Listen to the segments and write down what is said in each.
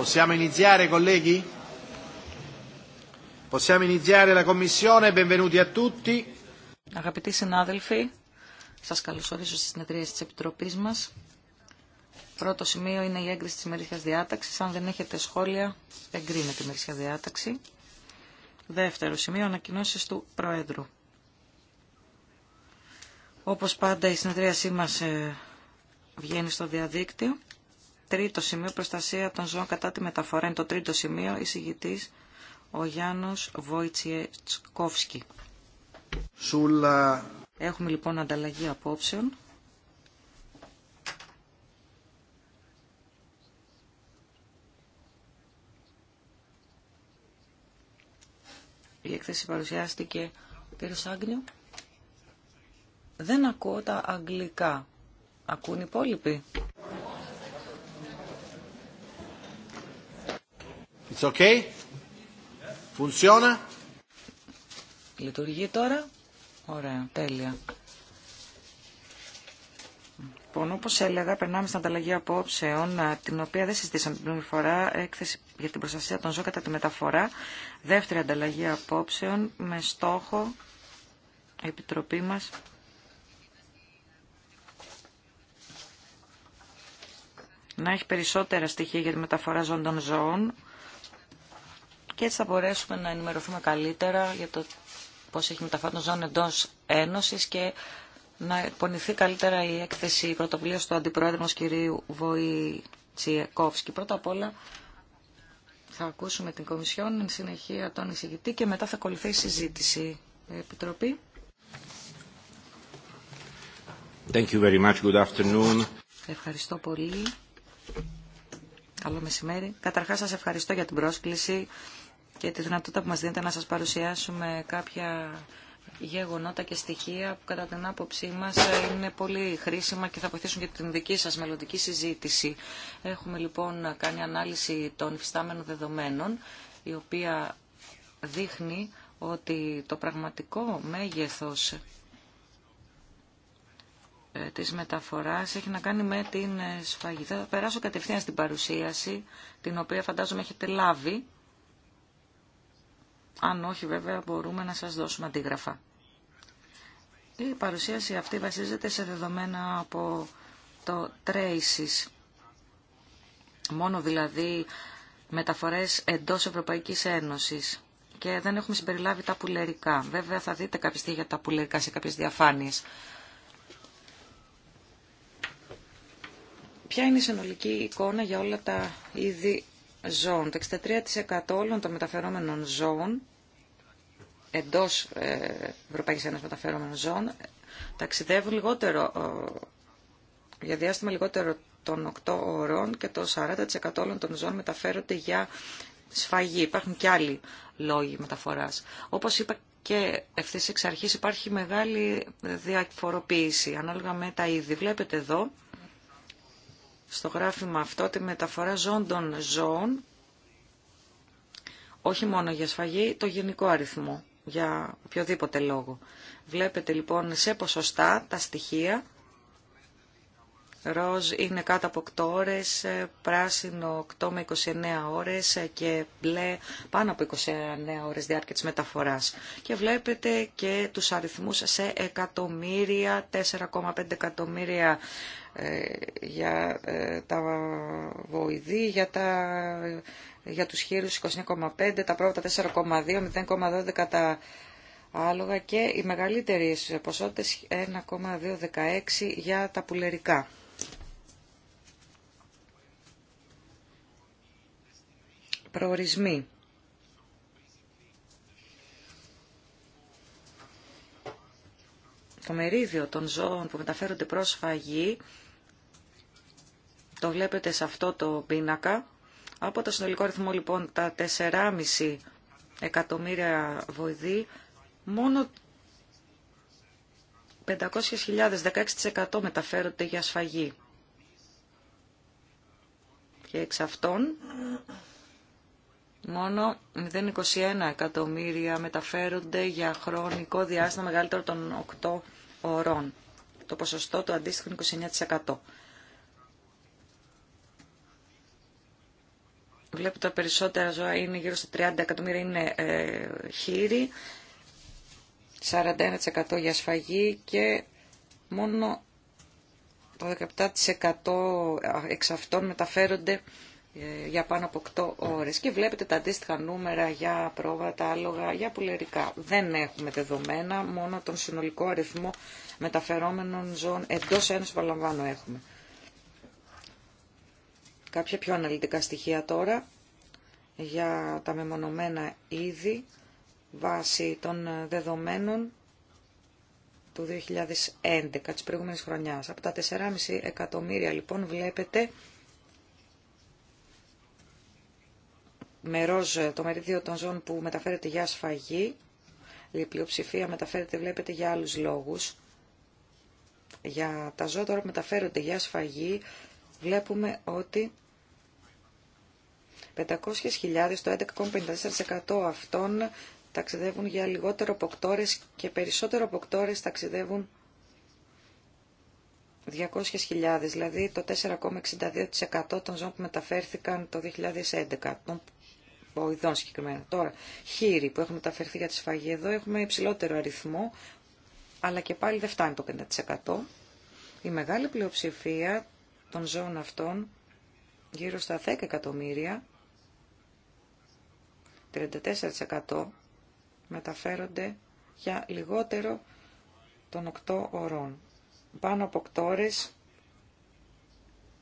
Possiamo iniziare, Αγαπητοί συνάδελφοι, σας καλωσορίζω στις συνεδρίες της Επιτροπής μας. Πρώτο σημείο είναι η έγκριση της μερίσιας διάταξης. Αν δεν έχετε σχόλια, εγκρίνεται η μερίσια διάταξη. Δεύτερο σημείο, ανακοινώσεις του Προέδρου. Όπως πάντα η συνεδρίασή μας ε, βγαίνει στο διαδίκτυο. Τρίτο σημείο, προστασία των ζώων κατά τη μεταφορά. Είναι το τρίτο σημείο, εισηγητής ο Γιάννος Βοητσιετσκόφσκι. Σούλα. Έχουμε λοιπόν ανταλλαγή απόψεων. Η έκθεση παρουσιάστηκε ο κύριος Δεν ακούω τα αγγλικά. Ακούν οι υπόλοιποι. It's okay? Λειτουργεί τώρα. Ωραία, τέλεια. Λοιπόν, όπω έλεγα, περνάμε στην ανταλλαγή απόψεων, ε, την οποία δεν συζητήσαμε την πρώτη φορά, έκθεση για την προστασία των ζώων κατά τη μεταφορά. Δεύτερη ανταλλαγή απόψεων με στόχο η Επιτροπή μα. να έχει περισσότερα στοιχεία για τη μεταφορά ζώων των ζώων και έτσι θα μπορέσουμε να ενημερωθούμε καλύτερα για το πώς έχει μεταφράσει το ζώνη εντό Ένωσης και να εκπονηθεί καλύτερα η έκθεση πρωτοβουλίας του Αντιπρόεδρου μας κυρίου Βοητσιακόφσκη. Πρώτα απ' όλα θα ακούσουμε την Κομισιόν, εν συνεχεία τον εισηγητή και μετά θα ακολουθεί η συζήτηση. Επιτροπή. Thank you very much. Good afternoon. Ευχαριστώ πολύ. Καλό μεσημέρι. Καταρχάς σας ευχαριστώ για την πρόσκληση και τη δυνατότητα που μας δίνετε να σας παρουσιάσουμε κάποια γεγονότα και στοιχεία που κατά την άποψή μας είναι πολύ χρήσιμα και θα βοηθήσουν και την δική σας μελλοντική συζήτηση. Έχουμε λοιπόν κάνει ανάλυση των υφιστάμενων δεδομένων, η οποία δείχνει ότι το πραγματικό μέγεθος ε, της μεταφοράς έχει να κάνει με την ε, σφαγή. Θα περάσω κατευθείαν στην παρουσίαση, την οποία φαντάζομαι έχετε λάβει. Αν όχι βέβαια μπορούμε να σας δώσουμε αντίγραφα. Η παρουσίαση αυτή βασίζεται σε δεδομένα από το Traces. Μόνο δηλαδή μεταφορές εντός Ευρωπαϊκής Ένωσης και δεν έχουμε συμπεριλάβει τα πουλερικά. Βέβαια θα δείτε κάποια για τα πουλερικά σε κάποιες διαφάνειες. Ποια είναι η συνολική εικόνα για όλα τα είδη ζώων. Το 63% όλων των μεταφερόμενων ζώων εντός ε, Ευρωπαϊκής Ένωσης μεταφερόμενων ζώων ε, ταξιδεύουν λιγότερο, ε, για διάστημα λιγότερο των 8 ώρων και το 40% όλων των ζώων μεταφέρονται για σφαγή. Υπάρχουν και άλλοι λόγοι μεταφοράς. Όπως είπα και ευθύς εξ αρχής υπάρχει μεγάλη διαφοροποίηση ανάλογα με τα είδη. Βλέπετε εδώ στο γράφημα αυτό τη μεταφορά ζών των ζώων, όχι μόνο για σφαγή, το γενικό αριθμό, για οποιοδήποτε λόγο. Βλέπετε λοιπόν σε ποσοστά τα στοιχεία ροζ είναι κάτω από 8 ώρες, ε, πράσινο 8 με 29 ώρες ε, και μπλε πάνω από 29 ώρες διάρκεια της μεταφοράς. Και βλέπετε και τους αριθμούς σε εκατομμύρια, 4,5 εκατομμύρια ε, για τα βοηδή, για, τα, για τους χείρους 29,5, τα πρώτα 4,2, 0,12 τα άλογα και οι μεγαλύτερες ποσότητες 1,216 για τα πουλερικά. προορισμοί. Το μερίδιο των ζώων που μεταφέρονται προς φαγή, το βλέπετε σε αυτό το πίνακα. Από το συνολικό αριθμό, λοιπόν τα 4,5 εκατομμύρια βοηθοί μόνο 500.000, 16% μεταφέρονται για σφαγή. Και εξ αυτών μόνο 0,21 εκατομμύρια μεταφέρονται για χρονικό διάστημα μεγαλύτερο των 8 ωρών. Το ποσοστό του αντίστοιχο είναι 29%. Βλέπω τα περισσότερα ζώα είναι γύρω στα 30 εκατομμύρια είναι ε, χείρι, 41% για σφαγή και μόνο το 17% ε, εξ αυτών μεταφέρονται για πάνω από 8 ώρες και βλέπετε τα αντίστοιχα νούμερα για πρόβατα, άλογα, για πουλερικά. Δεν έχουμε δεδομένα, μόνο τον συνολικό αριθμό μεταφερόμενων ζώων εντός ένωσης παραλαμβάνω έχουμε. Κάποια πιο αναλυτικά στοιχεία τώρα για τα μεμονωμένα είδη βάσει των δεδομένων του 2011, της προηγούμενης χρονιάς. Από τα 4,5 εκατομμύρια λοιπόν βλέπετε με το μερίδιο των ζώων που μεταφέρεται για σφαγή, η πλειοψηφία μεταφέρεται βλέπετε για άλλους λόγους. Για τα ζώα τώρα που μεταφέρονται για σφαγή βλέπουμε ότι 500.000 το 11,54% αυτών ταξιδεύουν για λιγότερο από και περισσότερο από ταξιδεύουν 200.000, δηλαδή το 4,62% των ζώων που μεταφέρθηκαν το 2011, συγκεκριμένα. Τώρα, χείρι που έχουν μεταφερθεί για τη σφαγή εδώ έχουμε υψηλότερο αριθμό, αλλά και πάλι δεν φτάνει το 50%. Η μεγάλη πλειοψηφία των ζώων αυτών, γύρω στα 10 εκατομμύρια, 34% μεταφέρονται για λιγότερο των 8 ωρών. Πάνω από 8 ώρες,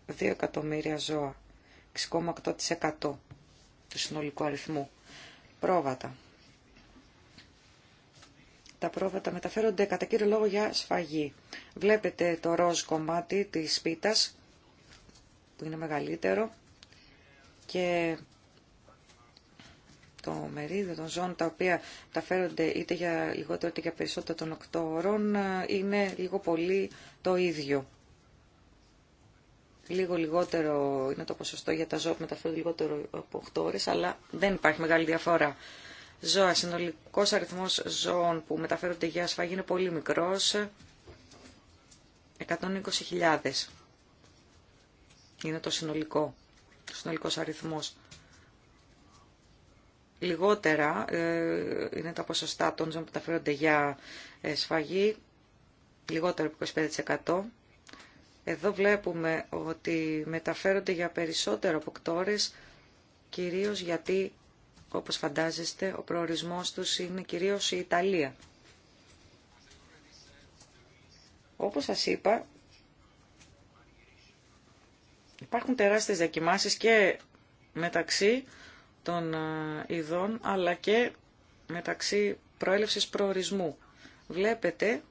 2 εκατομμύρια ζώα, 6,8% του συνολικού αριθμού. Πρόβατα. Τα πρόβατα μεταφέρονται κατά κύριο λόγο για σφαγή. Βλέπετε το ροζ κομμάτι της πίτας που είναι μεγαλύτερο και το μερίδιο των ζώων τα οποία μεταφέρονται είτε για λιγότερο είτε για περισσότερο των 8 ώρων ε, είναι λίγο πολύ το ίδιο λίγο λιγότερο είναι το ποσοστό για τα ζώα που μεταφέρουν λιγότερο από 8 ώρες, αλλά δεν υπάρχει μεγάλη διαφορά. Ζώα, συνολικός αριθμός ζώων που μεταφέρονται για σφαγή είναι πολύ μικρός, 120.000 είναι το συνολικό, το συνολικός αριθμός. Λιγότερα ε, είναι τα ποσοστά των ζώων που μεταφέρονται για ε, σφαγή, λιγότερο από 25%. Εδώ βλέπουμε ότι μεταφέρονται για περισσότερο από κυρίως γιατί, όπως φαντάζεστε, ο προορισμός τους είναι κυρίως η Ιταλία. Όπως σας είπα, υπάρχουν τεράστιες δοκιμάσεις και μεταξύ των ε, ειδών, αλλά και μεταξύ προέλευσης προορισμού. Βλέπετε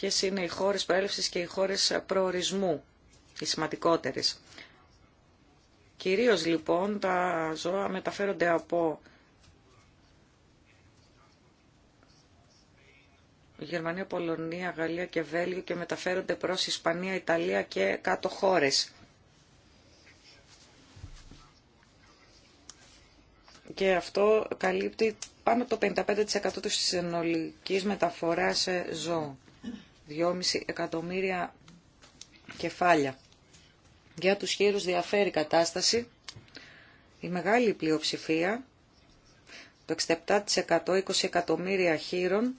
ποιες είναι οι χώρες προέλευσης και οι χώρες προορισμού, οι σημαντικότερες. Κυρίως λοιπόν τα ζώα μεταφέρονται από Γερμανία, Πολωνία, Γαλλία και Βέλγιο και μεταφέρονται προς Ισπανία, Ιταλία και κάτω χώρες. Και αυτό καλύπτει πάνω το 55% της συνολικής μεταφοράς ζώων. 2,5 εκατομμύρια κεφάλια. Για τους χείρους διαφέρει κατάσταση. Η μεγάλη πλειοψηφία, το 67% 20 εκατομμύρια χείρων,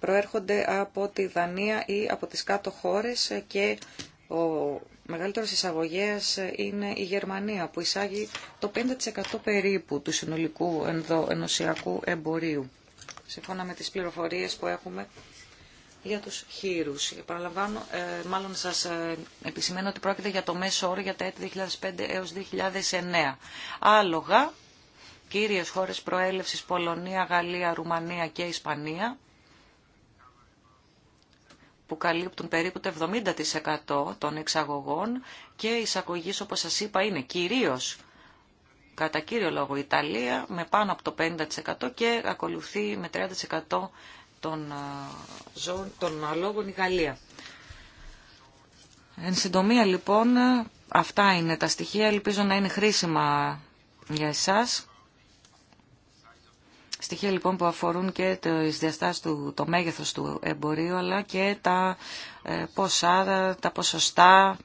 προέρχονται από τη Δανία ή από τις κάτω χώρες και ο μεγαλύτερος εισαγωγέας είναι η Γερμανία που εισάγει το 5% περίπου του συνολικού ενωσιακού εμπορίου. Σύμφωνα με τις πληροφορίες που έχουμε για τους χείρους. Παραλαμβάνω, ε, μάλλον σας ε, επισημαίνω ότι πρόκειται για το μέσο όρο για τα έτη 2005 έως 2009. Άλογα, κύριες χώρες προέλευσης Πολωνία, Γαλλία, Ρουμανία και Ισπανία, που καλύπτουν περίπου το 70% των εξαγωγών και εισαγωγής, όπως σας είπα, είναι κυρίως κατά κύριο λόγο Ιταλία με πάνω από το 50% και ακολουθεί με 30% των, ε, των ε, λόγων η Γαλλία. Εν συντομία λοιπόν ε, αυτά είναι τα στοιχεία, ελπίζω να είναι χρήσιμα για εσάς. Στοιχεία λοιπόν που αφορούν και του, το μέγεθος του εμπορίου αλλά και τα ποσά, τα ποσοστά,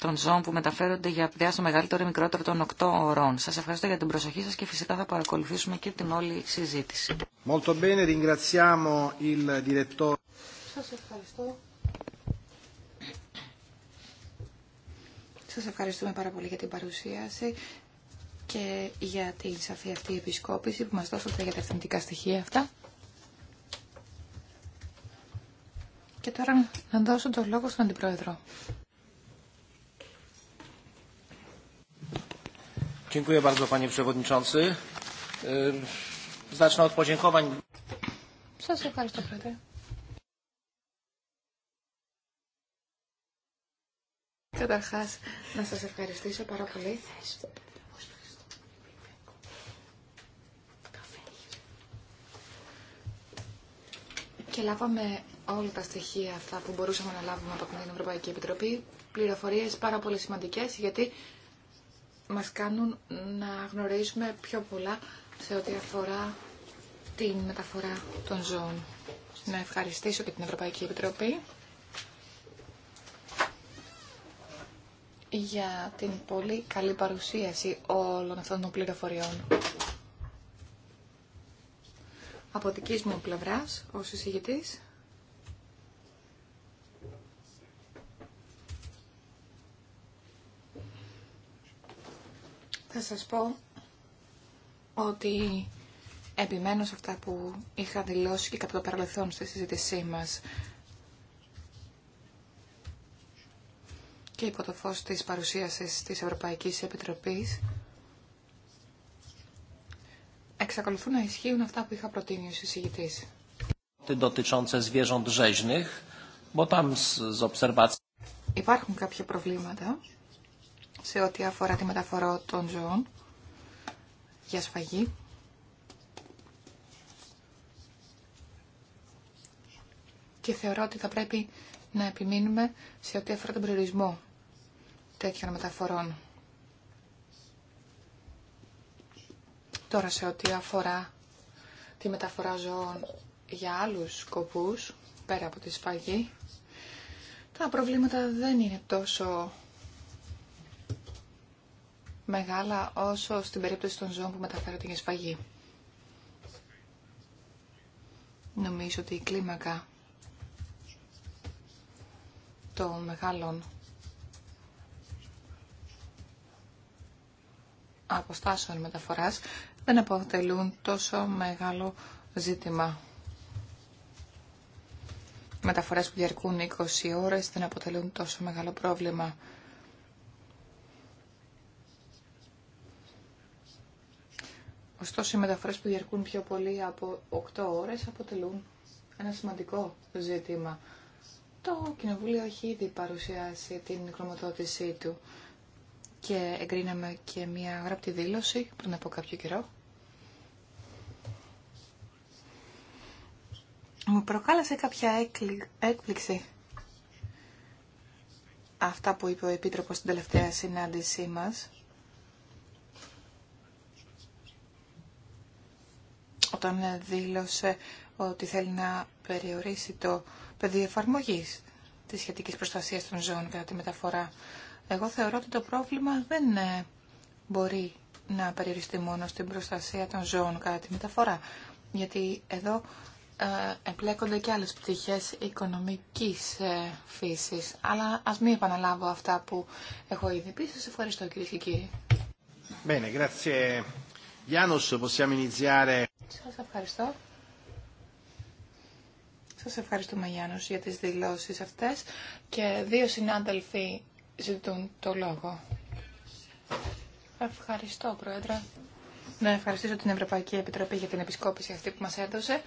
των ζώων που μεταφέρονται για διάστημα μεγαλύτερο ή μικρότερο των οκτώ ωρών. Σα ευχαριστώ για την προσοχή σα και φυσικά θα παρακολουθήσουμε και την όλη συζήτηση. Molto Σας ευχαριστώ. Σας ευχαριστούμε πάρα πολύ για την παρουσίαση και για την σαφή αυτή επισκόπηση που μας δώσατε για τα ευθυντικά στοιχεία αυτά. Και τώρα να δώσω τον λόγο στον Αντιπρόεδρο. Dziękuję bardzo, panie przewodniczący. E, zacznę od podziękowań. ευχαριστώ, Πρόεδρε. Καταρχάς, να σας ευχαριστήσω πάρα πολύ. Και λάβαμε όλα τα στοιχεία αυτά που μπορούσαμε να λάβουμε από την Ευρωπαϊκή Επιτροπή. Πληροφορίες πάρα πολύ σημαντικές, γιατί μας κάνουν να γνωρίζουμε πιο πολλά σε ό,τι αφορά την μεταφορά των ζώων. Να ευχαριστήσω και την Ευρωπαϊκή Επιτροπή για την πολύ καλή παρουσίαση όλων αυτών των πληροφοριών. Από δική μου πλευράς, ως εισηγητής, θα σας πω ότι επιμένω σε αυτά που είχα δηλώσει και κατά το παρελθόν στη συζήτησή μας. και υπό το φως της παρουσίασης της Ευρωπαϊκής Επιτροπής εξακολουθούν να ισχύουν αυτά που είχα προτείνει ο εισηγητής. Υπάρχουν κάποια προβλήματα σε ό,τι αφορά τη μεταφορά των ζώων για σφαγή. Και θεωρώ ότι θα πρέπει να επιμείνουμε σε ό,τι αφορά τον προορισμό τέτοιων μεταφορών. Τώρα σε ό,τι αφορά τη μεταφορά ζώων για άλλους σκοπούς, πέρα από τη σφαγή, τα προβλήματα δεν είναι τόσο μεγάλα όσο στην περίπτωση των ζώων που μεταφέρονται για σφαγή. Νομίζω ότι η κλίμακα των μεγάλων αποστάσεων μεταφοράς δεν αποτελούν τόσο μεγάλο ζήτημα. Μεταφορές που διαρκούν 20 ώρες δεν αποτελούν τόσο μεγάλο πρόβλημα. Ωστόσο, οι μεταφορές που διαρκούν πιο πολύ από 8 ώρες αποτελούν ένα σημαντικό ζήτημα. Το Κοινοβούλιο έχει ήδη παρουσιάσει την χρωματοδότησή του και εγκρίναμε και μια γραπτή δήλωση πριν από κάποιο καιρό. Μου προκάλεσε κάποια έκπληξη αυτά που είπε ο Επίτροπος στην τελευταία συνάντησή μας όταν δήλωσε ότι θέλει να περιορίσει το πεδίο εφαρμογή τη σχετική προστασία των ζώων κατά τη μεταφορά. Εγώ θεωρώ ότι το πρόβλημα δεν ε, μπορεί να περιοριστεί μόνο στην προστασία των ζώων κατά τη μεταφορά, γιατί εδώ ε, εμπλέκονται και άλλες πτυχές οικονομικής ε, φύσης. Αλλά ας μην επαναλάβω αυτά που έχω ήδη πει. Σας ευχαριστώ κύριε και κύριοι. Σας ευχαριστώ. Σας ευχαριστούμε Γιάννους για τις δηλώσεις αυτές και δύο συνάδελφοι ζητούν το λόγο. Ευχαριστώ Πρόεδρε. Να ευχαριστήσω την Ευρωπαϊκή Επιτροπή για την επισκόπηση αυτή που μας έδωσε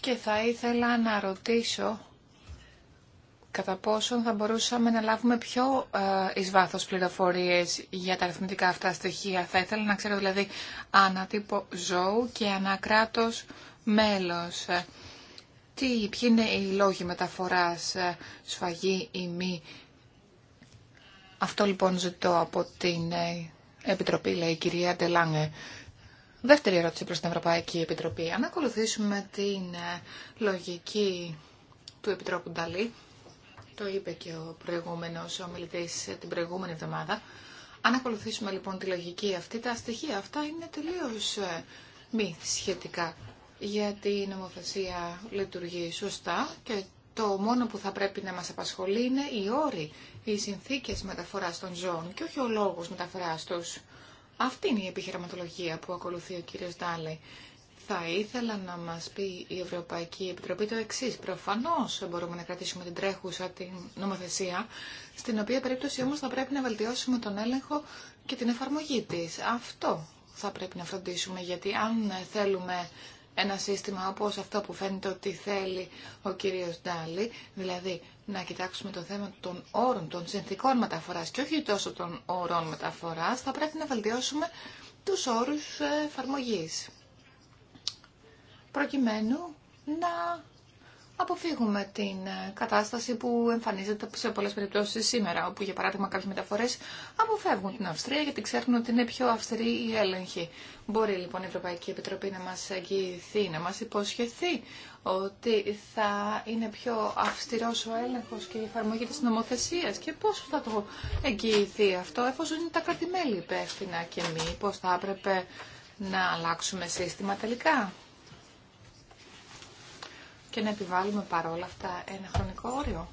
και θα ήθελα να ρωτήσω κατά πόσον θα μπορούσαμε να λάβουμε πιο ε, εις βάθος πληροφορίες για τα αριθμητικά αυτά στοιχεία. Θα ήθελα να ξέρω δηλαδή ανατύπω ζώου και ανακράτος μέλος. Τι, ποιοι είναι οι λόγοι μεταφοράς ε, σφαγή ή μη. Αυτό λοιπόν ζητώ από την ε, Επιτροπή, λέει η κυρία Ντελάνγκε. Δεύτερη Ντελάνε. δευτερη ερωτηση προς την Ευρωπαϊκή Επιτροπή. Αν ακολουθήσουμε την λογική του Επιτρόπου Νταλή, το είπε και ο προηγούμενος ομιλητής την προηγούμενη εβδομάδα. Αν ακολουθήσουμε λοιπόν τη λογική αυτή, τα στοιχεία αυτά είναι τελείως ε, μη σχετικά. Γιατί η νομοθεσία λειτουργεί σωστά και το μόνο που θα πρέπει να μας απασχολεί είναι οι όροι, οι συνθήκες μεταφοράς των ζώων και όχι ο λόγος μεταφοράς τους. Αυτή είναι η επιχειρηματολογία που ακολουθεί ο κύριος Ντάλει. Θα ήθελα να μας πει η Ευρωπαϊκή Επιτροπή το εξή. Προφανώς μπορούμε να κρατήσουμε την τρέχουσα την νομοθεσία, στην οποία περίπτωση όμως θα πρέπει να βελτιώσουμε τον έλεγχο και την εφαρμογή της. Αυτό θα πρέπει να φροντίσουμε, γιατί αν θέλουμε ένα σύστημα όπως αυτό που φαίνεται ότι θέλει ο κύριος Ντάλι, δηλαδή να κοιτάξουμε το θέμα των όρων, των συνθήκων μεταφοράς και όχι τόσο των όρων μεταφοράς, θα πρέπει να βελτιώσουμε τους όρους ε, εφαρμογής προκειμένου να αποφύγουμε την ε, κατάσταση που εμφανίζεται σε πολλέ περιπτώσει σήμερα, όπου για παράδειγμα κάποιε μεταφορέ αποφεύγουν την Αυστρία γιατί ξέρουν ότι είναι πιο αυστηρή η έλεγχη. Μπορεί λοιπόν η Ευρωπαϊκή Επιτροπή να μα εγγυηθεί, να μα υποσχεθεί ότι θα είναι πιο αυστηρό ο έλεγχο και η εφαρμογή τη νομοθεσία και πώ θα το εγγυηθεί αυτό, εφόσον είναι τα κρατημέλη υπεύθυνα και εμεί, πώ θα έπρεπε να αλλάξουμε σύστημα τελικά και να επιβάλλουμε παρόλα αυτά ένα χρονικό όριο.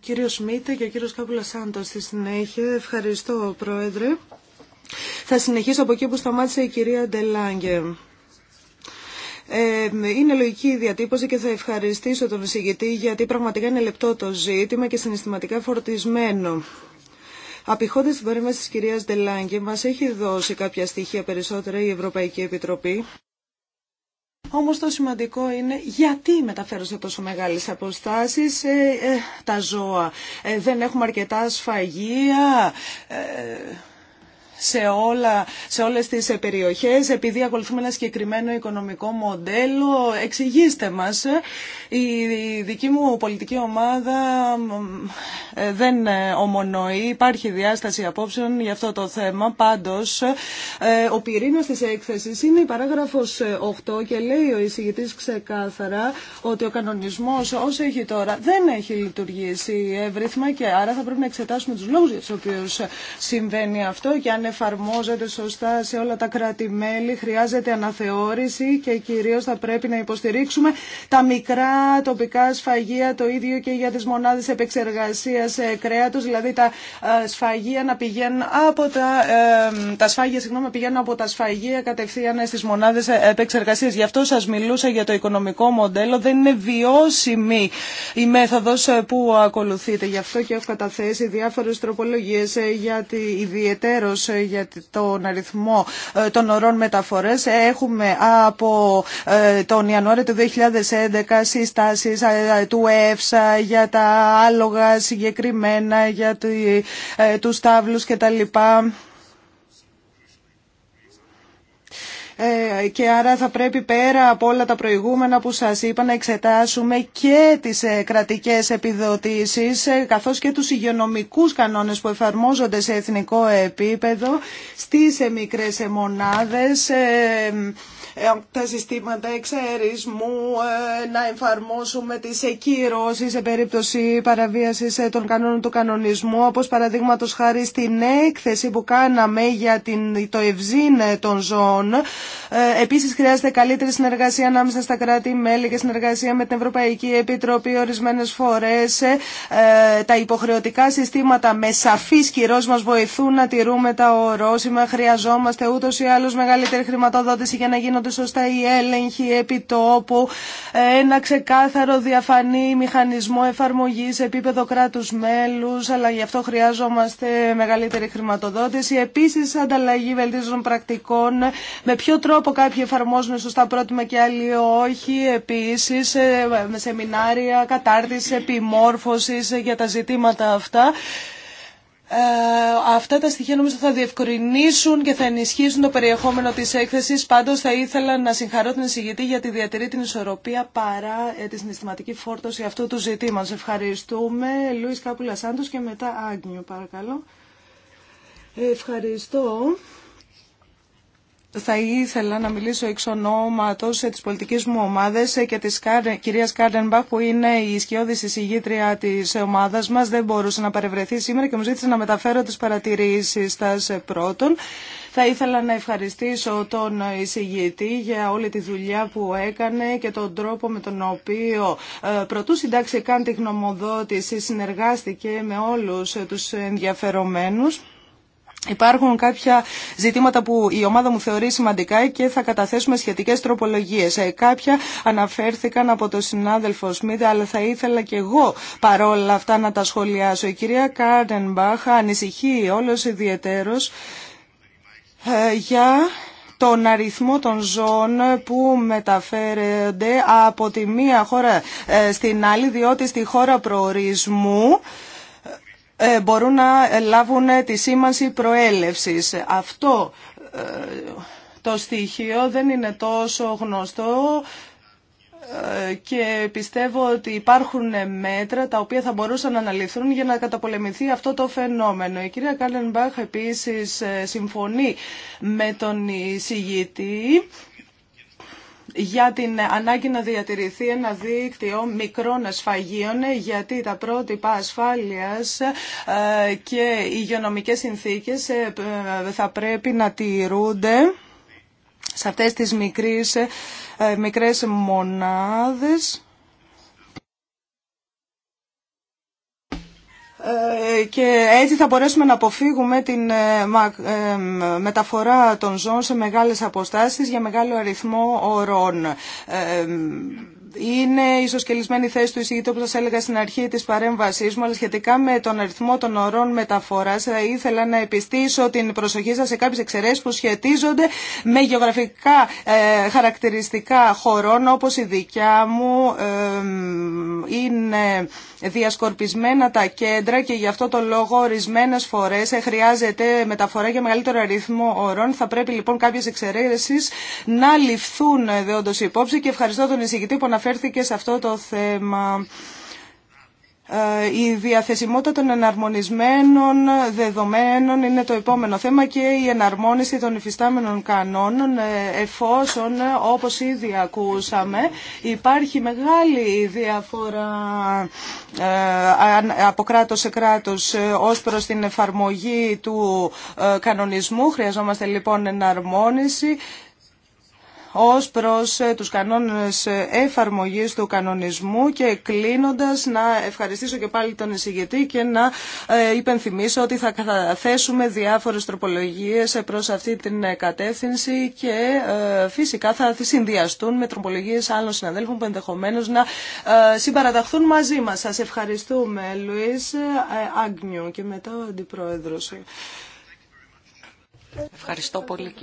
Κύριο Σμίτ και ο κύριο Κάπουλα Σάντο στη συνέχεια. Ευχαριστώ, Πρόεδρε. Θα συνεχίσω από εκεί που σταμάτησε η κυρία Ντελάνγκε. Ε, είναι λογική η διατύπωση και θα ευχαριστήσω τον εισηγητή γιατί πραγματικά είναι λεπτό το ζήτημα και συναισθηματικά φορτισμένο. Απηχώντα την παρέμβαση τη κυρία Ντελάνγκη, μα έχει δώσει κάποια στοιχεία περισσότερα η Ευρωπαϊκή Επιτροπή όμως το σημαντικό είναι γιατί μεταφέρω σε τόσο μεγάλες αποστάσεις ε, ε, τα ζώα. Ε, δεν έχουμε αρκετά σφαγεία σε, όλα, σε όλες τις περιοχές επειδή ακολουθούμε ένα συγκεκριμένο οικονομικό μοντέλο. Εξηγήστε μας. Η δική μου πολιτική ομάδα δεν ομονοεί. Υπάρχει διάσταση απόψεων για αυτό το θέμα. Πάντως, ε, ο πυρήνας της έκθεσης είναι η παράγραφος 8 και λέει ο εισηγητής ξεκάθαρα ότι ο κανονισμός όσο έχει τώρα δεν έχει λειτουργήσει εύρυθμα και άρα θα πρέπει να εξετάσουμε τους λόγους για τους οποίους συμβαίνει αυτό και αν εφαρμόζεται σωστά σε όλα τα κράτη-μέλη. Χρειάζεται αναθεώρηση και κυρίως θα πρέπει να υποστηρίξουμε τα μικρά τοπικά σφαγεία, το ίδιο και για τις μονάδες επεξεργασίας ε, κρέατος, δηλαδή τα ε, σφαγεία να πηγαίνουν από τα, ε, τα σφάγια, συγγνώμη, πηγαίνουν από τα σφαγεία κατευθείαν στις μονάδες επεξεργασίας. Γι' αυτό σας μιλούσα για το οικονομικό μοντέλο. Δεν είναι βιώσιμη η μέθοδος που ακολουθείτε. Γι' αυτό και έχω καταθέσει διάφορες τροπολογίες γιατί ιδιαιτέρως για τον αριθμό ε, των ορών μεταφορές. Έχουμε από ε, τον Ιανουάριο του 2011 συστάσεις ε, του ΕΦΣΑ για τα άλογα συγκεκριμένα, για τους τάβλους κτλ. Ε, και άρα θα πρέπει πέρα από όλα τα προηγούμενα που σας είπα να εξετάσουμε και τις ε, κρατικές επιδοτήσεις ε, καθώς και τους υγειονομικούς κανόνες που εφαρμόζονται σε εθνικό επίπεδο στις μικρές μονάδες ε, τα συστήματα εξαερισμού, ε, να εφαρμόσουμε τι εκείρωσεις σε περίπτωση παραβίαση ε, των κανόνων του κανονισμού, όπω παραδείγματο χάρη στην έκθεση που κάναμε για την, το ευζήν των ζώων. Επίση, χρειάζεται καλύτερη συνεργασία ανάμεσα στα κράτη-μέλη και συνεργασία με την Ευρωπαϊκή Επιτροπή ορισμένε φορέ. Τα υποχρεωτικά συστήματα με σαφή κυρώ μα βοηθούν να τηρούμε τα ορόσημα. Χρειαζόμαστε ούτω ή άλλως μεγαλύτερη χρηματοδότηση για να γίνονται γίνονται σωστά οι έλεγχοι επί τόπου, ένα ξεκάθαρο διαφανή μηχανισμό εφαρμογή σε επίπεδο κράτου μέλου, αλλά γι' αυτό χρειάζομαστε μεγαλύτερη χρηματοδότηση. Επίση, ανταλλαγή βελτίζων πρακτικών, με ποιο τρόπο κάποιοι εφαρμόζουν σωστά με και άλλοι όχι. Επίση, ε, σεμινάρια, κατάρτιση, επιμόρφωση για τα ζητήματα αυτά. Ε, αυτά τα στοιχεία νομίζω θα διευκρινίσουν και θα ενισχύσουν το περιεχόμενο της έκθεσης. Πάντως θα ήθελα να συγχαρώ την εισηγητή για τη διατηρεί την ισορροπία παρά ε, τη συναισθηματική φόρτωση αυτού του ζητήματος. Ευχαριστούμε. Λουίς Κάπουλα Σάντος και μετά Άγνιο παρακαλώ. Ευχαριστώ θα ήθελα να μιλήσω εξ ονόματος ε, της πολιτικής μου ομάδας ε, και της κυρίας Κάρντενμπαχ που είναι η ισχυώδης εισηγήτρια της ομάδας μας. Δεν μπορούσε να παρευρεθεί σήμερα και μου ζήτησε να μεταφέρω τις παρατηρήσεις σα ε, πρώτον. Θα ήθελα να ευχαριστήσω τον εισηγητή για όλη τη δουλειά που έκανε και τον τρόπο με τον οποίο πρωτού συντάξει καν τη γνωμοδότηση συνεργάστηκε με όλους τους ενδιαφερομένους. Υπάρχουν κάποια ζητήματα που η ομάδα μου θεωρεί σημαντικά και θα καταθέσουμε σχετικέ τροπολογίε. Ε, κάποια αναφέρθηκαν από τον συνάδελφο Σμίδε... αλλά θα ήθελα και εγώ παρόλα αυτά να τα σχολιάσω. Η κυρία Κάρντενμπαχ ανησυχεί όλο ιδιαίτερο για τον αριθμό των ζώων που μεταφέρονται από τη μία χώρα ε, στην άλλη, διότι στη χώρα προορισμού ε, μπορούν να λάβουν τη σήμανση προέλευσης. Αυτό ε, το στοιχείο δεν είναι τόσο γνωστό ε, και πιστεύω ότι υπάρχουν μέτρα τα οποία θα μπορούσαν να αναλυθούν για να καταπολεμηθεί αυτό το φαινόμενο. Η κυρία Κάλενμπαχ επίσης συμφωνεί με τον εισηγητή για την ανάγκη να διατηρηθεί ένα δίκτυο μικρών ασφαγείων γιατί τα πρότυπα ασφάλειας ε, και οι υγειονομικές συνθήκες ε, ε, θα πρέπει να τηρούνται σε αυτές τις μικρές, μικρές μονάδες. Ε, και έτσι θα μπορέσουμε να αποφύγουμε την ε, ε, μεταφορά των ζώων σε μεγάλες αποστάσεις για μεγάλο αριθμό ωρών είναι ισοσκελισμένη θέση του εισηγητή, όπω σα έλεγα στην αρχή τη παρέμβασή μου, αλλά σχετικά με τον αριθμό των ωρών Θα ήθελα να επιστήσω την προσοχή σα σε κάποιε εξαιρέσει που σχετίζονται με γεωγραφικά ε, χαρακτηριστικά χωρών, όπω η δικιά μου ε, είναι διασκορπισμένα τα κέντρα και γι' αυτό το λόγο ορισμένε φορές χρειάζεται μεταφορά για μεγαλύτερο αριθμό ωρών. Θα πρέπει λοιπόν κάποιε εξαιρεσει να ληφθούν εδώ υπόψη και ευχαριστώ τον εισηγητή που αναφέρθηκε σε αυτό το θέμα ε, η διαθεσιμότητα των εναρμονισμένων δεδομένων είναι το επόμενο θέμα και η εναρμόνιση των υφιστάμενων κανόνων ε, εφόσον ε, όπως ήδη ακούσαμε υπάρχει μεγάλη διαφορά από κράτος σε κράτος ως προς την εφαρμογή του κανονισμού χρειαζόμαστε λοιπόν εναρμόνιση ως προς ε, τους κανόνες ε, εφαρμογής του κανονισμού και κλείνοντας να ευχαριστήσω και πάλι τον εισηγητή και να ε, υπενθυμίσω ότι θα θέσουμε διάφορες τροπολογίες προς αυτή την κατεύθυνση και φυσικά θα συνδυαστούν με τροπολογίες άλλων συναδέλφων που ενδεχομένω να συμπαραταχθούν μαζί μας. Σας ευχαριστούμε Λουίς άγνιο και μετά ο Αντιπρόεδρος. Ευχαριστώ πολύ.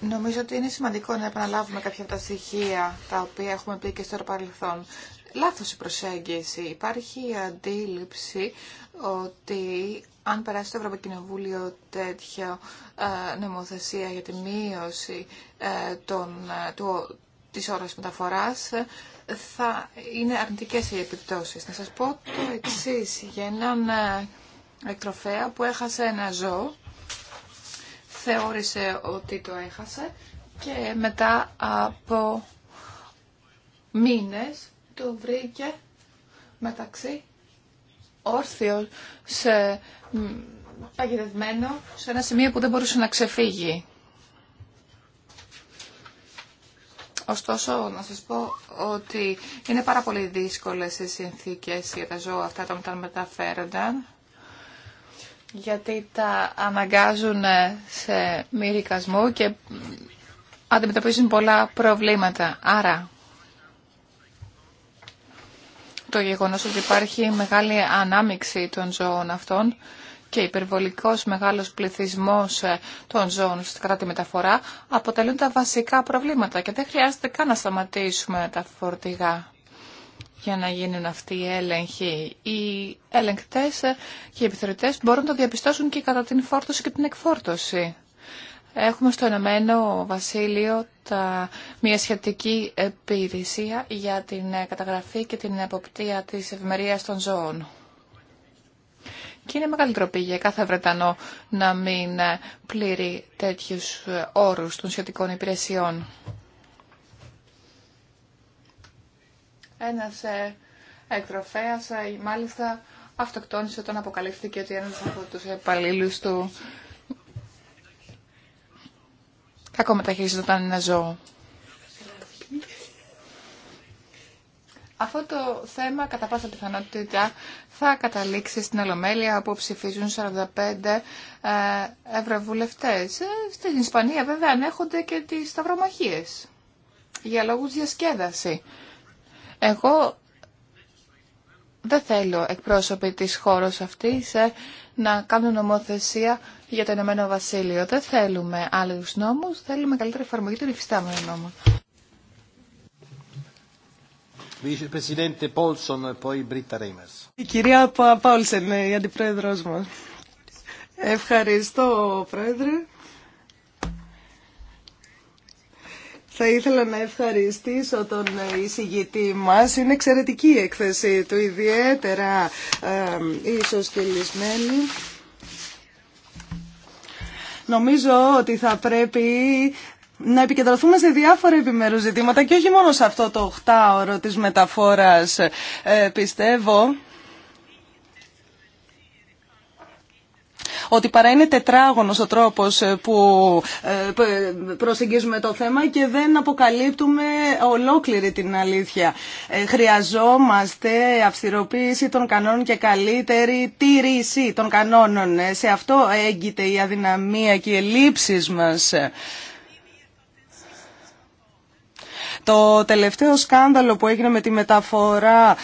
Νομίζω ότι είναι σημαντικό να επαναλάβουμε κάποια από τα στοιχεία τα οποία έχουμε πει και στο παρελθόν. Λάθος η προσέγγιση. Υπάρχει η αντίληψη ότι αν περάσει το Κοινοβούλιο τέτοια ε, νομοθεσία για τη μείωση ε, των, ε, του, της ώρας μεταφοράς, θα είναι αρνητικές οι επιπτώσεις. Να σας πω το εξής για έναν εκτροφέα που έχασε ένα ζώο θεώρησε ότι το έχασε και μετά από μήνες το βρήκε μεταξύ όρθιο σε παγιδευμένο σε ένα σημείο που δεν μπορούσε να ξεφύγει. Ωστόσο, να σας πω ότι είναι πάρα πολύ δύσκολες οι συνθήκες για τα ζώα αυτά όταν μεταφέρονταν γιατί τα αναγκάζουν σε μυρικασμό και αντιμετωπίζουν πολλά προβλήματα. Άρα, το γεγονός ότι υπάρχει μεγάλη ανάμιξη των ζώων αυτών και υπερβολικός μεγάλος πληθυσμός των ζώων κατά τη μεταφορά αποτελούν τα βασικά προβλήματα και δεν χρειάζεται καν να σταματήσουμε τα φορτηγά για να γίνουν αυτοί οι έλεγχοι. Οι ελεγκτές και οι επιθεωρητές μπορούν να το διαπιστώσουν και κατά την φόρτωση και την εκφόρτωση. Έχουμε στο Ενωμένο Βασίλειο τα, μια σχετική υπηρεσία για την καταγραφή και την εποπτεία της ευημερίας των ζώων. Και είναι μεγάλη τροπή για κάθε Βρετανό να μην πλήρει τέτοιους όρους των σχετικών υπηρεσιών. Ένας ε, εκτροφέας ε, μάλιστα αυτοκτόνησε όταν αποκαλύφθηκε ότι ένας από τους υπαλλήλου του κακό μεταχείριζε όταν είναι ζώο. Αυτό το θέμα κατά πάσα πιθανότητα θα καταλήξει στην Ολομέλεια όπου ψηφίζουν 45 ε, ευρωβουλευτές. Στην Ισπανία βέβαια ανέχονται και τις σταυρομαχίες για λόγους διασκέδαση. Εγώ δεν θέλω εκπρόσωποι της χώρας αυτής ε, να κάνουν νομοθεσία για το Ηνωμένο Βασίλειο. Δεν θέλουμε άλλους νόμους, θέλουμε καλύτερη εφαρμογή των υφιστάμενων νόμων. Η κυρία Πάουλσεν, ε, η αντιπρόεδρος μας. Ευχαριστώ, πρόεδρε. Θα ήθελα να ευχαριστήσω τον εισηγητή μας. Είναι εξαιρετική η έκθεση του, ιδιαίτερα ε, ίσως και Νομίζω ότι θα πρέπει να επικεντρωθούμε σε διάφορα επιμέρους ζητήματα και όχι μόνο σε αυτό το 8ωρο της μεταφόρας. Ε, πιστεύω ότι παρά είναι τετράγωνος ο τρόπος ε, που ε, ε, προσεγγίζουμε το θέμα και δεν αποκαλύπτουμε ολόκληρη την αλήθεια. Χρειαζόμαστε αυστηροποίηση των κανόνων και καλύτερη τήρηση των κανόνων. Σε αυτό έγκυται η αδυναμία και οι ελλείψεις μας. Το τελευταίο σκάνδαλο που έγινε με τη μεταφορά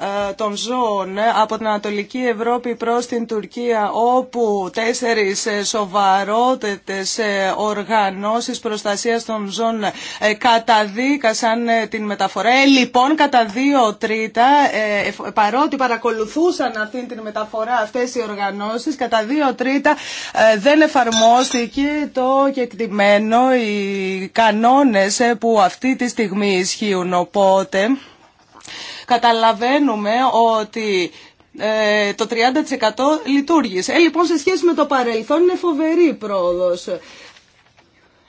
ε, των ζώων ε, από την Ανατολική Ευρώπη προς την Τουρκία όπου τέσσερις ε, σοβαρότετες οργανώσεις προστασίας των ζώων καταδίκασαν την μεταφορά. λοιπόν, κατά δύο τρίτα, παρότι παρακολουθούσαν αυτή την μεταφορά αυτές οι οργανώσεις, κατά δύο τρίτα δεν εφαρμόστηκε το κεκτημένο, οι κανόνες που αυτή τη στιγμή ισχύουν. Οπότε... Καταλαβαίνουμε ότι ε, το 30% λειτουργήσε. Ε, λοιπόν, σε σχέση με το παρελθόν είναι φοβερή πρόοδος.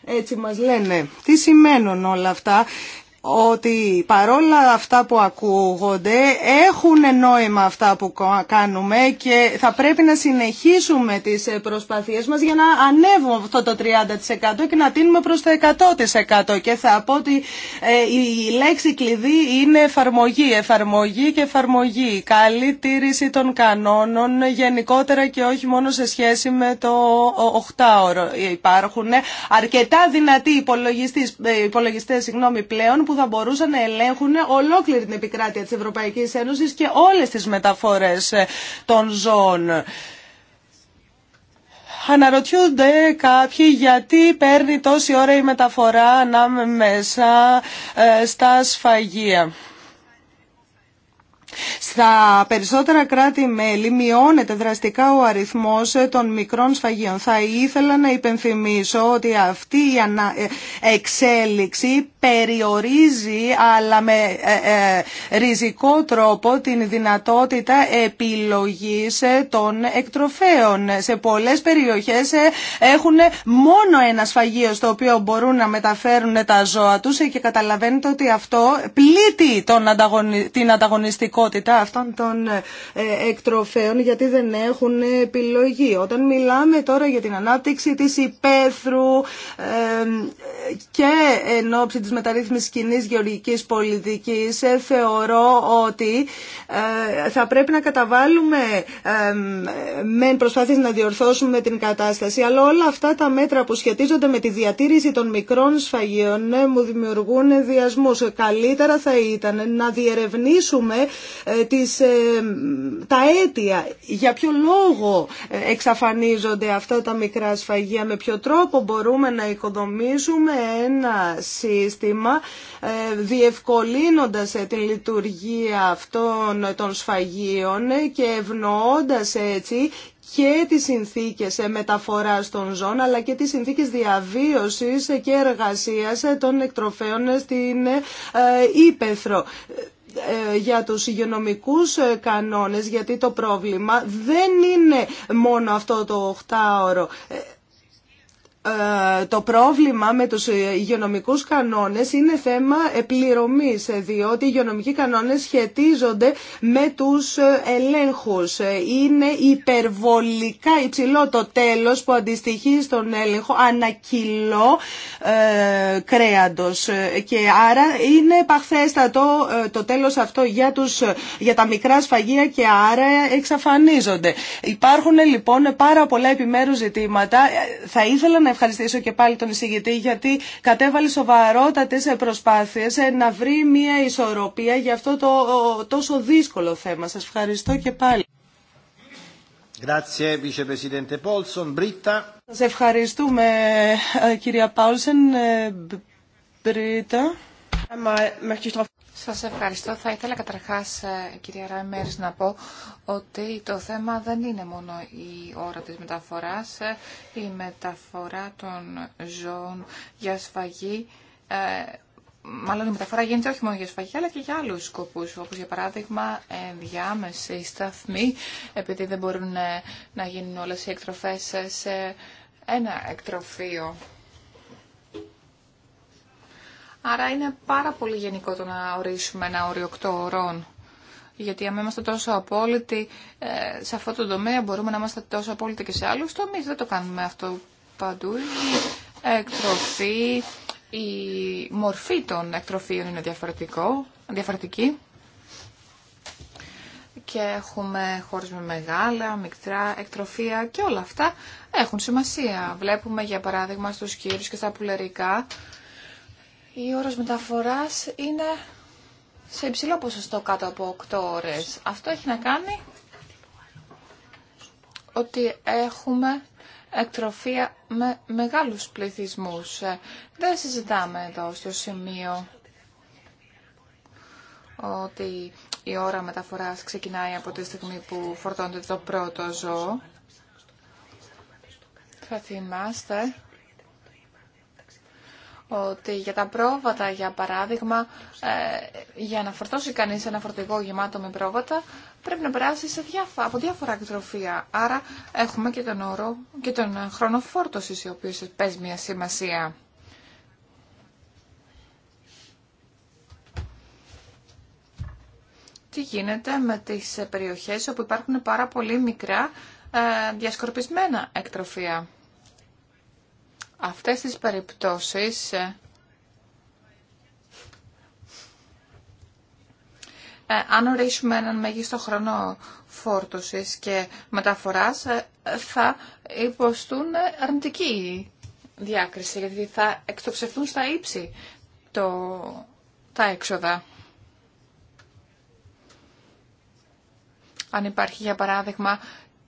Έτσι μας λένε. Τι σημαίνουν όλα αυτά ότι παρόλα αυτά που ακούγονται έχουν νόημα αυτά που κάνουμε και θα πρέπει να συνεχίσουμε τις ε, προσπαθίες μας για να ανέβουμε αυτό το 30% και να τίνουμε προς το 100% και θα πω ότι ε, η λέξη κλειδί είναι εφαρμογή, εφαρμογή και εφαρμογή, καλή τήρηση των κανόνων γενικότερα και όχι μόνο σε σχέση με το 8ωρο υπάρχουν αρκετά δυνατοί υπολογιστές, ε, υπολογιστές συγγνώμη, πλέον που θα μπορούσαν να ελέγχουν ολόκληρη την επικράτεια της Ευρωπαϊκής Ένωσης και όλες τις μεταφορές ε, των ζώων. Αναρωτιούνται κάποιοι γιατί παίρνει τόση ώρα η μεταφορά ανάμεσα ε, στα σφαγεία. Στα περισσότερα κράτη-μέλη μειώνεται δραστικά ο αριθμός ε, των μικρών σφαγείων. Θα ήθελα να υπενθυμίσω ότι αυτή η ε, εξέλιξη περιορίζει αλλά με ε, ριζικό τρόπο την δυνατότητα επιλογής των εκτροφέων. Σε πολλές περιοχές έχουν μόνο ένα σφαγείο στο οποίο μπορούν να μεταφέρουν τα ζώα τους και καταλαβαίνετε ότι αυτό πλήττει την ανταγωνιστικότητα νομιμότητα αυτών των ε, εκτροφέων γιατί δεν έχουν επιλογή. Όταν μιλάμε τώρα για την ανάπτυξη της υπαίθρου και εν ώψη της μεταρρύθμισης κοινής γεωργικής πολιτικής ε, θεωρώ ότι ε, θα πρέπει να καταβάλουμε μεν προσπάθειες να διορθώσουμε την κατάσταση αλλά όλα αυτά τα μέτρα που σχετίζονται με τη διατήρηση των μικρών σφαγιών μου δημιουργούν διασμούς. Καλύτερα θα ήταν να διερευνήσουμε ε, τις, ε, τα αίτια, για ποιο λόγο ε, εξαφανίζονται αυτά τα μικρά σφαγεία, με ποιο τρόπο μπορούμε να οικοδομήσουμε ένα σύστημα διευκολύνοντας την λειτουργία αυτών των σφαγείων και ευνοώντας έτσι και τις συνθήκες μεταφοράς των ζώων αλλά και τις συνθήκες διαβίωσης και εργασίας των εκτροφέων στην Ήπεθρο. Ε, για τους υγειονομικούς ε, κανόνες, γιατί το πρόβλημα δεν είναι μόνο αυτό το 8ωρο. Ε, το πρόβλημα με τους υγειονομικούς κανόνες είναι θέμα επιληρωμής, ε, διότι οι υγειονομικοί κανόνες σχετίζονται με τους ε, ελέγχους. Είναι υπερβολικά υψηλό το τέλος που αντιστοιχεί στον έλεγχο ανακυλό ε, κρέαντος. Και άρα είναι επαχθέστατο το τέλος αυτό για, τους, για τα μικρά σφαγεία και άρα εξαφανίζονται. Υπάρχουν λοιπόν πάρα πολλά επιμέρους ζητήματα. Θα ήθελα ευχαριστήσω και πάλι τον εισηγητή γιατί κατέβαλε σοβαρότατες προσπάθειες ε, να βρει μια ισορροπία για αυτό το τόσο δύσκολο θέμα. Σας ευχαριστώ και πάλι. Σας ευχαριστούμε ε, κυρία Πάουλσεν. Ε, σας ευχαριστώ. Θα ήθελα καταρχάς, ε, κυρία Ράιμερς, να πω ότι το θέμα δεν είναι μόνο η ώρα της μεταφοράς, ε, η μεταφορά των ζώων για σφαγή ε, μάλλον η μεταφορά γίνεται όχι μόνο για σφαγή, αλλά και για άλλους σκοπούς, όπως για παράδειγμα διάμεση σταθμή, επειδή δεν μπορούν να γίνουν όλες οι εκτροφές σε ένα εκτροφείο. Άρα είναι πάρα πολύ γενικό το να ορίσουμε ένα όριο 8 ωρών. Γιατί αν είμαστε τόσο απόλυτοι ε, σε αυτό το τομέα, μπορούμε να είμαστε τόσο απόλυτοι και σε άλλους τομείς. Δεν το κάνουμε αυτό παντού. Η εκτροφή, η μορφή των εκτροφίων είναι διαφορετικό, διαφορετική. Και έχουμε χώρες με μεγάλα, μικρά εκτροφία και όλα αυτά έχουν σημασία. Βλέπουμε για παράδειγμα στους κύριου και στα πουλερικά η ώρα μεταφοράς είναι σε υψηλό ποσοστό κάτω από 8 ώρες. Αυτό έχει να κάνει ότι έχουμε εκτροφία με μεγάλους πληθυσμούς. Δεν συζητάμε εδώ στο σημείο ότι η ώρα μεταφοράς ξεκινάει από τη στιγμή που φορτώνεται το πρώτο ζώο. Θα θυμάστε ότι για τα πρόβατα, για παράδειγμα, ε, για να φορτώσει κανείς ένα φορτηγό γεμάτο με πρόβατα, πρέπει να περάσει σε διάφο από διάφορα εκτροφία. Άρα έχουμε και τον όρο και τον χρόνο φόρτωσης, ο οποίος παίζει μια σημασία. Τι γίνεται με τις περιοχές όπου υπάρχουν πάρα πολύ μικρά ε, διασκορπισμένα εκτροφία αυτές τις περιπτώσεις ε, ε, αν ορίσουμε έναν μέγιστο χρόνο φόρτωσης και μεταφοράς, ε, θα υποστούν αρνητική διάκριση, γιατί θα εκτοξευτούν στα ύψη το, τα έξοδα. Αν υπάρχει, για παράδειγμα,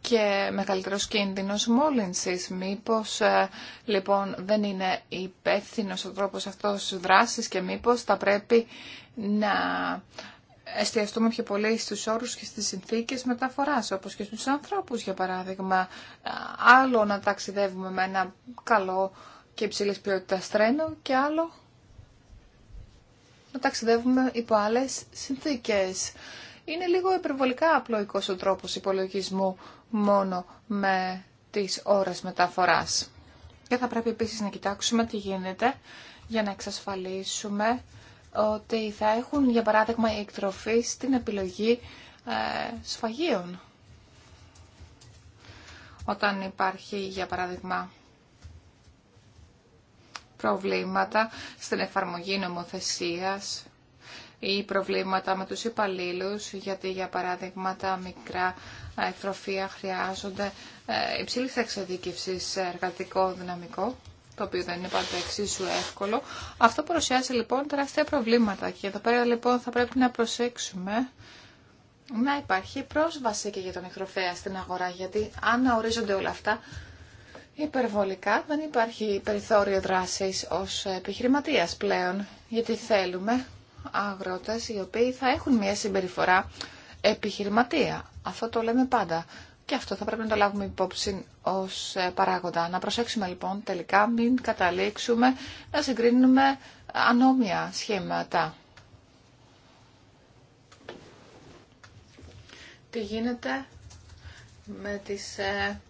και μεγαλύτερος κίνδυνος μόλυνσης. Μήπως ε, λοιπόν δεν είναι υπεύθυνο ο τρόπος αυτός δράσης και μήπως θα πρέπει να εστιαστούμε πιο πολύ στους όρους και στις συνθήκες μεταφοράς, όπως και στους ανθρώπους για παράδειγμα. Ε, άλλο να ταξιδεύουμε με ένα καλό και υψηλή ποιότητα τρένο και άλλο να ταξιδεύουμε υπό άλλες συνθήκες. Είναι λίγο υπερβολικά απλοϊκός ο τρόπος υπολογισμού μόνο με τις ώρες μεταφοράς. Και θα πρέπει επίσης να κοιτάξουμε τι γίνεται για να εξασφαλίσουμε ότι θα έχουν, για παράδειγμα, οι εκτροφή στην επιλογή ε, σφαγείων. Όταν υπάρχει, για παράδειγμα, προβλήματα στην εφαρμογή νομοθεσίας ή προβλήματα με τους υπαλλήλους, γιατί, για παράδειγμα, τα μικρά εκτροφία χρειάζονται ε, εξειδίκευση σε εργατικό δυναμικό το οποίο δεν είναι πάντα εξίσου εύκολο. Αυτό παρουσιάζει λοιπόν τεράστια προβλήματα και εδώ πέρα λοιπόν θα πρέπει να προσέξουμε να υπάρχει πρόσβαση και για τον εκτροφέα στην αγορά γιατί αν ορίζονται όλα αυτά υπερβολικά δεν υπάρχει περιθώριο δράσης ως επιχειρηματίας πλέον γιατί θέλουμε αγρότες οι οποίοι θα έχουν μια συμπεριφορά επιχειρηματία αυτό το λέμε πάντα. Και αυτό θα πρέπει να το λάβουμε υπόψη ως ε, παράγοντα. Να προσέξουμε λοιπόν τελικά μην καταλήξουμε να συγκρίνουμε ανώμια σχήματα. Τι γίνεται με τις ε,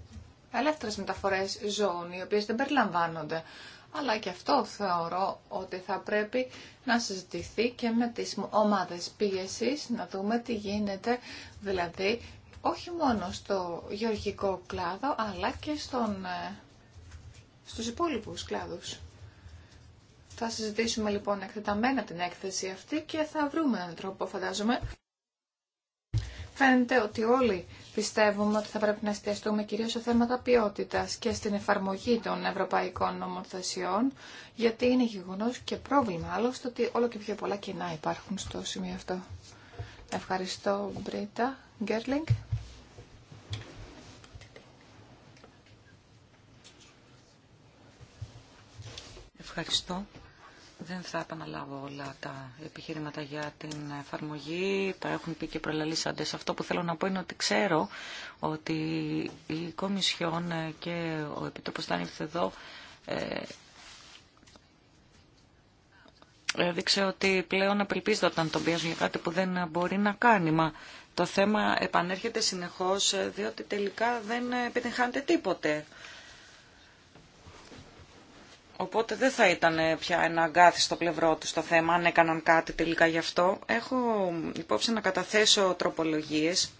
ελεύθερες μεταφορές ζώων, οι οποίες δεν περιλαμβάνονται αλλά και αυτό θεωρώ ότι θα πρέπει να συζητηθεί και με τις ομάδες πίεσης, να δούμε τι γίνεται, δηλαδή όχι μόνο στο γεωργικό κλάδο, αλλά και στον, ε, στους υπόλοιπους κλάδους. Θα συζητήσουμε λοιπόν εκτεταμένα την έκθεση αυτή και θα βρούμε έναν τρόπο, φαντάζομαι. Φαίνεται ότι όλοι πιστεύουμε ότι θα πρέπει να εστιαστούμε κυρίως σε θέματα ποιότητας και στην εφαρμογή των ευρωπαϊκών νομοθεσιών, γιατί είναι γεγονός και πρόβλημα άλλωστε ότι όλο και πιο πολλά κοινά υπάρχουν στο σημείο αυτό. Ευχαριστώ, Μπρίτα Γκέρλινγκ. Ευχαριστώ. Δεν θα επαναλάβω όλα τα επιχειρήματα για την εφαρμογή. Τα έχουν πει και προλαλήσαντε. Αυτό που θέλω να πω είναι ότι ξέρω ότι η Κομισιόν και ο Επιτρόπος ήρθε εδώ ε, έδειξε ότι πλέον απελπίζεται όταν τον για κάτι που δεν μπορεί να κάνει. Μα το θέμα επανέρχεται συνεχώς διότι τελικά δεν επιτυγχάνεται τίποτε. Οπότε δεν θα ήταν πια ένα αγκάθι στο πλευρό του το θέμα, αν έκαναν κάτι τελικά γι' αυτό. Έχω υπόψη να καταθέσω τροπολογίες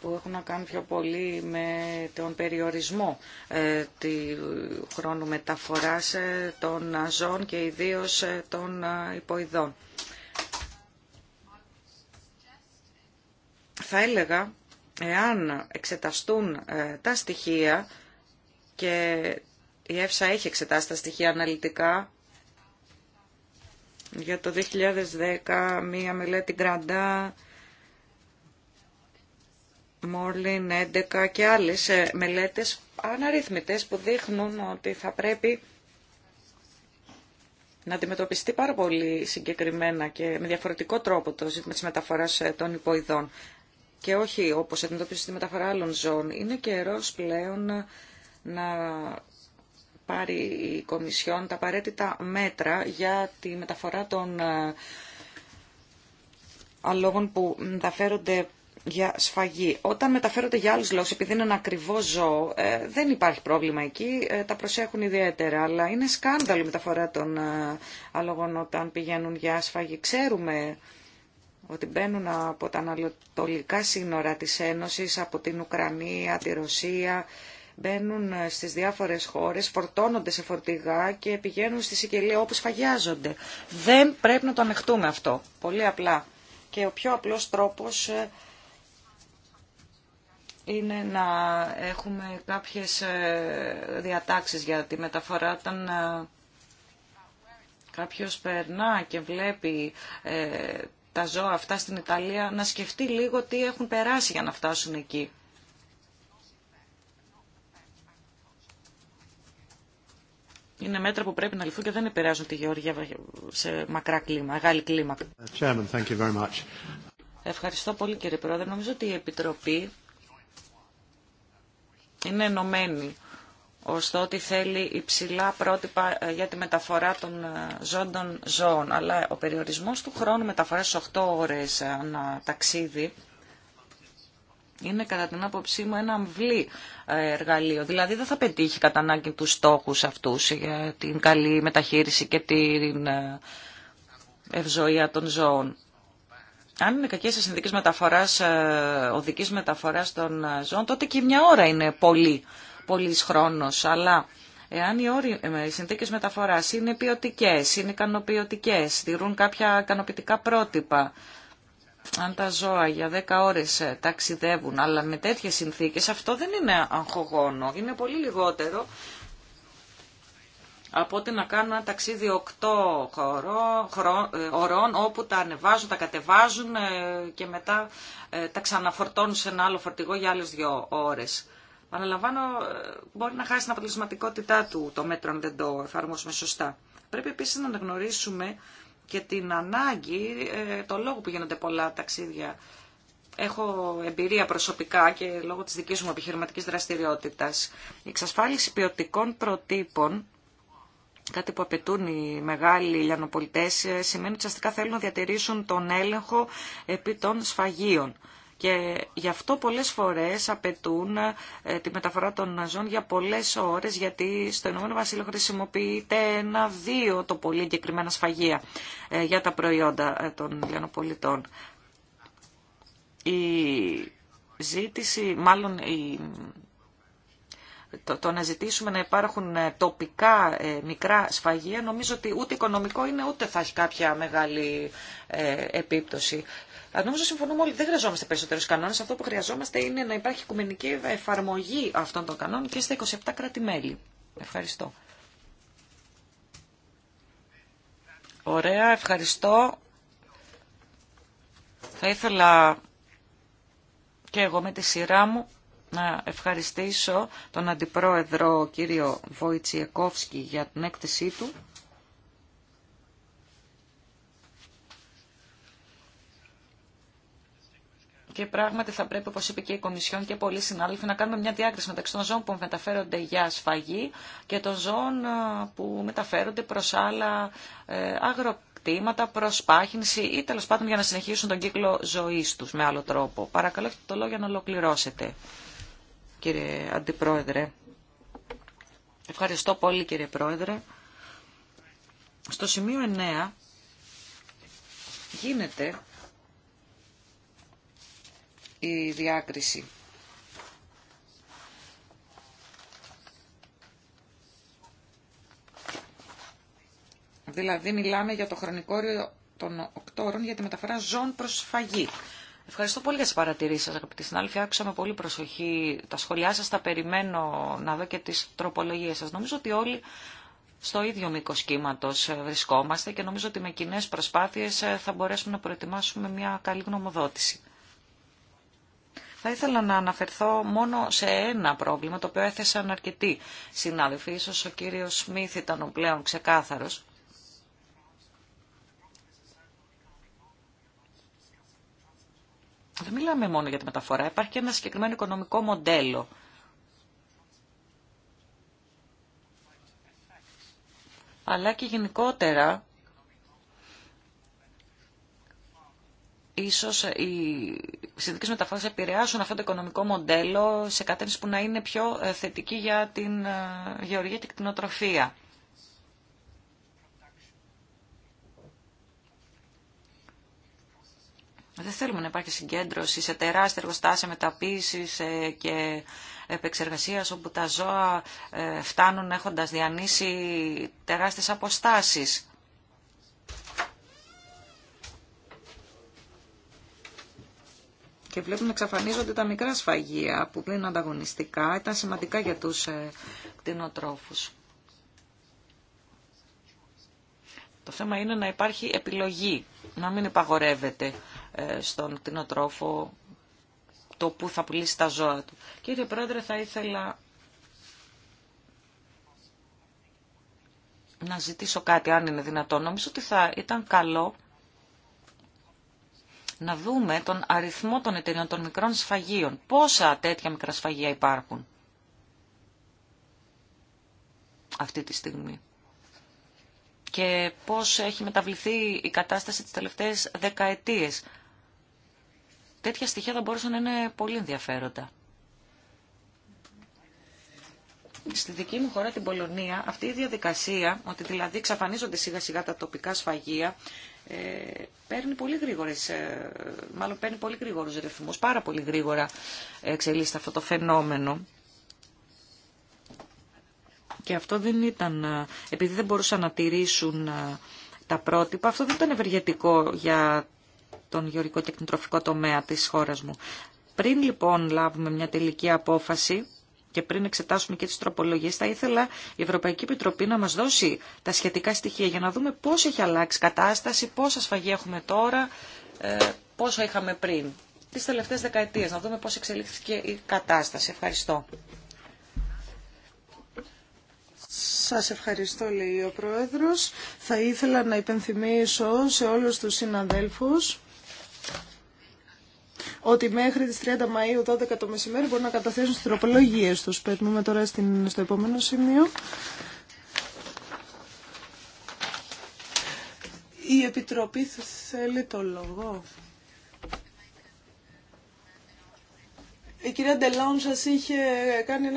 που έχουν να κάνουν πιο πολύ με τον περιορισμό ε, του χρόνου μεταφοράς ε, των ζώων και ιδίως ε, των ε, υποειδών. Θα έλεγα, εάν εξεταστούν τα στοιχεία και η ΕΦΣΑ έχει εξετάσει τα στοιχεία αναλυτικά. Για το 2010 μία μελέτη Γκραντά, Μόρλιν 11 και άλλες ε, μελέτες αναρρυθμητές που δείχνουν ότι θα πρέπει να αντιμετωπιστεί πάρα πολύ συγκεκριμένα και με διαφορετικό τρόπο το ζήτημα της μεταφοράς ε, των υποειδών και όχι όπως αντιμετωπίζεται τη μεταφορά άλλων ζώων. Είναι καιρός πλέον να πάρει η Κομισιόν τα απαραίτητα μέτρα για τη μεταφορά των ε, αλόγων που μεταφέρονται για σφαγή. Όταν μεταφέρονται για άλλους λόγους, επειδή είναι ένα ακριβό ζώο, ε, δεν υπάρχει πρόβλημα εκεί, ε, τα προσέχουν ιδιαίτερα. Αλλά είναι σκάνδαλο η μεταφορά των αλόγων όταν πηγαίνουν για σφαγή. Ξέρουμε ότι μπαίνουν από τα ανατολικά σύνορα της Ένωσης, από την Ουκρανία, τη Ρωσία, μπαίνουν ε, στις διάφορες χώρες, φορτώνονται σε φορτηγά και πηγαίνουν στη Σικελία όπου σφαγιάζονται. Δεν πρέπει να το ανεχτούμε αυτό, πολύ απλά. Και ο πιο απλός τρόπος ε, είναι να έχουμε κάποιες ε, διατάξεις για τη μεταφορά όταν κάποιος περνά και βλέπει τα ζώα αυτά στην Ιταλία να σκεφτεί λίγο τι έχουν περάσει για να φτάσουν εκεί. είναι μέτρα που πρέπει να ληφθούν και δεν επηρεάζουν τη γεωργία σε μακρά κλίμα, μεγάλη κλίμακα. Ευχαριστώ πολύ κύριε Πρόεδρε. Νομίζω ότι η Επιτροπή είναι ενωμένη το ότι θέλει υψηλά πρότυπα ε, για τη μεταφορά των ε, ζώντων ζώων. Αλλά ο περιορισμός του χρόνου μεταφοράς 8 ώρες ανά ταξίδι είναι κατά την άποψή μου ένα αμβλή ε, εργαλείο. Δηλαδή δεν θα πετύχει κατά ανάγκη τους στόχους αυτούς για την καλή μεταχείριση και την ε, ευζοία των ζώων. Αν είναι κακές οι συνδίκες μεταφοράς, ε, οδικής μεταφοράς των ζώων, τότε και μια ώρα είναι πολύ, πολύ χρόνος. Αλλά εάν οι, όροι, οι μεταφοράς είναι ποιοτικέ, είναι ικανοποιητικέ, στηρούν κάποια ικανοποιητικά πρότυπα, αν τα ζώα για 10 ώρες ε, ταξιδεύουν, αλλά με τέτοιες συνθήκες, αυτό δεν είναι αγχογόνο. Είναι πολύ λιγότερο από ότι να κάνουν ένα ταξίδι 8 ε, ωρών όπου τα ανεβάζουν, τα κατεβάζουν ε, και μετά τα ξαναφορτώνουν σε ένα άλλο φορτηγό για άλλες δύο ώρες. Παναλαμβάνω μπορεί να χάσει την αποτελεσματικότητά του το μέτρο αν δεν το εφαρμόσουμε σωστά. Πρέπει επίσης να αναγνωρίσουμε και την ανάγκη, ε, το λόγο που γίνονται πολλά ταξίδια. Έχω εμπειρία προσωπικά και λόγω της δικής μου επιχειρηματικής δραστηριότητας. Η εξασφάλιση ποιοτικών προτύπων, κάτι που απαιτούν οι μεγάλοι λιανοπολιτές, ε, σημαίνει ότι ουσιαστικά θέλουν να διατηρήσουν τον έλεγχο επί των σφαγίων και γι' αυτό πολλές φορές απαιτούν ε, τη μεταφορά των ναζών για πολλές ώρες γιατί στο Ηνωμένο Βασίλειο χρησιμοποιείται ένα-δύο το πολύ εγκεκριμένα σφαγεία ε, για τα προϊόντα ε, των λιανοπολιτών. Η ζήτηση, μάλλον το, να ζητήσουμε να υπάρχουν τοπικά μικρά σφαγεία νομίζω ότι ούτε οικονομικό είναι ούτε θα έχει κάποια μεγάλη επίπτωση. Αλλά νομίζω συμφωνούμε όλοι, δεν χρειαζόμαστε περισσότερου κανόνε. Αυτό που χρειαζόμαστε είναι να υπάρχει οικουμενική εφαρμογή αυτών των κανόνων και στα 27 κράτη-μέλη. Ευχαριστώ. Ωραία, ευχαριστώ. Θα ήθελα και εγώ με τη σειρά μου να ευχαριστήσω τον Αντιπρόεδρο κύριο Βοητσιακόφσκι για την έκθεσή του. Και πράγματι θα πρέπει, όπω είπε και η Κομισιόν και πολλοί συνάδελφοι, να κάνουμε μια διάκριση μεταξύ των ζώων που μεταφέρονται για σφαγή και των ζώων ε, που μεταφέρονται προ άλλα ε, αγροκτήματα, προ πάχυνση ή τέλο πάντων για να συνεχίσουν τον κύκλο ζωή του με άλλο τρόπο. Παρακαλώ, έχετε το λόγο για να ολοκληρώσετε, κύριε Αντιπρόεδρε. Ευχαριστώ πολύ, κύριε Πρόεδρε. Στο σημείο 9 γίνεται η διάκριση. Δηλαδή μιλάμε για το χρονικό των οκτώρων για τη μεταφορά ζών προς φαγή. Ευχαριστώ πολύ για τις παρατηρήσεις σας αγαπητοί συνάδελφοι. Άκουσα με πολύ προσοχή τα σχόλιά σας, τα περιμένω να δω και τις τροπολογίες σας. Νομίζω ότι όλοι στο ίδιο μήκο κύματο ε, βρισκόμαστε και νομίζω ότι με κοινέ προσπάθειες ε, θα μπορέσουμε να προετοιμάσουμε μια καλή γνωμοδότηση. Θα ήθελα να αναφερθώ μόνο σε ένα πρόβλημα, το οποίο έθεσαν αρκετοί συνάδελφοι. Ίσως ο κύριος Σμίθ ήταν ο πλέον ξεκάθαρος. Δεν μιλάμε μόνο για τη μεταφορά. Υπάρχει και ένα συγκεκριμένο οικονομικό μοντέλο. Αλλά και γενικότερα ίσως οι συνδικές μεταφορέ επηρεάσουν αυτό το οικονομικό μοντέλο σε κατεύθυνση που να είναι πιο ε, θετική για την ε, γεωργία και την κτηνοτροφία. Δεν θέλουμε να υπάρχει συγκέντρωση σε τεράστια εργοστάσια μεταποίησης ε, και επεξεργασίας όπου τα ζώα φτάνουν έχοντας διανύσει τεράστιες αποστάσεις. και βλέπουμε να εξαφανίζονται τα μικρά σφαγεία που πλήν ανταγωνιστικά ήταν σημαντικά για τους ε, κτηνοτρόφους. Το θέμα είναι να υπάρχει επιλογή, να μην υπαγορεύεται ε, στον κτηνοτρόφο το που θα πουλήσει τα ζώα του. Κύριε Πρόεδρε, θα ήθελα να ζητήσω κάτι, αν είναι δυνατόν. Νομίζω ότι θα ήταν καλό να δούμε τον αριθμό των εταιριών των μικρών σφαγείων. Πόσα τέτοια μικρά σφαγεία υπάρχουν αυτή τη στιγμή. Και πώς έχει μεταβληθεί η κατάσταση τις τελευταίες δεκαετίες. Τέτοια στοιχεία θα μπορούσαν να είναι πολύ ενδιαφέροντα στη δική μου χώρα την Πολωνία αυτή η διαδικασία, ότι δηλαδή εξαφανίζονται σιγά σιγά τα τοπικά σφαγεία, ε, παίρνει πολύ γρήγορες, ε, μάλλον παίρνει πολύ γρήγορου ρυθμού. πάρα πολύ γρήγορα εξελίσσεται αυτό το φαινόμενο. Και αυτό δεν ήταν, ε, επειδή δεν μπορούσαν να τηρήσουν ε, τα πρότυπα, αυτό δεν ήταν ευεργετικό για τον γεωρικό και εκτροφικό τομέα της χώρας μου. Πριν λοιπόν λάβουμε μια τελική απόφαση, και πριν εξετάσουμε και τις τροπολογίες, θα ήθελα η Ευρωπαϊκή Επιτροπή να μας δώσει τα σχετικά στοιχεία για να δούμε πώς έχει αλλάξει η κατάσταση, πόσα σφαγή έχουμε τώρα, ε, πόσα είχαμε πριν. Τις τελευταίες δεκαετίες, να δούμε πώς εξελίχθηκε η κατάσταση. Ευχαριστώ. Σας ευχαριστώ, λέει ο Πρόεδρος. Θα ήθελα να υπενθυμίσω σε όλους τους συναδέλφους ότι μέχρι τις 30 Μαΐου 12 το μεσημέρι μπορούν να καταθέσουν στις τροπολογίες τους. Περνούμε τώρα στην, στο επόμενο σημείο. Η Επιτροπή θέλει το λόγο. Η κυρία Ντελάουν σα είχε κάνει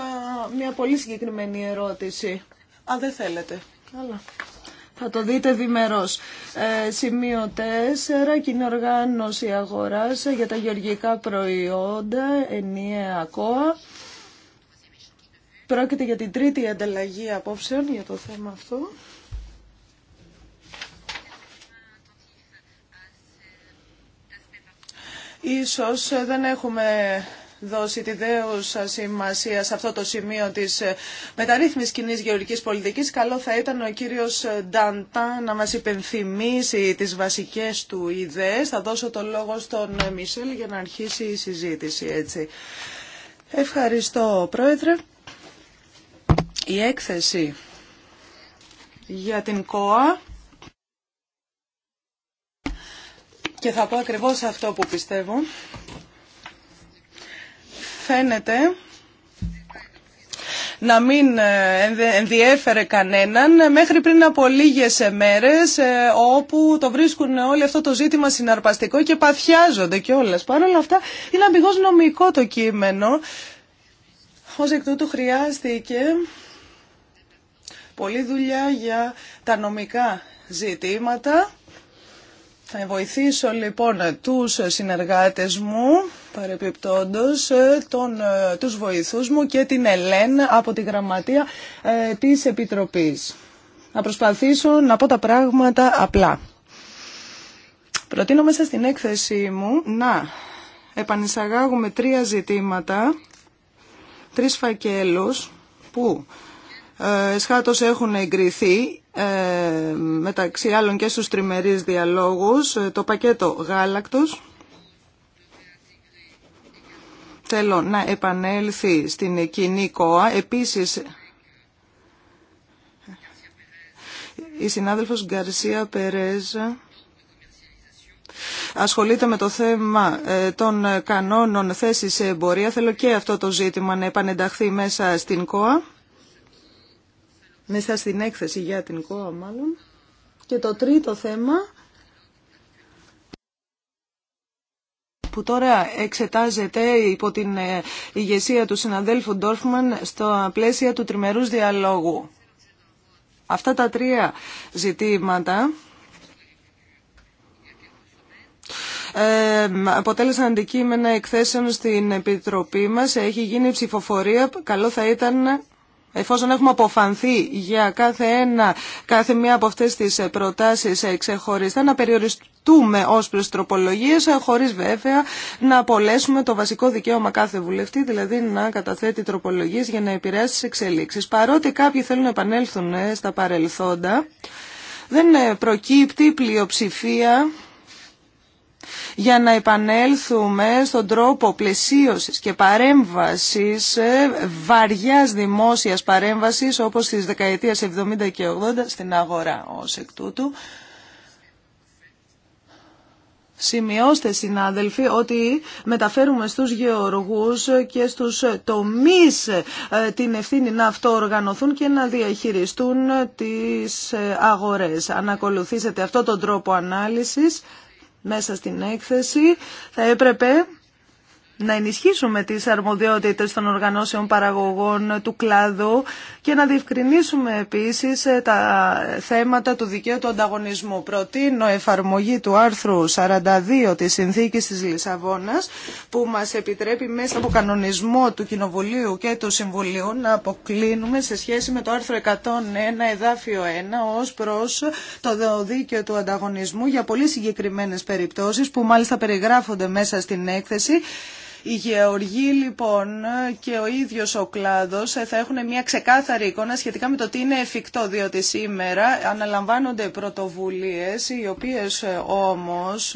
μια πολύ συγκεκριμένη ερώτηση. Αν δεν θέλετε. Καλά. Θα το δείτε διμερός. Ε, σημείο 4, κοινή οργάνωση αγοράς για τα γεωργικά προϊόντα, ενιαία ακόα. Πρόκειται για την τρίτη ανταλλαγή απόψεων για το θέμα αυτό. Ίσως δεν έχουμε δώσει τη δέουσα σημασία σε αυτό το σημείο της ε, μεταρρυθμιση κοινή γεωργικής πολιτικής. Καλό θα ήταν ο κύριος ε, Νταντά να μας υπενθυμίσει τις βασικές του ιδέες. Θα δώσω το λόγο στον ε, Μισελ για να αρχίσει η συζήτηση έτσι. Ευχαριστώ Πρόεδρε. Η έκθεση για την ΚΟΑ και θα πω ακριβώς αυτό που πιστεύω φαίνεται να μην ε, ενδιέφερε κανέναν μέχρι πριν από λίγες μέρες ε, όπου το βρίσκουν όλο αυτό το ζήτημα συναρπαστικό και παθιάζονται κιόλας. Παρ' όλα αυτά είναι αμπηγός νομικό το κείμενο. Ως εκ τούτου χρειάστηκε πολλή δουλειά για τα νομικά ζητήματα θα βοηθήσω λοιπόν τους συνεργάτες μου, παρεπιπτόντως ε, τον, ε, τους βοηθούς μου και την Ελένα από τη γραμματεία ε, της Επιτροπής. Να προσπαθήσω να πω τα πράγματα απλά. Προτείνω μέσα στην έκθεσή μου να επανεισαγάγουμε τρία ζητήματα, τρεις φακέλους που ε, εσχάτως έχουν εγκριθεί ε, μεταξύ άλλων και στους τριμερείς διαλόγους ε, το πακέτο γάλακτος. Θέλω να επανέλθει στην κοινή ΚΟΑ. Επίσης, η συνάδελφος Γκαρσία Περέζα ασχολείται με το θέμα των κανόνων θέσης σε εμπορία. Θέλω και αυτό το ζήτημα να επανενταχθεί μέσα στην ΚΟΑ μέσα στην έκθεση για την ΚΟΑ μάλλον. Και το τρίτο θέμα που τώρα εξετάζεται υπό την ε, ηγεσία του συναδέλφου Ντόρφμαν στο πλαίσιο του τριμερούς διαλόγου. Αυτά τα τρία ζητήματα ε, αποτέλεσαν αντικείμενα εκθέσεων στην Επιτροπή μας. Έχει γίνει ψηφοφορία. Καλό θα ήταν Εφόσον έχουμε αποφανθεί για κάθε ένα, κάθε μία από αυτές τις ε, προτάσεις ε, ξεχωριστά, να περιοριστούμε ως προς τροπολογίες, ε, χωρίς βέβαια να απολέσουμε το βασικό δικαίωμα κάθε βουλευτή, δηλαδή να καταθέτει τροπολογίες για να επηρεάσει τις εξελίξεις. Παρότι κάποιοι θέλουν να επανέλθουν στα παρελθόντα, δεν προκύπτει πλειοψηφία για να επανέλθουμε στον τρόπο πλαισίωσης και παρέμβασης, ε, βαριάς δημόσιας παρέμβασης όπως στις δεκαετίες 70 και 80 στην αγορά ως εκ τούτου. Σημειώστε συνάδελφοι ότι μεταφέρουμε στους γεωργούς και στους τομείς ε, την ευθύνη να αυτοοργανωθούν και να διαχειριστούν τις ε, αγορές. Ανακολουθήσετε αυτό τον τρόπο ανάλυσης μέσα στην έκθεση. Θα έπρεπε να ενισχύσουμε τις αρμοδιότητες των οργανώσεων παραγωγών του κλάδου και να διευκρινίσουμε επίσης ε, τα θέματα του δικαίου του ανταγωνισμού. Προτείνω εφαρμογή του άρθρου 42 της Συνθήκης της Λισαβόνας που μας επιτρέπει μέσα από κανονισμό του Κοινοβουλίου και του Συμβουλίου να αποκλίνουμε σε σχέση με το άρθρο 101 εδάφιο 1 ως προς το δίκαιο του ανταγωνισμού για πολύ συγκεκριμένες περιπτώσεις που μάλιστα περιγράφονται μέσα στην έκθεση οι γεωργοί λοιπόν και ο ίδιος ο κλάδος θα έχουν μια ξεκάθαρη εικόνα σχετικά με το τι είναι εφικτό, διότι σήμερα αναλαμβάνονται πρωτοβουλίες οι οποίες ε, όμως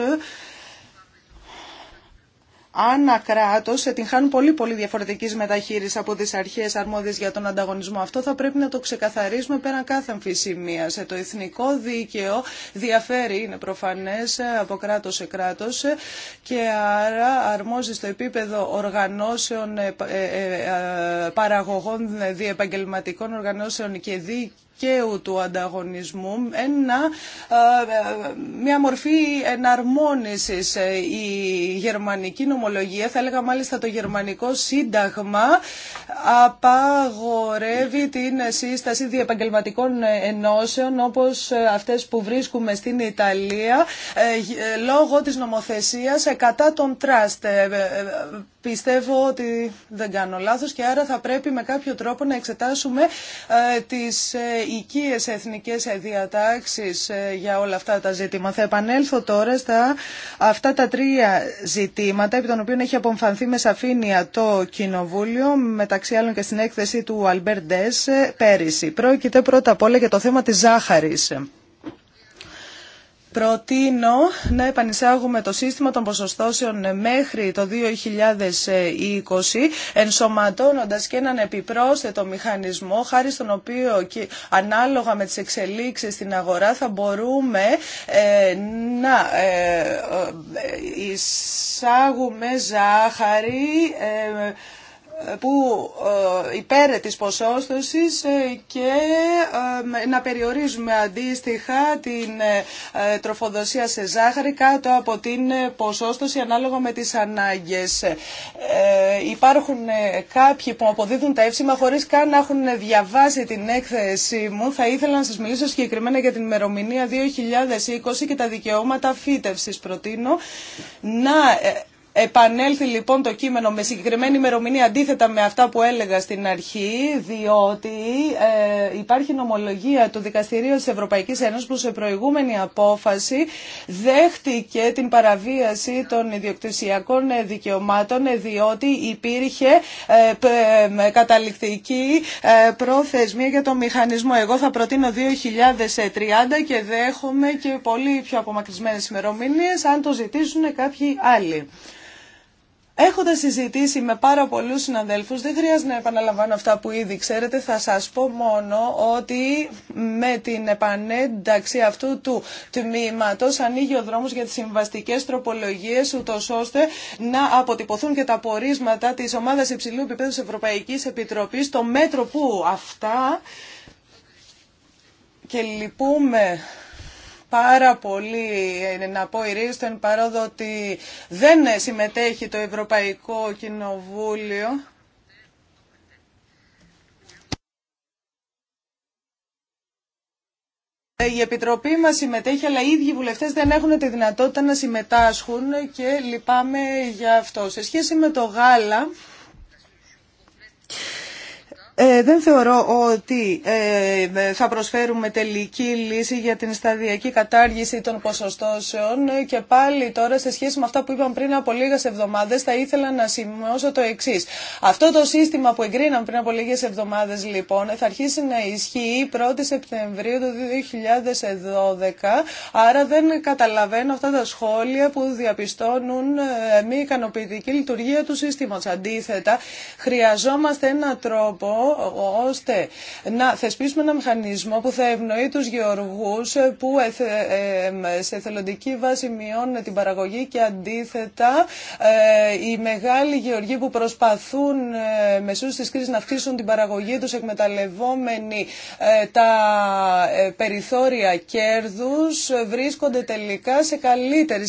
αν κράτο, ε, την πολύ πολύ διαφορετικής μεταχείρισης από τις αρχές αρμόδιες για τον ανταγωνισμό. Αυτό θα πρέπει να το ξεκαθαρίσουμε πέραν κάθε Σε Το εθνικό δίκαιο διαφέρει, είναι προφανέ ε, από κράτο σε κράτος ε, και άρα αρμόζει στο επίπεδο οργανώσεων, παραγωγών, διεπαγγελματικών οργανώσεων και δίκαιων δικαίου του ανταγωνισμού, ένα, ε, ε, μια μορφή εναρμόνισης. Ε, η γερμανική νομολογία, θα έλεγα μάλιστα το γερμανικό σύνταγμα, απαγορεύει την σύσταση διεπαγγελματικών ενώσεων όπως αυτές που βρίσκουμε στην Ιταλία λόγω της νομοθεσίας κατά των τραστ Πιστεύω ότι δεν κάνω λάθος και άρα θα πρέπει με κάποιο τρόπο να εξετάσουμε ε, τις ε, οικίες εθνικές διατάξεις ε, για όλα αυτά τα ζήτημα. Θα επανέλθω τώρα στα αυτά τα τρία ζητήματα επί των οποίων έχει απομφανθεί με σαφήνεια το Κοινοβούλιο μεταξύ άλλων και στην έκθεση του Αλμπερντές πέρυσι. Πρόκειται πρώτα απ' όλα για το θέμα της ζάχαρης. Προτείνω να επανεισάγουμε το σύστημα των ποσοστώσεων μέχρι το 2020, ενσωματώνοντας και έναν επιπρόσθετο μηχανισμό, χάρη στον οποίο και ανάλογα με τις εξελίξεις στην αγορά θα μπορούμε ε, να ε, ε, εισάγουμε ζάχαρη, που ε, υπέρ της ποσόστοσης ε, και ε, να περιορίζουμε αντίστοιχα την τροφοδοσία σε ζάχαρη κάτω από την ποσόστοση ανάλογα με τις ανάγκες. Υπάρχουν κάποιοι που αποδίδουν τα εύσημα χωρίς καν να έχουν διαβάσει την έκθεση μου. Θα ήθελα να σας μιλήσω συγκεκριμένα για την ημερομηνία 2020 και τα δικαιώματα φύτευσης. Προτείνω να επανέλθει λοιπόν το κείμενο με συγκεκριμένη ημερομηνία αντίθετα με αυτά που έλεγα στην αρχή, διότι ε, υπάρχει νομολογία του Δικαστηρίου της Ευρωπαϊκής Ένωσης που σε προηγούμενη απόφαση δέχτηκε την παραβίαση των ιδιοκτησιακών δικαιωμάτων διότι υπήρχε ε, ε, καταληκτική ε, πρόθεσμια για το μηχανισμό. Εγώ θα προτείνω 2030 και δέχομαι και πολύ πιο απομακρυσμένες ημερομηνίες αν το ζητήσουν κάποιοι άλλοι. Έχοντα συζητήσει με πάρα πολλού συναδέλφου. δεν χρειάζεται να επαναλαμβάνω αυτά που ήδη ξέρετε, θα σας πω μόνο ότι με την επανένταξη αυτού του τμήματο ανοίγει ο δρόμος για τις συμβαστικέ τροπολογίες, ούτω ώστε να αποτυπωθούν και τα πορίσματα τη ομάδα υψηλού επίπεδου Ευρωπαϊκή Ευρωπαϊκής Επιτροπής, στο μέτρο που αυτά και λυπούμε πάρα πολύ ε, να πω παρόδο ότι δεν συμμετέχει το Ευρωπαϊκό Κοινοβούλιο. Ε, η Επιτροπή μας συμμετέχει, αλλά οι ίδιοι βουλευτές δεν έχουν τη δυνατότητα να συμμετάσχουν και λυπάμαι για αυτό. Σε σχέση με το γάλα, ε, δεν θεωρώ ότι ε, θα προσφέρουμε τελική λύση για την σταδιακή κατάργηση των ποσοστώσεων και πάλι τώρα σε σχέση με αυτά που είπαμε πριν από λίγες εβδομάδες θα ήθελα να σημειώσω το εξή. Αυτό το σύστημα που εγκρίναμε πριν από λίγες εβδομάδες λοιπόν θα αρχίσει να ισχύει 1η Σεπτεμβρίου του 2012 άρα δεν καταλαβαίνω αυτά τα σχόλια που διαπιστώνουν ε, μη ικανοποιητική λειτουργία του σύστηματος. Αντίθετα χρειαζόμαστε ένα τρόπο ώστε να θεσπίσουμε ένα μηχανισμό που θα ευνοεί τους γεωργούς ε, που ε, ε, σε θελοντική βάση μειώνουν την παραγωγή και αντίθετα οι μεγάλοι γεωργοί που προσπαθούν μεσούς της κρίσης να αυξήσουν την παραγωγή τους εκμεταλλευόμενοι τα περιθώρια κέρδους βρίσκονται τελικά σε καλύτερη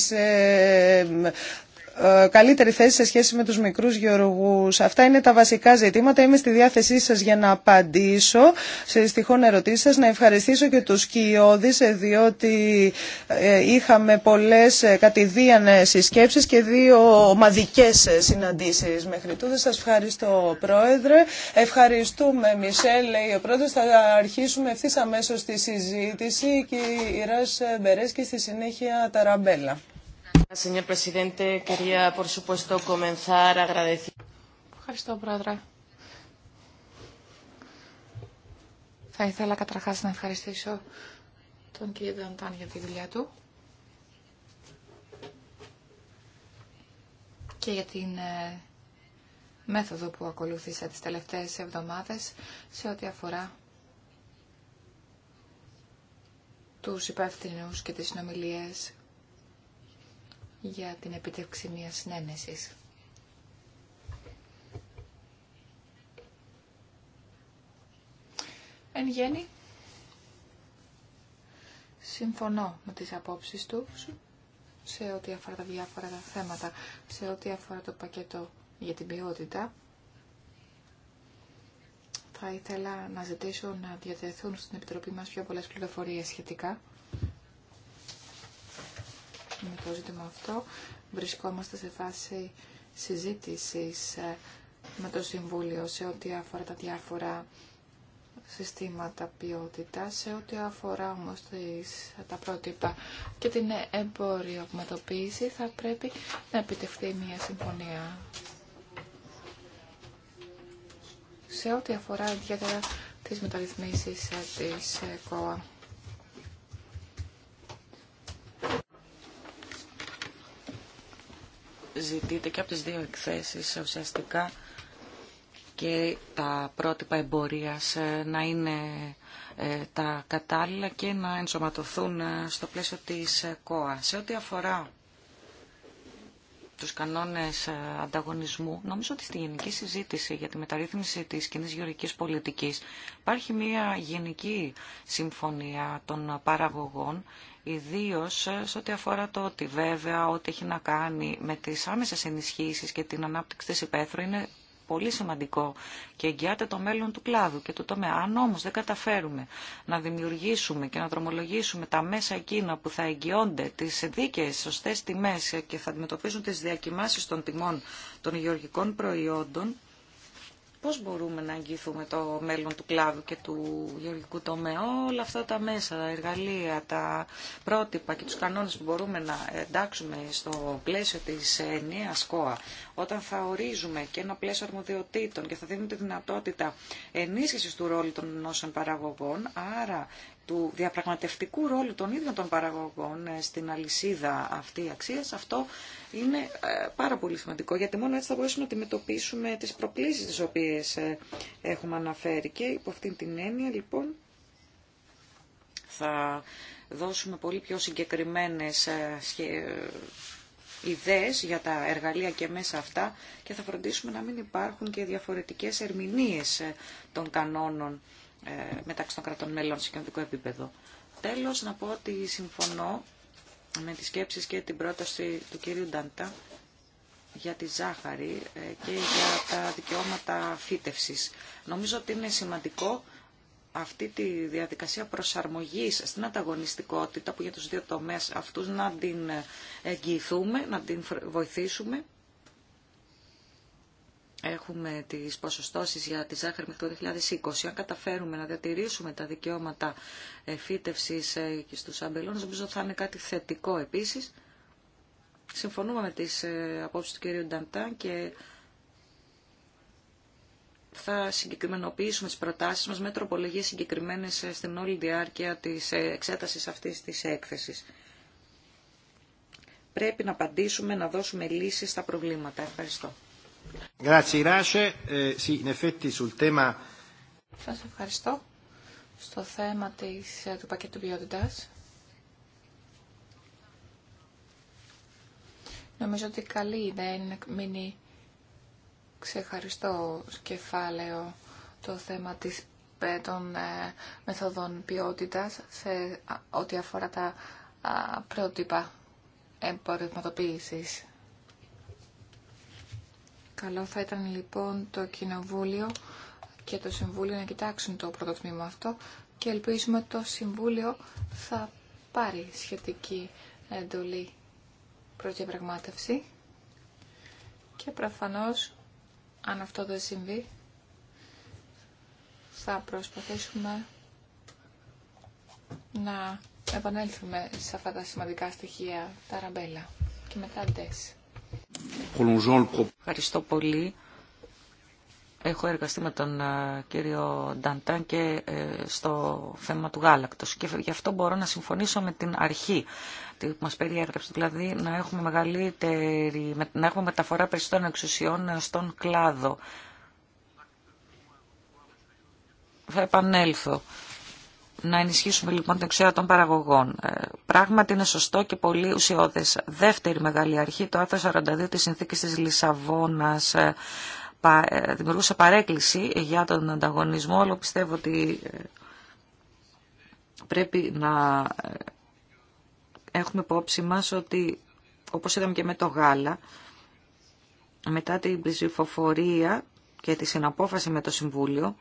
ε, καλύτερη θέση σε σχέση με τους μικρούς γεωργούς. Αυτά είναι τα βασικά ζητήματα. Είμαι στη διάθεσή σας για να απαντήσω σε τυχόν ερωτήσεις σας. Να ευχαριστήσω και τους κοιόδης, ε, διότι ε, είχαμε πολλές κατηδίαν συσκέψεις και δύο ομαδικές συναντήσεις μέχρι τούδε. Σας ευχαριστώ, Πρόεδρε. Ευχαριστούμε, Μισελ, λέει ο Πρόεδρος. Θα αρχίσουμε ευθύ αμέσω τη συζήτηση και η Ράς μπερέσκη στη συνέχεια Ταραμπέλα. Ευχαριστώ, Πρόεδρε. Θα ήθελα καταρχάς να ευχαριστήσω τον κύριο Δαντάν για τη δουλειά του και για την ε, μέθοδο που ακολούθησε τις τελευταίες εβδομάδες σε ό,τι αφορά τους υπεύθυνους και τις συνομιλίες για την επιτεύξη μιας συνένεσης. Εν γέννη, συμφωνώ με τις απόψεις του σε ό,τι αφορά τα διάφορα θέματα, σε ό,τι αφορά το πακέτο για την ποιότητα. Θα ήθελα να ζητήσω να διατεθούν στην Επιτροπή μας πιο πολλές πληροφορίες σχετικά με το ζήτημα αυτό. Βρισκόμαστε σε φάση συζήτησης ε, με το Συμβούλιο σε ό,τι αφορά τα διάφορα συστήματα ποιότητα, σε ό,τι αφορά όμως τις, τα πρότυπα και την μετοπίζει θα πρέπει να επιτευχθεί μια συμφωνία. Σε ό,τι αφορά ιδιαίτερα τις μεταρρυθμίσεις ε, της ε, ΚΟΑ. ζητείται και από τις δύο εκθέσεις ουσιαστικά και τα πρότυπα εμπορίας ε, να είναι ε, τα κατάλληλα και να ενσωματωθούν ε, στο πλαίσιο της ΚΟΑ. Σε ό,τι αφορά τους κανόνες ε, ανταγωνισμού, νομίζω ότι στη γενική συζήτηση για τη μεταρρύθμιση της κοινή γεωργικής πολιτικής υπάρχει μια γενική συμφωνία των παραγωγών, ιδίω ε, σε ό,τι αφορά το ότι βέβαια ό,τι έχει να κάνει με τις άμεσες ενισχύσεις και την ανάπτυξη της υπαίθρου είναι πολύ σημαντικό και εγγυάται το μέλλον του κλάδου και του τομέα. Αν όμω δεν καταφέρουμε να δημιουργήσουμε και να δρομολογήσουμε τα μέσα εκείνα που θα εγγυώνται τις δίκαιες σωστέ τιμέ και θα αντιμετωπίζουν τις διακοιμάσει των τιμών των γεωργικών προϊόντων, πώς μπορούμε να αγγίθουμε το μέλλον του κλάδου και του γεωργικού τομέα. Όλα αυτά τα μέσα, τα εργαλεία, τα πρότυπα και τους κανόνες που μπορούμε να εντάξουμε στο πλαίσιο της νέας ΚΟΑ, όταν θα ορίζουμε και ένα πλαίσιο αρμοδιοτήτων και θα δίνουμε τη δυνατότητα ενίσχυσης του ρόλου των νόσων παραγωγών, άρα του διαπραγματευτικού ρόλου των ίδιων των παραγωγών ε, στην αλυσίδα αυτή αξία. αυτό είναι ε, πάρα πολύ σημαντικό, γιατί μόνο έτσι θα μπορέσουμε να αντιμετωπίσουμε τις προκλήσεις τις οποίες ε, έχουμε αναφέρει. Και υπό αυτήν την έννοια, λοιπόν, θα δώσουμε πολύ πιο συγκεκριμένες ιδέες για τα εργαλεία και μέσα αυτά και θα φροντίσουμε να μην υπάρχουν και διαφορετικές ερμηνείες των κανόνων ε, μεταξύ των κρατών μελών σε κοινωνικό επίπεδο. Τέλος, να πω ότι συμφωνώ με τις σκέψεις και την πρόταση του κυρίου Ντάντα για τη ζάχαρη ε, και για τα δικαιώματα φύτευσης. Νομίζω ότι είναι σημαντικό αυτή τη διαδικασία προσαρμογής στην ανταγωνιστικότητα που για τους δύο τομές αυτούς να την εγγυηθούμε, να την βοηθήσουμε έχουμε τις ποσοστώσεις για τη ζάχαρη μέχρι το 2020. Αν καταφέρουμε να διατηρήσουμε τα δικαιώματα φύτευσης ε, και στους αμπελώνες, νομίζω θα είναι κάτι θετικό επίσης. Συμφωνούμε με τις ε, απόψεις του κ. Νταντάν και θα συγκεκριμενοποιήσουμε τις προτάσεις μας με τροπολογίες συγκεκριμένες ε, στην όλη διάρκεια της εξέτασης αυτής της έκθεσης. Πρέπει να απαντήσουμε, να δώσουμε λύσεις στα προβλήματα. Ευχαριστώ. Ε, Σας ευχαριστώ. Στο θέμα της, ε, του πακέτου ποιότητας, νομίζω ότι καλή ιδέα είναι να μείνει ξεχαριστό κεφάλαιο το θέμα της, των ε, μεθοδών ποιότητας σε ό,τι αφορά τα πρότυπα εμπορευματοποίησης. Καλό θα ήταν λοιπόν το Κοινοβούλιο και το Συμβούλιο να κοιτάξουν το πρώτο τμήμα αυτό και ελπίζουμε το Συμβούλιο θα πάρει σχετική εντολή προς διαπραγμάτευση και προφανώς αν αυτό δεν συμβεί θα προσπαθήσουμε να επανέλθουμε σε αυτά τα σημαντικά στοιχεία τα ραμπέλα και μετά Ευχαριστώ πολύ. Έχω εργαστεί με τον ε, κύριο Νταντάν και ε, στο θέμα του γάλακτος και γι' αυτό μπορώ να συμφωνήσω με την αρχή που μας περιέγραψε, δηλαδή να έχουμε, μεγαλύτερη, να έχουμε μεταφορά περισσότερων εξουσιών ε, στον κλάδο. Θα επανέλθω να ενισχύσουμε λοιπόν την εξουσία των παραγωγών. Ε, πράγματι είναι σωστό και πολύ ουσιώδες. Δεύτερη μεγάλη αρχή, το άρθρο 42 της συνθήκης της Λισαβόνας ε, ε, δημιουργούσε παρέκκληση για τον ανταγωνισμό, αλλά πιστεύω ότι πρέπει να έχουμε υπόψη μα ότι, όπως είδαμε και με το γάλα, μετά την ψηφοφορία και τη συναπόφαση με το Συμβούλιο,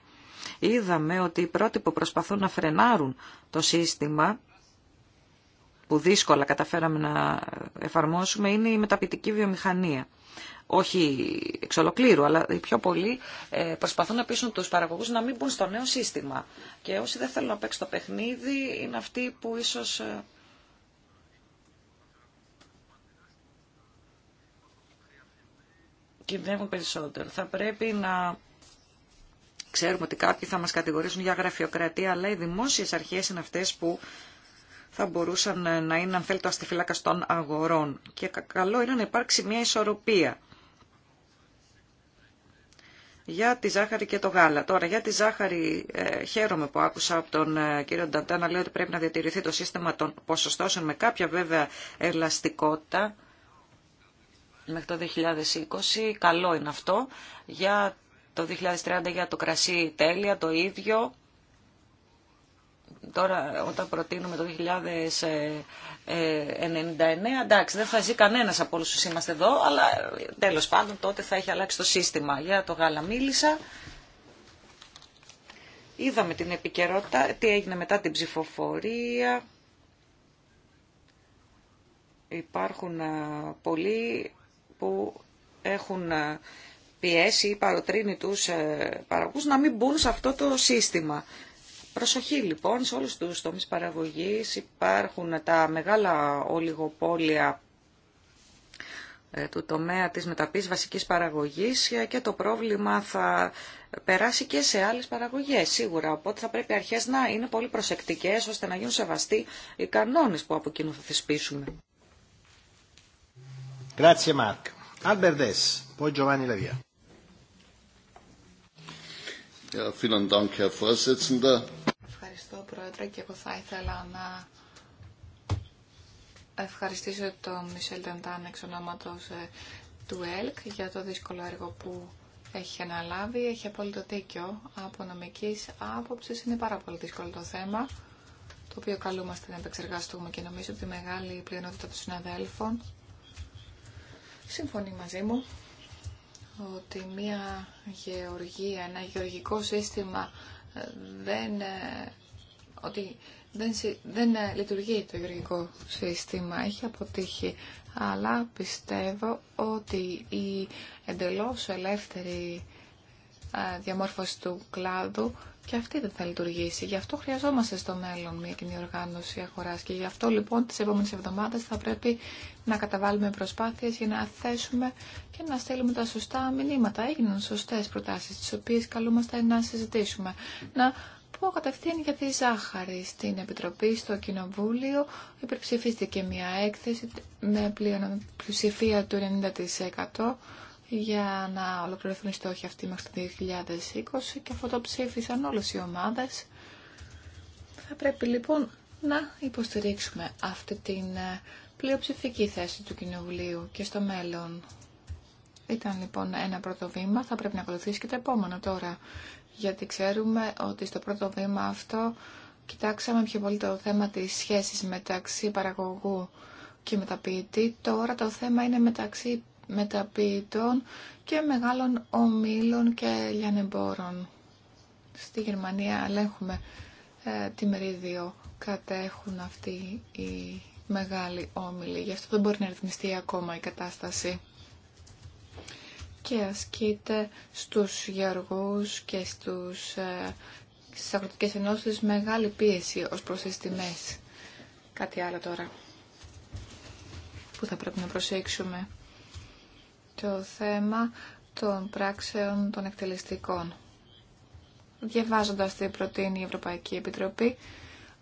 είδαμε ότι οι πρώτοι που προσπαθούν να φρενάρουν το σύστημα που δύσκολα καταφέραμε να εφαρμόσουμε είναι η μεταπητική βιομηχανία. Όχι εξ ολοκλήρου, αλλά οι πιο πολλοί ε, προσπαθούν να πείσουν τους παραγωγούς να μην μπουν στο νέο σύστημα. Και όσοι δεν θέλουν να παίξουν το παιχνίδι είναι αυτοί που ίσως ε, κινδυνεύουν περισσότερο. Θα πρέπει να Ξέρουμε ότι κάποιοι θα μας κατηγορήσουν για γραφειοκρατία, αλλά οι δημόσιες αρχές είναι αυτές που θα μπορούσαν ε, να είναι, αν θέλετε, αστιφυλάκα των αγορών. Και καλό είναι να υπάρξει μια ισορροπία για τη ζάχαρη και το γάλα. Τώρα, για τη ζάχαρη ε, χαίρομαι που άκουσα από τον ε, κύριο Νταντά να λέει ότι πρέπει να διατηρηθεί το σύστημα των ποσοστώσεων με κάποια βέβαια ελαστικότητα μέχρι το 2020. Καλό είναι αυτό. Για το 2030 για το κρασί τέλεια, το ίδιο. Τώρα όταν προτείνουμε το 2099, εντάξει δεν θα ζει κανένας από όλους είμαστε εδώ, αλλά τέλος πάντων τότε θα έχει αλλάξει το σύστημα. Για το γάλα μίλησα. Είδαμε την επικαιρότητα, τι έγινε μετά την ψηφοφορία. Υπάρχουν ε, πολλοί που έχουν ε, πιέσει ή παροτρύνει τους ε, παραγωγούς να μην μπουν σε αυτό το σύστημα. Προσοχή λοιπόν σε όλους τους τομείς παραγωγής υπάρχουν τα μεγάλα ολιγοπόλια ε, του τομέα της μεταπής βασικής παραγωγής και το πρόβλημα θα περάσει και σε άλλες παραγωγές σίγουρα. Οπότε θα πρέπει αρχές να είναι πολύ προσεκτικές ώστε να γίνουν σεβαστοί οι κανόνες που από κοινού θα θεσπίσουμε. Grazie Mark. Albert poi Giovanni Lavia. Ευχαριστώ, Πρόεδρε, και εγώ θα ήθελα να ευχαριστήσω τον Μισελ Τεντάν εξ ονόματος ε, του ΕΛΚ για το δύσκολο έργο που έχει αναλάβει. Έχει απόλυτο δίκιο. Από νομικής άποψης είναι πάρα πολύ δύσκολο το θέμα, το οποίο καλούμαστε να επεξεργαστούμε και νομίζω ότι η μεγάλη πλειονότητα των συναδέλφων συμφωνεί μαζί μου ότι μια γεωργία, ένα γεωργικό σύστημα ε, δεν, ε, ότι δεν, δεν ε, λειτουργεί το γεωργικό σύστημα, έχει αποτύχει. Αλλά πιστεύω ότι η εντελώς ελεύθερη διαμόρφωση του κλάδου και αυτή δεν θα λειτουργήσει. Γι' αυτό χρειαζόμαστε στο μέλλον μια κοινή οργάνωση αγορά. Και γι' αυτό λοιπόν τι επόμενε εβδομάδε θα πρέπει να καταβάλουμε προσπάθειε για να θέσουμε και να στέλνουμε τα σωστά μηνύματα. Έγιναν σωστέ προτάσει, τι οποίε καλούμαστε να συζητήσουμε. Να πω κατευθείαν για τη ζάχαρη. Στην Επιτροπή, στο Κοινοβούλιο, υπερψηφίστηκε μια έκθεση με πλειοψηφία του 90% για να ολοκληρωθούν οι στόχοι αυτοί μέχρι το 2020 και αυτό το ψήφισαν όλες οι ομάδες. Θα πρέπει λοιπόν να υποστηρίξουμε αυτή την ε, πλειοψηφική θέση του Κοινοβουλίου και στο μέλλον. Ήταν λοιπόν ένα πρώτο βήμα, θα πρέπει να ακολουθήσει και το επόμενο τώρα, γιατί ξέρουμε ότι στο πρώτο βήμα αυτό κοιτάξαμε πιο πολύ το θέμα της σχέσης μεταξύ παραγωγού και μεταποιητή. Τώρα το θέμα είναι μεταξύ μεταποιητών και μεγάλων ομίλων και λιανεμπόρων. Στη Γερμανία ελέγχουμε ε, τι μερίδιο κατέχουν αυτοί οι μεγάλοι όμιλοι. Γι' αυτό δεν μπορεί να ρυθμιστεί ακόμα η κατάσταση. Και ασκείται στους γεωργούς και στους, ε, στις αγροτικές ενώσεις μεγάλη πίεση ως προς τις τιμές. Κάτι άλλο τώρα που θα πρέπει να προσέξουμε το θέμα των πράξεων των εκτελεστικών. Διαβάζοντας τι προτείνει η Ευρωπαϊκή Επιτροπή,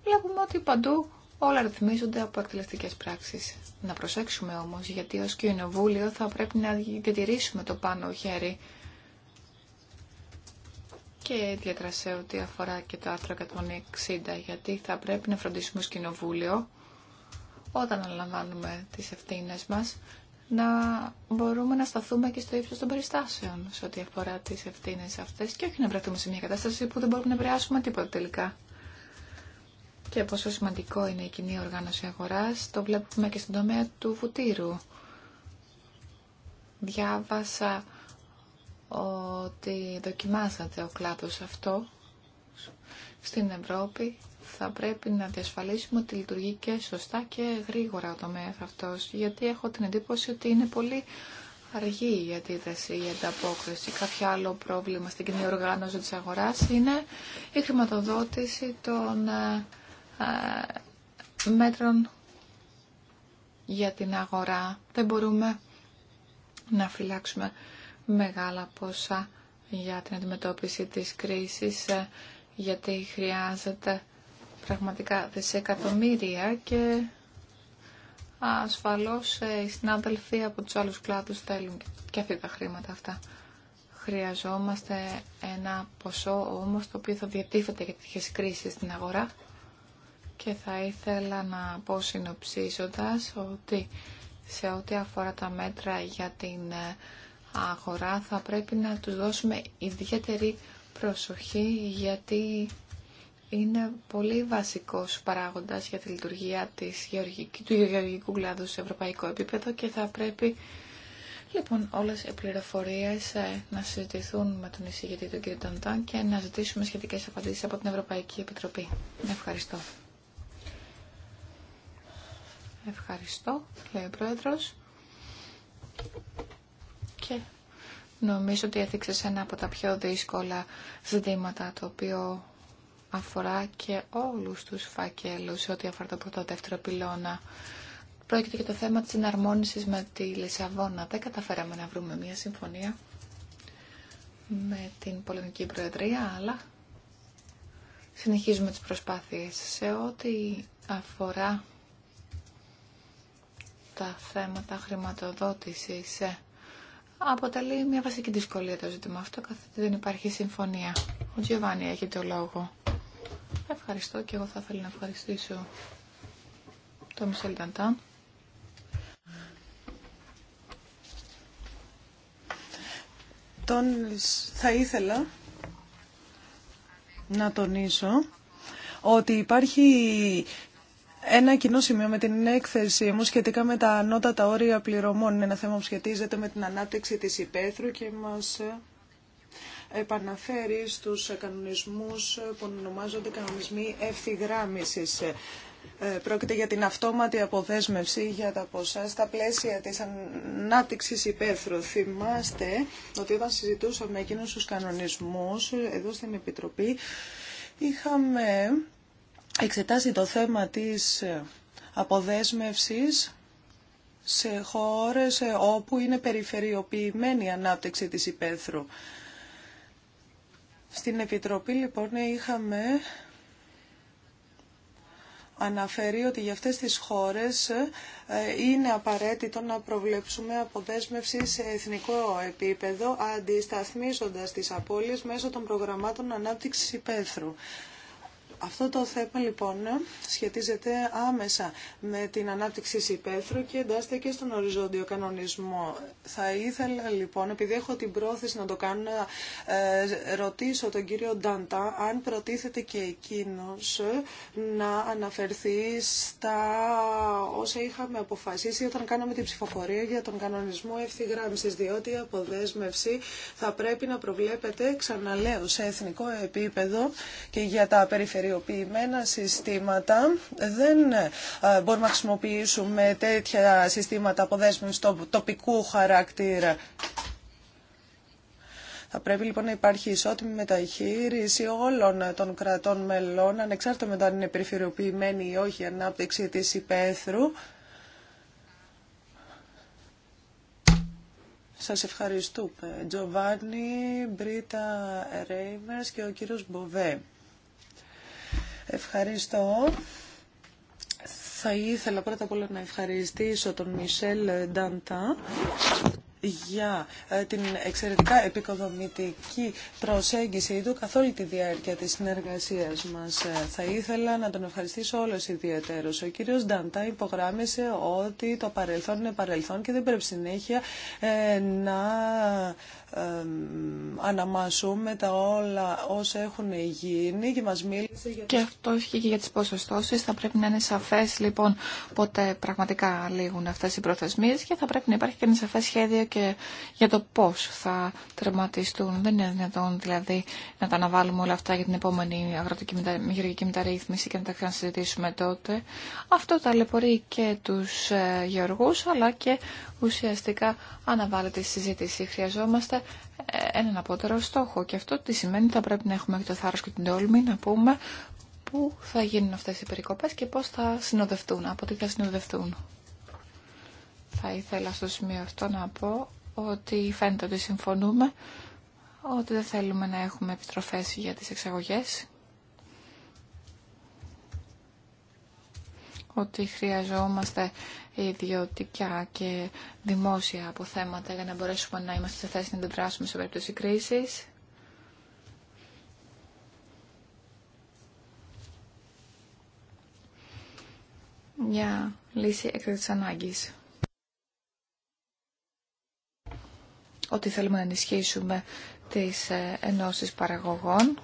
βλέπουμε ότι παντού όλα ρυθμίζονται από εκτελεστικές πράξεις. Να προσέξουμε όμως, γιατί ως κοινοβούλιο θα πρέπει να διατηρήσουμε το πάνω χέρι και ιδιαίτερα ό,τι αφορά και το άρθρο 160, γιατί θα πρέπει να φροντίσουμε ως κοινοβούλιο όταν αναλαμβάνουμε τις ευθύνες μας, να μπορούμε να σταθούμε και στο ύψος των περιστάσεων σε ό,τι αφορά τις ευθύνε αυτές και όχι να βρεθούμε σε μια κατάσταση που δεν μπορούμε να επηρεάσουμε τίποτα τελικά. Και πόσο σημαντικό είναι η κοινή οργάνωση αγοράς, το βλέπουμε και στον τομέα του βουτήρου, Διάβασα ότι δοκιμάζεται ο κλάδος αυτό στην Ευρώπη θα πρέπει να διασφαλίσουμε ότι λειτουργεί και σωστά και γρήγορα ο τομέα αυτός, γιατί έχω την εντύπωση ότι είναι πολύ αργή η αντίδραση, η ανταπόκριση. Κάποιο άλλο πρόβλημα στην κοινή οργάνωση της αγοράς είναι η χρηματοδότηση των ε, ε, μέτρων για την αγορά. Δεν μπορούμε να φυλάξουμε μεγάλα ποσά για την αντιμετώπιση της κρίσης, ε, γιατί χρειάζεται πραγματικά δισεκατομμύρια και ασφαλώς ε, οι συνάδελφοι από τους άλλους κλάδους θέλουν και αυτή τα χρήματα αυτά. Χρειαζόμαστε ένα ποσό όμως το οποίο θα διατίθεται για τέτοιες κρίσεις στην αγορά και θα ήθελα να πω συνοψίζοντας ότι σε ό,τι αφορά τα μέτρα για την ε, αγορά θα πρέπει να τους δώσουμε ιδιαίτερη προσοχή γιατί είναι πολύ βασικός παράγοντας για τη λειτουργία της του γεωργικού κλάδου σε ευρωπαϊκό επίπεδο και θα πρέπει λοιπόν όλες οι πληροφορίες ε, να συζητηθούν με τον εισηγητή του κ. Ταντάν και να ζητήσουμε σχετικές απαντήσεις από την Ευρωπαϊκή Επιτροπή. Ευχαριστώ. Ευχαριστώ, λέει ο Πρόεδρος. Και νομίζω ότι έθιξες ένα από τα πιο δύσκολα ζητήματα το οποίο αφορά και όλους τους φακέλους σε ό,τι αφορά το πρώτο δεύτερο πυλώνα. Πρόκειται και το θέμα της εναρμόνισης με τη Λισαβόνα. Δεν καταφέραμε να βρούμε μια συμφωνία με την Πολωνική Προεδρία, αλλά συνεχίζουμε τις προσπάθειες σε ό,τι αφορά τα θέματα χρηματοδότησης. Ε, αποτελεί μια βασική δυσκολία το ζήτημα αυτό, καθότι δεν υπάρχει συμφωνία. Ο Τζιωβάνι έχει το λόγο. Ευχαριστώ και εγώ θα ήθελα να ευχαριστήσω τον Μισελ Νταντάν. Τον θα ήθελα να τονίσω ότι υπάρχει ένα κοινό σημείο με την έκθεση μου σχετικά με τα ανώτατα όρια πληρωμών. Είναι ένα θέμα που σχετίζεται με την ανάπτυξη της υπαίθρου και μας επαναφέρει στους κανονισμούς που ονομάζονται κανονισμοί ευθυγράμμισης. Ε, πρόκειται για την αυτόματη αποδέσμευση για τα ποσά στα πλαίσια της ανάπτυξης υπαίθρου. Θυμάστε ότι όταν συζητούσαμε εκείνους τους κανονισμούς εδώ στην Επιτροπή είχαμε εξετάσει το θέμα της αποδέσμευσης σε χώρες όπου είναι περιφερειοποιημένη η ανάπτυξη της υπαίθρου. Στην Επιτροπή λοιπόν είχαμε αναφέρει ότι για αυτές τις χώρες ε, είναι απαραίτητο να προβλέψουμε αποδέσμευση σε εθνικό επίπεδο αντισταθμίζοντας τις απώλειες μέσω των προγραμμάτων ανάπτυξης υπαίθρου. Αυτό το θέμα λοιπόν σχετίζεται άμεσα με την ανάπτυξη υπαίθρου και εντάσσεται και στον οριζόντιο κανονισμό. Θα ήθελα λοιπόν, επειδή έχω την πρόθεση να το κάνω, να ε, ρωτήσω τον κύριο Νταντά αν προτίθεται και εκείνος ε, να αναφερθεί στα όσα είχαμε αποφασίσει όταν κάναμε την ψηφοφορία για τον κανονισμό ευθυγράμμισης, διότι η αποδέσμευση θα πρέπει να προβλέπεται, ξαναλέω, σε εθνικό επίπεδο και για τα περιφερειακά Περιφερειοποιημένα συστήματα δεν ε, μπορούμε να χρησιμοποιήσουμε τέτοια συστήματα αποδέσμευσης τοπικού χαρακτήρα. Θα πρέπει λοιπόν να υπάρχει ισότιμη μεταχείριση όλων των κρατών μελών, ανεξάρτητα με το αν είναι περιφερειοποιημένη ή όχι η ανάπτυξη της υπαίθρου. Σας ευχαριστούμε. Τζοβάνι, Μπρίτα Ρέιμερς και ο κύριος Μποβέ. Ευχαριστώ. Θα ήθελα πρώτα απ' όλα να ευχαριστήσω τον Μισελ Νταντά για ε, την εξαιρετικά επικοδομητική προσέγγιση του καθ' όλη τη διάρκεια της συνεργασίας μας. Ε, θα ήθελα να τον ευχαριστήσω όλος ιδιαίτερος. Ο κύριος Νταντά υπογράμμισε ότι το παρελθόν είναι παρελθόν και δεν πρέπει συνέχεια ε, να αναμασούμε τα όλα όσα έχουν γίνει και μας μίλησε για... Και αυτό και για τις ποσοστώσεις. Θα πρέπει να είναι σαφές λοιπόν πότε πραγματικά λήγουν αυτές οι προθεσμίες και θα πρέπει να υπάρχει και ένα σαφές σχέδιο και για το πώς θα τερματιστούν. Δεν είναι δυνατόν δηλαδή να τα αναβάλουμε όλα αυτά για την επόμενη αγροτική μεταρρύθμιση και να τα ξανασυζητήσουμε τότε. Αυτό ταλαιπωρεί και τους ε, γεωργούς αλλά και ουσιαστικά αναβάλλεται η συζήτηση. Χρειαζόμαστε ε, έναν απότερο στόχο και αυτό τι σημαίνει θα πρέπει να έχουμε και το θάρρος και την τόλμη να πούμε πού θα γίνουν αυτές οι περικοπές και πώς θα συνοδευτούν, από τι θα συνοδευτούν. Θα ήθελα στο σημείο αυτό να πω ότι φαίνεται ότι συμφωνούμε ότι δεν θέλουμε να έχουμε επιστροφές για τις εξαγωγές ότι χρειαζόμαστε ιδιωτικά και δημόσια αποθέματα για να μπορέσουμε να είμαστε σε θέση να αντιδράσουμε σε περίπτωση κρίσης. Μια λύση της ανάγκης. Ότι θέλουμε να ενισχύσουμε τις ε, ενώσεις παραγωγών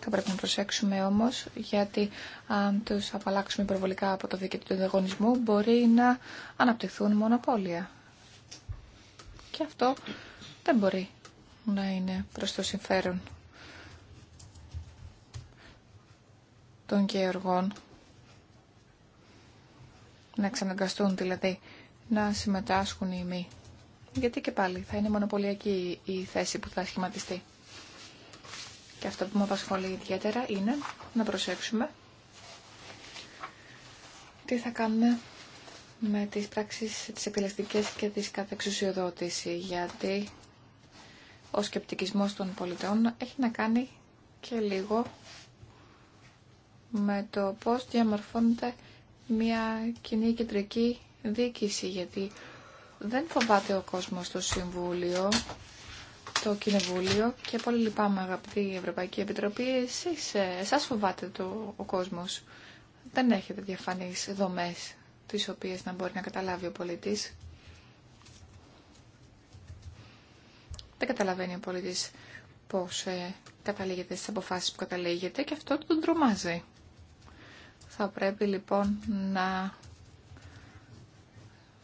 θα πρέπει να προσέξουμε όμως γιατί αν τους απαλλάξουμε υπερβολικά από το δίκαιο του ανταγωνισμού μπορεί να αναπτυχθούν μονοπόλια. Και αυτό δεν μπορεί να είναι προς το συμφέρον των γεωργών να εξαναγκαστούν δηλαδή να συμμετάσχουν οι μη. Γιατί και πάλι θα είναι μονοπωλιακή η θέση που θα σχηματιστεί. Και αυτό που με απασχολεί ιδιαίτερα είναι να προσέξουμε τι θα κάνουμε με τις πράξεις, τις επιλεκτικές και τις κατεξουσιοδότηση, γιατί ο σκεπτικισμός των πολιτών έχει να κάνει και λίγο με το πώς διαμορφώνεται μια κοινή κεντρική διοίκηση. γιατί δεν φοβάται ο κόσμος στο Συμβούλιο στο Κοινοβούλιο και πολύ λυπάμαι αγαπητή Ευρωπαϊκή Επιτροπή, εσείς, ε, εσάς φοβάται το, ο κόσμος. Δεν έχετε διαφανείς δομές τις οποίες να μπορεί να καταλάβει ο πολίτης. Δεν καταλαβαίνει ο πολίτης πώς ε, καταλήγεται στις αποφάσεις που καταλήγεται και αυτό τον τρομάζει. Θα πρέπει λοιπόν να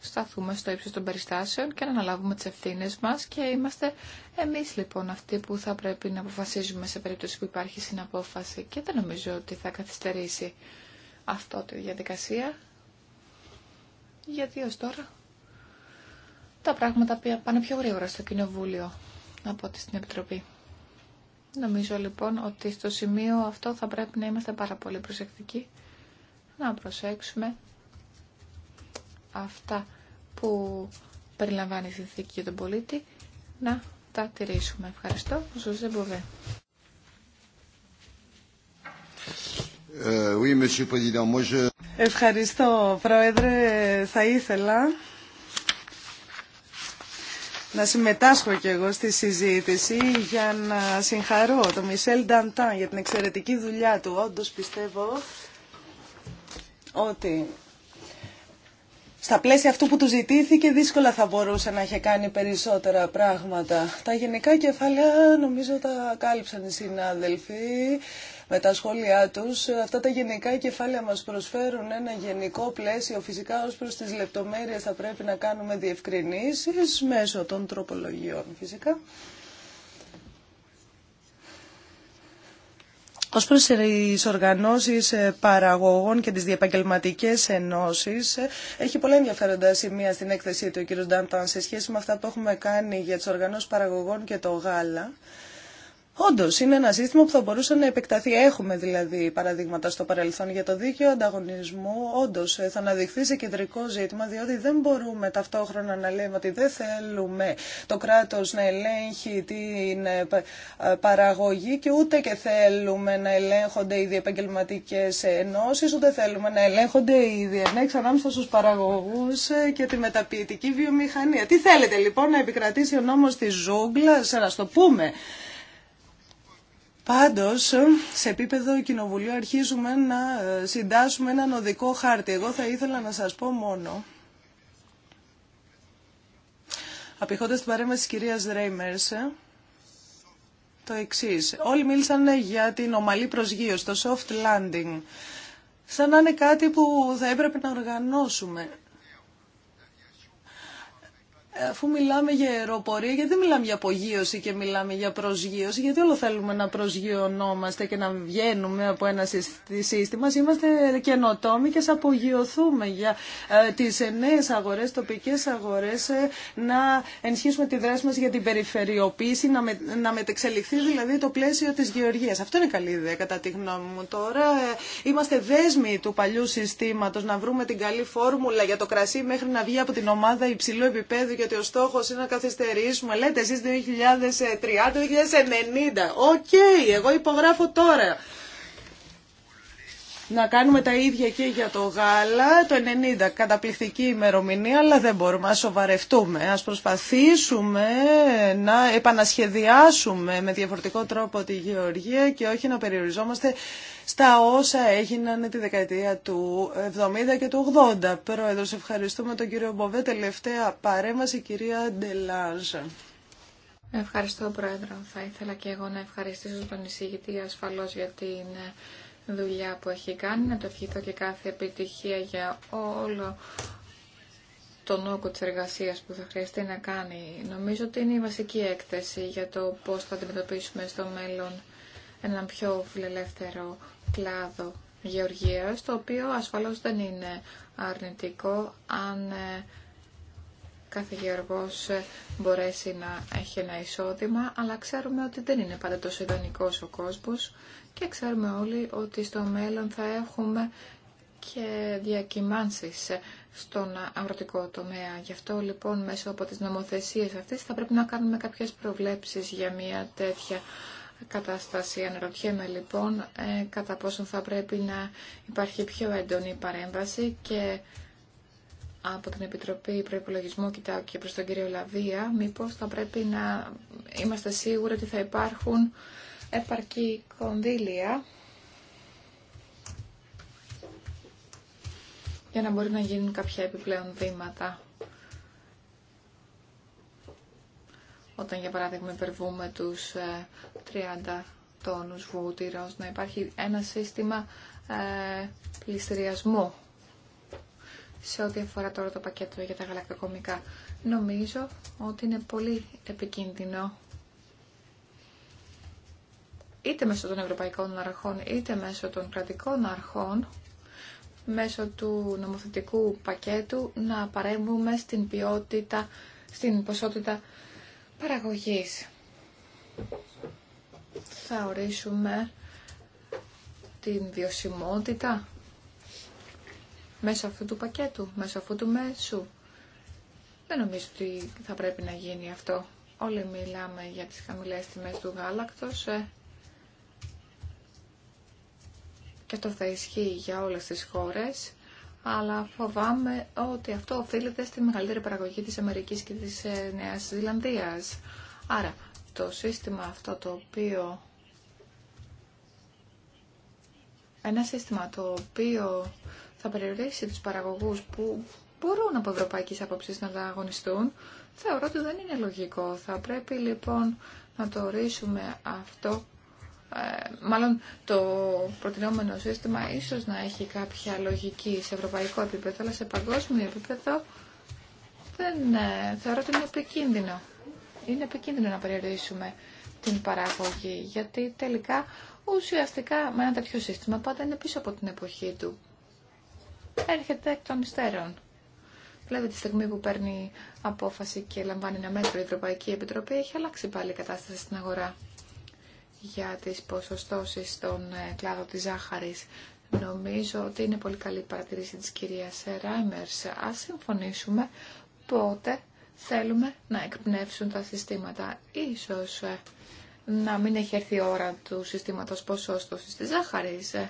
σταθούμε στο ύψος των περιστάσεων και να αναλάβουμε τις ευθύνες μας και είμαστε εμείς λοιπόν αυτοί που θα πρέπει να αποφασίζουμε σε περίπτωση που υπάρχει συναπόφαση και δεν νομίζω ότι θα καθυστερήσει αυτό τη διαδικασία γιατί ως τώρα τα πράγματα πάνε πιο γρήγορα στο Κοινοβούλιο από ό,τι στην Επιτροπή. Νομίζω λοιπόν ότι στο σημείο αυτό θα πρέπει να είμαστε πάρα πολύ προσεκτικοί, να προσέξουμε αυτά που περιλαμβάνει η συνθήκη για τον πολίτη να τα τηρήσουμε. Ευχαριστώ. Ζωζέ Μποβέ. Ε, Ευχαριστώ, Πρόεδρε. Θα ήθελα να συμμετάσχω κι εγώ στη συζήτηση για να συγχαρώ τον Μισελ Νταντάν για την εξαιρετική δουλειά του. Όντως πιστεύω ότι στα πλαίσια αυτού που του ζητήθηκε δύσκολα θα μπορούσε να είχε κάνει περισσότερα πράγματα. Τα γενικά κεφάλαια νομίζω τα κάλυψαν οι συνάδελφοι με τα σχόλιά τους. Αυτά τα γενικά κεφάλαια μας προσφέρουν ένα γενικό πλαίσιο. Φυσικά ω προ τι λεπτομέρειες θα πρέπει να κάνουμε διευκρινήσεις μέσω των τροπολογιών φυσικά. Ω προ τι οργανώσεις ε, παραγωγών και τις διεπαγγελματικές ενώσει, ε, έχει πολλά ενδιαφέροντα σημεία στην έκθεσή του κ. Ντάνταν σε σχέση με αυτά που έχουμε κάνει για τις Οργανώσει παραγωγών και το γάλα. Όντω, είναι ένα σύστημα που θα μπορούσε να επεκταθεί. Έχουμε δηλαδή παραδείγματα στο παρελθόν για το δίκαιο ανταγωνισμού. Όντω, ε, θα αναδειχθεί σε κεντρικό ζήτημα, διότι δεν μπορούμε ταυτόχρονα να λέμε ότι δεν θέλουμε το κράτο να ελέγχει την ε, ε, παραγωγή και ούτε και θέλουμε να ελέγχονται οι διεπαγγελματικέ ενώσει, ούτε θέλουμε να ελέγχονται οι διενέξει ανάμεσα στου παραγωγού και τη μεταποιητική βιομηχανία. Τι θέλετε λοιπόν να επικρατήσει ο νόμο τη ζούγκλα, να το πούμε. Πάντως, σε επίπεδο κοινοβουλίου αρχίζουμε να ε, συντάσσουμε έναν οδικό χάρτη. Εγώ θα ήθελα να σας πω μόνο, απηχώντας την παρέμβαση της κυρίας Ρέιμερς, ε, το εξή: Όλοι μίλησαν για την ομαλή προσγείωση, το soft landing, σαν να είναι κάτι που θα έπρεπε να οργανώσουμε αφού μιλάμε για αεροπορία, γιατί δεν μιλάμε για απογείωση και μιλάμε για προσγείωση, γιατί όλο θέλουμε να προσγειωνόμαστε και να βγαίνουμε από ένα σύστημα. Είμαστε καινοτόμοι και απογειωθούμε για ε, τις νέες αγορές, τοπικές αγορές, ε, να ενισχύσουμε τη δράση μας για την περιφερειοποίηση, να, να μετεξελιχθεί δηλαδή το πλαίσιο της γεωργίας. Αυτό είναι καλή ιδέα κατά τη γνώμη μου τώρα. Ε, είμαστε δέσμοι του παλιού συστήματος να βρούμε την καλή φόρμουλα για το κρασί μέχρι να βγει από την ομάδα υψηλού επίπεδου γιατί ο στόχο είναι να καθυστερήσουμε. Λέτε εσείς 2030-2090. Οκ, okay, εγώ υπογράφω τώρα να κάνουμε τα ίδια και για το γάλα το 90. Καταπληκτική ημερομηνία, αλλά δεν μπορούμε να σοβαρευτούμε. Ας προσπαθήσουμε να επανασχεδιάσουμε με διαφορετικό τρόπο τη γεωργία και όχι να περιοριζόμαστε στα όσα έγιναν τη δεκαετία του 70 και του 80. Πρόεδρος, ευχαριστούμε τον κύριο Μποβέ. Τελευταία παρέμβαση, κυρία Ντελάζα. Ευχαριστώ, Πρόεδρο. Θα ήθελα και εγώ να ευχαριστήσω τον εισηγητή ασφαλώς για την δουλειά που έχει κάνει. Να το ευχηθώ και κάθε επιτυχία για όλο τον όγκο της εργασίας που θα χρειαστεί να κάνει. Νομίζω ότι είναι η βασική έκθεση για το πώς θα αντιμετωπίσουμε στο μέλλον έναν πιο φιλελεύθερο κλάδο γεωργίας, το οποίο ασφαλώς δεν είναι αρνητικό αν ε, κάθε γεωργός ε, μπορέσει να έχει ένα εισόδημα, αλλά ξέρουμε ότι δεν είναι πάντα τόσο ιδανικός ο κόσμος και ξέρουμε όλοι ότι στο μέλλον θα έχουμε και διακυμάνσεις στον αγροτικό τομέα. Γι' αυτό λοιπόν μέσω από τις νομοθεσίες αυτές θα πρέπει να κάνουμε κάποιες προβλέψεις για μια τέτοια κατάσταση. Αναρωτιέμαι λοιπόν ε, κατά πόσον θα πρέπει να υπάρχει πιο έντονη παρέμβαση και από την Επιτροπή Προϋπολογισμού κοιτάω και προς τον κύριο Λαβία μήπως θα πρέπει να είμαστε σίγουροι ότι θα υπάρχουν επαρκή κονδύλια για να μπορεί να γίνουν κάποια επιπλέον βήματα. Όταν για παράδειγμα υπερβούμε τους 30 ε, τόνους βούτυρος, να υπάρχει ένα σύστημα ε, πληστηριασμού σε ό,τι αφορά τώρα το πακέτο για τα γαλακτοκομικά. Νομίζω ότι είναι πολύ επικίνδυνο είτε μέσω των ευρωπαϊκών αρχών είτε μέσω των κρατικών αρχών μέσω του νομοθετικού πακέτου να παρέμβουμε στην ποιότητα, στην ποσότητα παραγωγής. Θα ορίσουμε την βιωσιμότητα μέσω αυτού του πακέτου, μέσω αυτού του μέσου. Δεν νομίζω ότι θα πρέπει να γίνει αυτό. Όλοι μιλάμε για τις χαμηλές τιμές του γάλακτος. Ε, Και αυτό θα ισχύει για όλες τις χώρες, αλλά φοβάμαι ότι αυτό οφείλεται στη μεγαλύτερη παραγωγή της Αμερικής και της ε, Νέας Ζηλανδίας. Άρα, το σύστημα αυτό το οποίο... Ένα σύστημα το οποίο θα περιορίσει τους παραγωγούς που μπορούν από ευρωπαϊκής άποψης να αγωνιστούν, θεωρώ ότι δεν είναι λογικό. Θα πρέπει λοιπόν να το ορίσουμε αυτό ε, μάλλον το προτινόμενο σύστημα ίσως να έχει κάποια λογική σε ευρωπαϊκό επίπεδο, αλλά σε παγκόσμιο επίπεδο δεν ε, θεωρώ ότι είναι επικίνδυνο. Είναι επικίνδυνο να περιορίσουμε την παραγωγή, γιατί τελικά ουσιαστικά με ένα τέτοιο σύστημα πάντα είναι πίσω από την εποχή του. Έρχεται εκ των υστέρων. βλέπετε τη στιγμή που παίρνει απόφαση και λαμβάνει ένα μέτρο η Ευρωπαϊκή Επιτροπή έχει αλλάξει πάλι η κατάσταση στην αγορά για τις ποσοστώσεις στον ε, κλάδο της ζάχαρης. Νομίζω ότι είναι πολύ καλή η παρατηρήση της κυρίας Ράιμερς. Ας συμφωνήσουμε πότε θέλουμε να εκπνεύσουν τα συστήματα. Ίσως ε, να μην έχει έρθει η ώρα του συστήματος ποσόστοσης της ζάχαρης ε,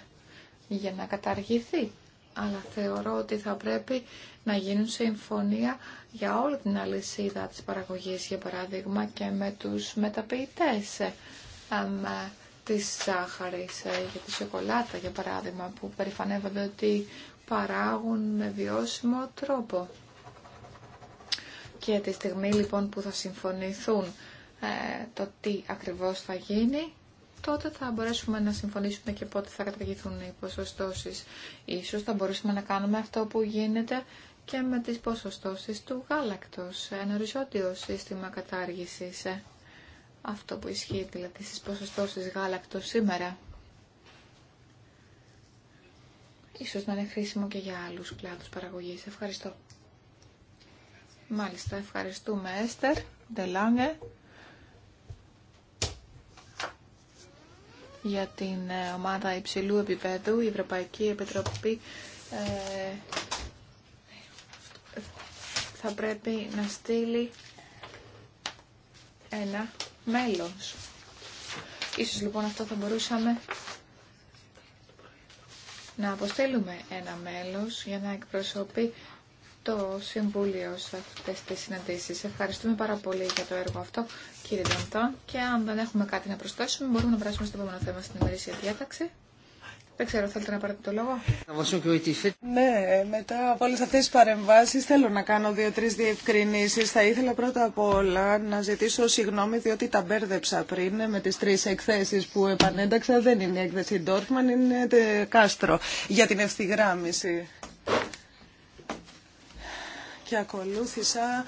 για να καταργηθεί. Αλλά θεωρώ ότι θα πρέπει να γίνουν συμφωνία για όλη την αλυσίδα της παραγωγής, για παράδειγμα, και με τους μεταποιητές της σάχαρης, για τη σοκολάτα για παράδειγμα, που περηφανεύονται ότι παράγουν με βιώσιμο τρόπο. Και τη στιγμή λοιπόν που θα συμφωνηθούν ε, το τι ακριβώς θα γίνει, τότε θα μπορέσουμε να συμφωνήσουμε και πότε θα καταργηθούν οι ποσοστώσεις. Ίσως θα μπορούσαμε να κάνουμε αυτό που γίνεται και με τις ποσοστώσεις του γάλακτος, ένα οριζόντιο σύστημα κατάργησης. Ε αυτό που ισχύει δηλαδή στις ποσοστώσεις γάλακτος σήμερα. Ίσως να είναι χρήσιμο και για άλλους κλάδους παραγωγής. Ευχαριστώ. Μάλιστα, ευχαριστούμε Έστερ, Ντελάνγκε, για την ε, ομάδα υψηλού επίπεδου. Η Ευρωπαϊκή Επιτροπή ε, θα πρέπει να στείλει ένα μέλος. Ίσως λοιπόν αυτό θα μπορούσαμε να αποστέλουμε ένα μέλος για να εκπροσωπεί το Συμβούλιο σε αυτές τις συναντήσεις. Ευχαριστούμε πάρα πολύ για το έργο αυτό, κύριε Νταντών, και αν δεν έχουμε κάτι να προσθέσουμε, μπορούμε να περάσουμε στο επόμενο θέμα στην ημερήσια διάταξη. Δεν ξέρω, θέλετε να πάρετε το λόγο. Ναι, ε, μετά από όλε αυτέ τι παρεμβάσει θέλω να κάνω δύο-τρει διευκρινήσει. Θα ήθελα πρώτα απ' όλα να ζητήσω συγγνώμη διότι τα μπέρδεψα πριν με τι τρει εκθέσει που επανένταξα. Δεν είναι η έκθεση Ντόρφμαν, είναι Κάστρο για την ευθυγράμμιση. Και ακολούθησα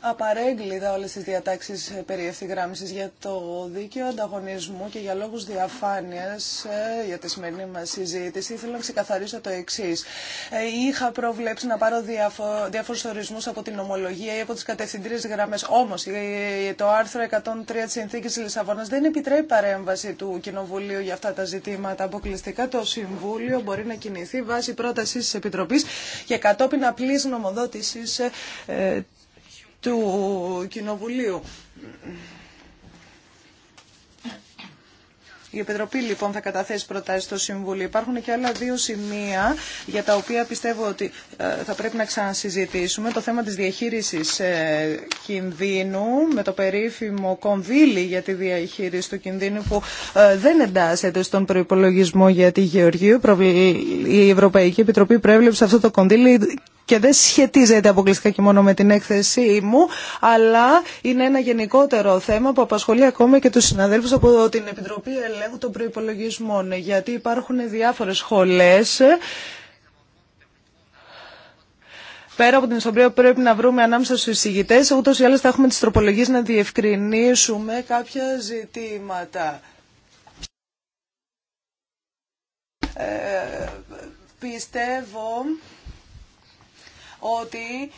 απαρέγκλιδα όλες τις διατάξεις ε, περί ευθυγράμμισης για το δίκαιο ανταγωνισμού και για λόγους διαφάνειας ε, για τη σημερινή μας συζήτηση. Θέλω να ξεκαθαρίσω το εξή. Ε, είχα προβλέψει να πάρω διάφορου διάφορους από την ομολογία ή από τις κατευθυντήριες γραμμές. Όμως το άρθρο 103 της Συνθήκης Λισαβόνας δεν επιτρέπει παρέμβαση του Κοινοβουλίου για αυτά τα ζητήματα. Αποκλειστικά το Συμβούλιο μπορεί να κινηθεί βάσει πρόταση τη Επιτροπής και κατόπιν απλής νομοδότηση του Κοινοβουλίου. Η Επιτροπή λοιπόν θα καταθέσει προτάσει στο Συμβούλιο. Υπάρχουν και άλλα δύο σημεία για τα οποία πιστεύω ότι ε, θα πρέπει να ξανασυζητήσουμε. Το θέμα της διαχείρισης ε, κινδύνου με το περίφημο κονδύλι για τη διαχείριση του κινδύνου που ε, δεν εντάσσεται στον προϋπολογισμό για τη Γεωργία. Η Ευρωπαϊκή Επιτροπή προέβλεψε αυτό το κονδύλι και δεν σχετίζεται αποκλειστικά και μόνο με την έκθεσή μου, αλλά είναι ένα γενικότερο θέμα που απασχολεί ακόμα και τους συναδέλφους από την Επιτροπή Ελέγχου των προπολογισμών. γιατί υπάρχουν διάφορες σχολέ. πέρα από την ισορροπία που πρέπει να βρούμε ανάμεσα στου εισηγητέ, ούτω ή άλλω θα έχουμε τι τροπολογίε να διευκρινίσουμε κάποια ζητήματα. Ε, πιστεύω ότι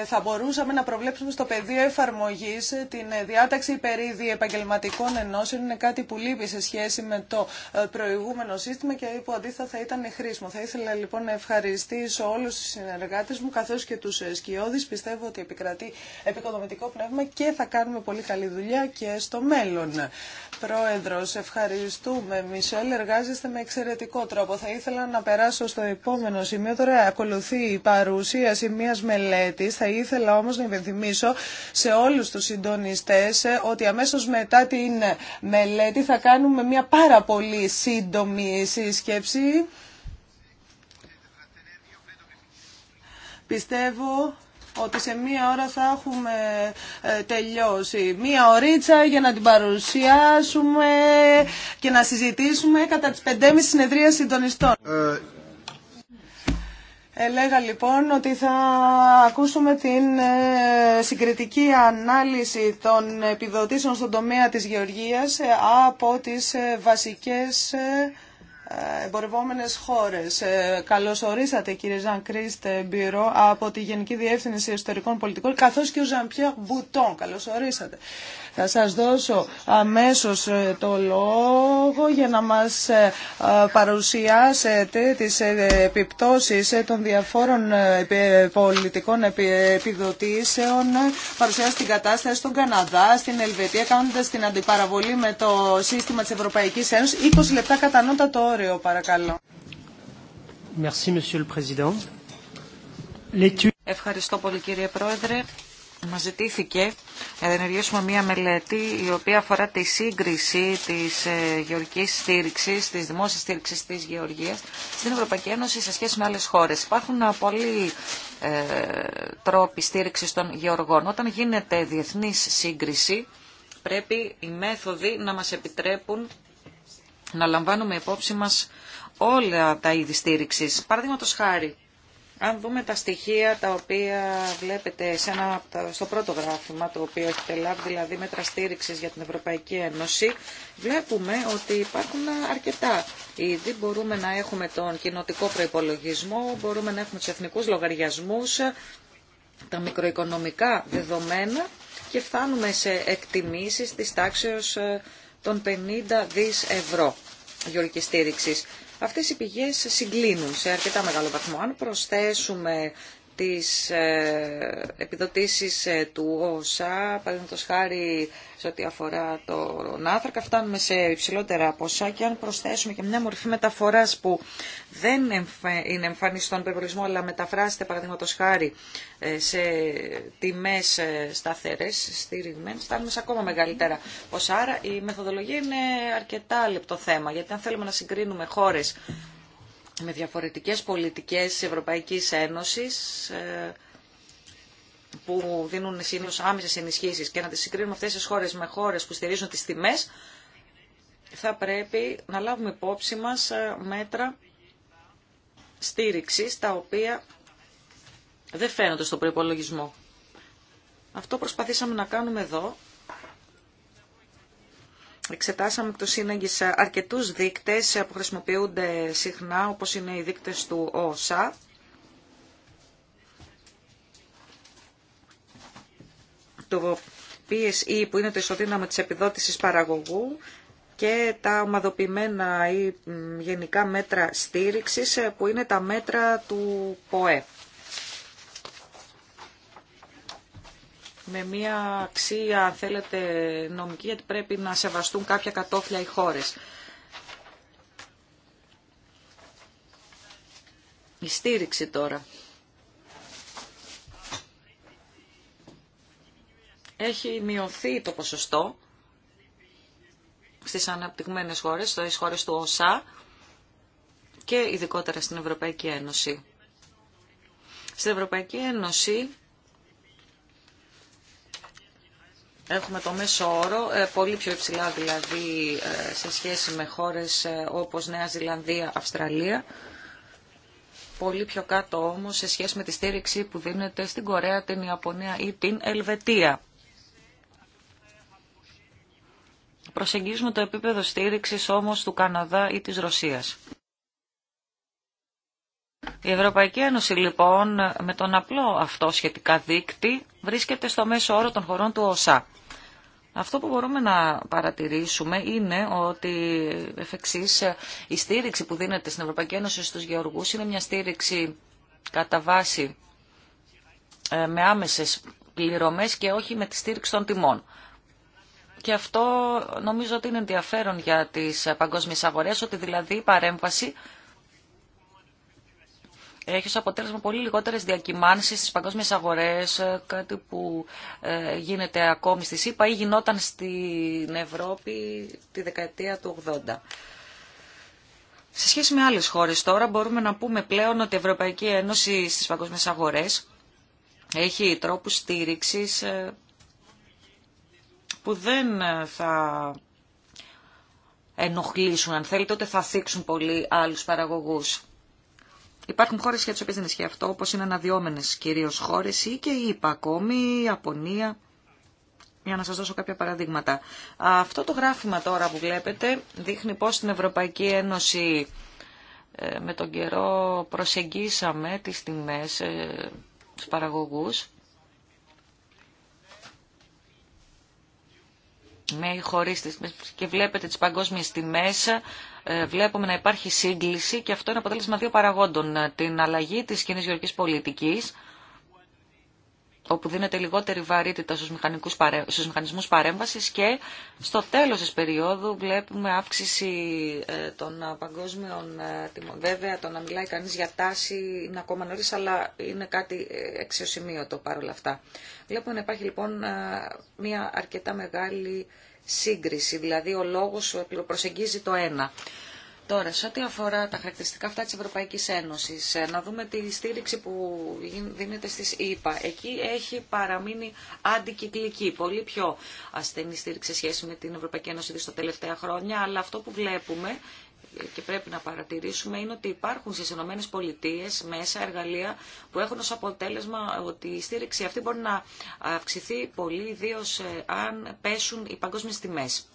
ε, θα μπορούσαμε να προβλέψουμε στο πεδίο εφαρμογή την ε, διάταξη περί επαγγελματικών ενώσεων. Είναι κάτι που λείπει σε σχέση με το ε, προηγούμενο σύστημα και που αντίθετα θα ήταν χρήσιμο. Θα ήθελα λοιπόν να ευχαριστήσω όλου του συνεργάτε μου καθώ και τους σκιώδει. Πιστεύω ότι επικρατεί επικοδομητικό πνεύμα και θα κάνουμε πολύ καλή δουλειά και στο μέλλον. Πρόεδρο, ευχαριστούμε. Μισελ, εργάζεστε με εξαιρετικό τρόπο. Θα ήθελα να περάσω στο επόμενο σημείο. Τώρα ακολουθεί η παρουσίαση σε μιας μελέτης. Θα ήθελα όμω να υπενθυμίσω σε όλους του συντονιστέ, ε, ότι αμέσως μετά την μελέτη θα κάνουμε μια πάρα πολύ σύντομη σύσκεψη. Πιστεύω ότι σε μία ώρα θα έχουμε ε, τελειώσει. Μία ωρίτσα για να την παρουσιάσουμε και να συζητήσουμε κατά τις 5.30 συνεδρία συντονιστών. Ε, ε, Έλεγα λοιπόν ότι θα ακούσουμε την ε, συγκριτική ανάλυση των επιδοτήσεων στον τομέα της γεωργίας ε, από τις βασικές εμπορευόμενες χώρες. Καλώς ορίσατε κύριε Ζαν Κρίστε Μπύρο από τη Γενική Διεύθυνση Ιστορικών Πολιτικών καθώς και ο Ζαν Πιέρ Μπουτόν. ορίσατε. Θα σας δώσω αμέσως ε, το λόγο για να μας ε, παρουσιάσετε τις ε, επιπτώσεις των διαφόρων πολιτικών επιδοτήσεων. Παρουσιάστε την κατάσταση στον Καναδά, στην Ελβετία, κάνοντας την αντιπαραβολή με το σύστημα της Ευρωπαϊκής Ένωσης. 20 λεπτά κατανότα το όριο, παρακαλώ. Ευχαριστώ πολύ κύριε Πρόεδρε. Μας ζητήθηκε να δημιουργήσουμε μία μελέτη η οποία αφορά τη σύγκριση της ε, γεωργικής στήριξης, της δημόσιας στήριξης της γεωργίας στην Ευρωπαϊκή Ένωση σε σχέση με άλλες χώρες. Υπάρχουν πολλοί ε, τρόποι στήριξης των γεωργών. Όταν γίνεται διεθνής σύγκριση πρέπει οι μέθοδοι να μας επιτρέπουν να λαμβάνουμε υπόψη μας όλα τα είδη στήριξης. Παραδείγματος χάρη, αν δούμε τα στοιχεία τα οποία βλέπετε σε ένα, στο πρώτο γράφημα το οποίο έχετε λάβει, δηλαδή μέτρα στήριξη για την Ευρωπαϊκή Ένωση, βλέπουμε ότι υπάρχουν αρκετά ήδη. Μπορούμε να έχουμε τον κοινοτικό προπολογισμό, μπορούμε να έχουμε του εθνικού λογαριασμού, τα μικροοικονομικά δεδομένα και φτάνουμε σε εκτιμήσεις της τάξεως ε, των 50 δις ευρώ γεωργικής στήριξης. Αυτές οι πηγές συγκλίνουν σε αρκετά μεγάλο βαθμό. Αν προσθέσουμε τις ε, επιδοτήσεις ε, του ΩΣΑ, παραδείγματος χάρη σε ό,τι αφορά τον άνθρακα, φτάνουμε σε υψηλότερα ποσά και αν προσθέσουμε και μια μορφή μεταφοράς που δεν είναι εμφανή στον περιορισμό, αλλά μεταφράζεται παραδείγματος χάρη ε, σε τιμές σταθερές, στηριγμένες, φτάνουμε σε ακόμα μεγαλύτερα ποσά. Άρα η μεθοδολογία είναι αρκετά λεπτό θέμα, γιατί αν θέλουμε να συγκρίνουμε χώρες με διαφορετικές πολιτικές της Ευρωπαϊκής Ένωσης ε, που δίνουν συνήθω άμεσες ενισχύσεις και να τις συγκρίνουμε αυτές τις χώρες με χώρες που στηρίζουν τις τιμές, θα πρέπει να λάβουμε υπόψη μας ε, μέτρα στήριξης τα οποία δεν φαίνονται στον προϋπολογισμό. Αυτό προσπαθήσαμε να κάνουμε εδώ εξετάσαμε εκ το σύναγγης αρκετούς δείκτες που χρησιμοποιούνται συχνά, όπως είναι οι δείκτες του ΩΣΑ. Το PSE που είναι το ισοδύναμο της επιδότησης παραγωγού και τα ομαδοποιημένα ή γενικά μέτρα στήριξης που είναι τα μέτρα του ΠΟΕ. με μια αξία, θέλετε, νομική, γιατί πρέπει να σεβαστούν κάποια κατόφλια οι χώρες. Η στήριξη τώρα. Έχει μειωθεί το ποσοστό στις αναπτυγμένες χώρες, στις χώρες του ΟΣΑ και ειδικότερα στην Ευρωπαϊκή Ένωση. Στην Ευρωπαϊκή Ένωση Έχουμε το μέσο όρο, ε, πολύ πιο υψηλά δηλαδή ε, σε σχέση με χώρες ε, όπως Νέα Ζηλανδία, Αυστραλία. Πολύ πιο κάτω όμως σε σχέση με τη στήριξη που δίνεται στην Κορέα, την Ιαπωνία ή την Ελβετία. Προσεγγίζουμε το επίπεδο στήριξης όμως του Καναδά ή της Ρωσίας. Η Ευρωπαϊκή Ένωση λοιπόν με τον απλό αυτό σχετικά δείκτη βρίσκεται στο μέσο όρο των χωρών του ΟΣΑ. Αυτό που μπορούμε να παρατηρήσουμε είναι ότι εφ' εξής, η στήριξη που δίνεται στην Ευρωπαϊκή Ένωση στους γεωργούς είναι μια στήριξη κατά βάση ε, με άμεσες πληρωμές και όχι με τη στήριξη των τιμών. Και αυτό νομίζω ότι είναι ενδιαφέρον για τις παγκόσμιες αγορές, ότι δηλαδή η παρέμβαση έχει ως αποτέλεσμα πολύ λιγότερες διακυμάνσεις στις παγκόσμιες αγορές, ε, κάτι που ε, γίνεται ακόμη στη ΣΥΠΑ ή γινόταν στην Ευρώπη τη δεκαετία του 80. Σε σχέση με άλλες χώρες τώρα μπορούμε να πούμε πλέον ότι η Ευρωπαϊκή Ένωση στις παγκόσμιες αγορές έχει τρόπους στήριξης ε, που δεν θα ενοχλήσουν, αν θέλετε, τότε θα θίξουν πολύ άλλους παραγωγούς. Υπάρχουν χώρες για τις οποίες δεν ισχύει αυτό, όπως είναι αναδυόμενες κυρίως χώρες ή και η η Απονία, για να σας δώσω κάποια παραδείγματα. Αυτό το γράφημα τώρα που βλέπετε δείχνει πώς στην Ευρωπαϊκή Ένωση ε, με τον καιρό προσεγγίσαμε τις τιμές ε, τους παραγωγούς με χωρίς τις, και βλέπετε τις παγκόσμιες τιμές ε, βλέπουμε να υπάρχει σύγκληση και αυτό είναι αποτέλεσμα δύο παραγόντων. Ε, την αλλαγή της κοινή γεωργικής πολιτικής, όπου δίνεται λιγότερη βαρύτητα στους, μηχανικούς, στους μηχανισμούς παρέμβασης και στο τέλος της περίοδου βλέπουμε αύξηση ε, των παγκόσμιων τιμών. Βέβαια, το να μιλάει κανείς για τάση είναι ακόμα νωρίς, αλλά είναι κάτι εξαιοσημείωτο παρόλα αυτά. Βλέπουμε να υπάρχει λοιπόν μια αρκετά μεγάλη σύγκριση, δηλαδή ο λόγος προσεγγίζει το ένα. Τώρα, σε ό,τι αφορά τα χαρακτηριστικά αυτά της Ευρωπαϊκής Ένωσης, ε, να δούμε τη στήριξη που δίνεται στις ΗΠΑ, Εκεί έχει παραμείνει αντικυκλική, πολύ πιο ασθενή στήριξη σε σχέση με την Ευρωπαϊκή Ένωση στα τελευταία χρόνια, αλλά αυτό που βλέπουμε και πρέπει να παρατηρήσουμε είναι ότι υπάρχουν στις ΗΠΑ μέσα εργαλεία που έχουν ως αποτέλεσμα ότι η στήριξη αυτή μπορεί να αυξηθεί πολύ, ιδίω ε, αν πέσουν οι παγκόσμιες τιμές.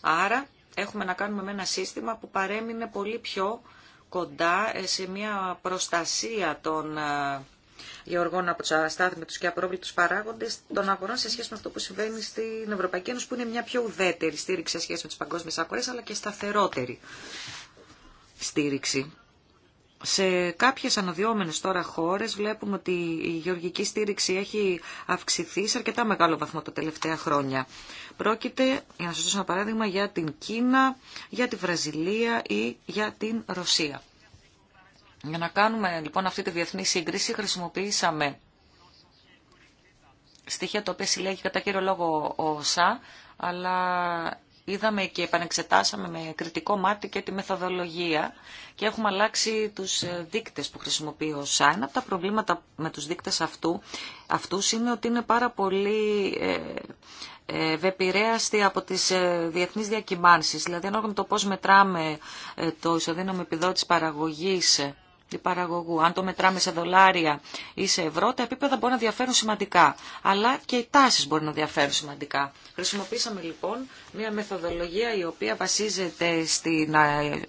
Άρα έχουμε να κάνουμε με ένα σύστημα που παρέμεινε πολύ πιο κοντά ε, σε μια προστασία των ε, γεωργών από του αστάθμητου και απρόβλητου παράγοντε των αγορών σε σχέση με αυτό που συμβαίνει στην Ευρωπαϊκή Ένωση, που είναι μια πιο ουδέτερη στήριξη σε σχέση με τι παγκόσμιε αγορέ, αλλά και σταθερότερη στήριξη. Σε κάποιες αναδυόμενες τώρα χώρες βλέπουμε ότι η γεωργική στήριξη έχει αυξηθεί σε αρκετά μεγάλο βαθμό τα τελευταία χρόνια. Πρόκειται, για να σας δώσω ένα παράδειγμα, για την Κίνα, για τη Βραζιλία ή για την Ρωσία. Για να κάνουμε λοιπόν αυτή τη διεθνή σύγκριση χρησιμοποίησαμε στοιχεία τα οποία συλλέγει κατά κύριο λόγο ο ΣΑ, αλλά είδαμε και επανεξετάσαμε με κριτικό μάτι και τη μεθοδολογία και έχουμε αλλάξει τους ε, δείκτες που χρησιμοποιεί ο ΣΑ. Ένα από τα προβλήματα με τους δείκτες αυτού, αυτούς είναι ότι είναι πάρα πολύ ε, ε από τις ε, διεθνείς διακυμάνσει. Δηλαδή, ανάλογα με το πώς μετράμε το ισοδύναμο επιδότης παραγωγής παραγωγού. Αν το μετράμε σε δολάρια ή σε ευρώ, τα επίπεδα μπορεί να διαφέρουν σημαντικά. Αλλά και οι τάσει μπορεί να διαφέρουν σημαντικά. Χρησιμοποίησαμε λοιπόν μια μεθοδολογία η οποία βασίζεται στην ε,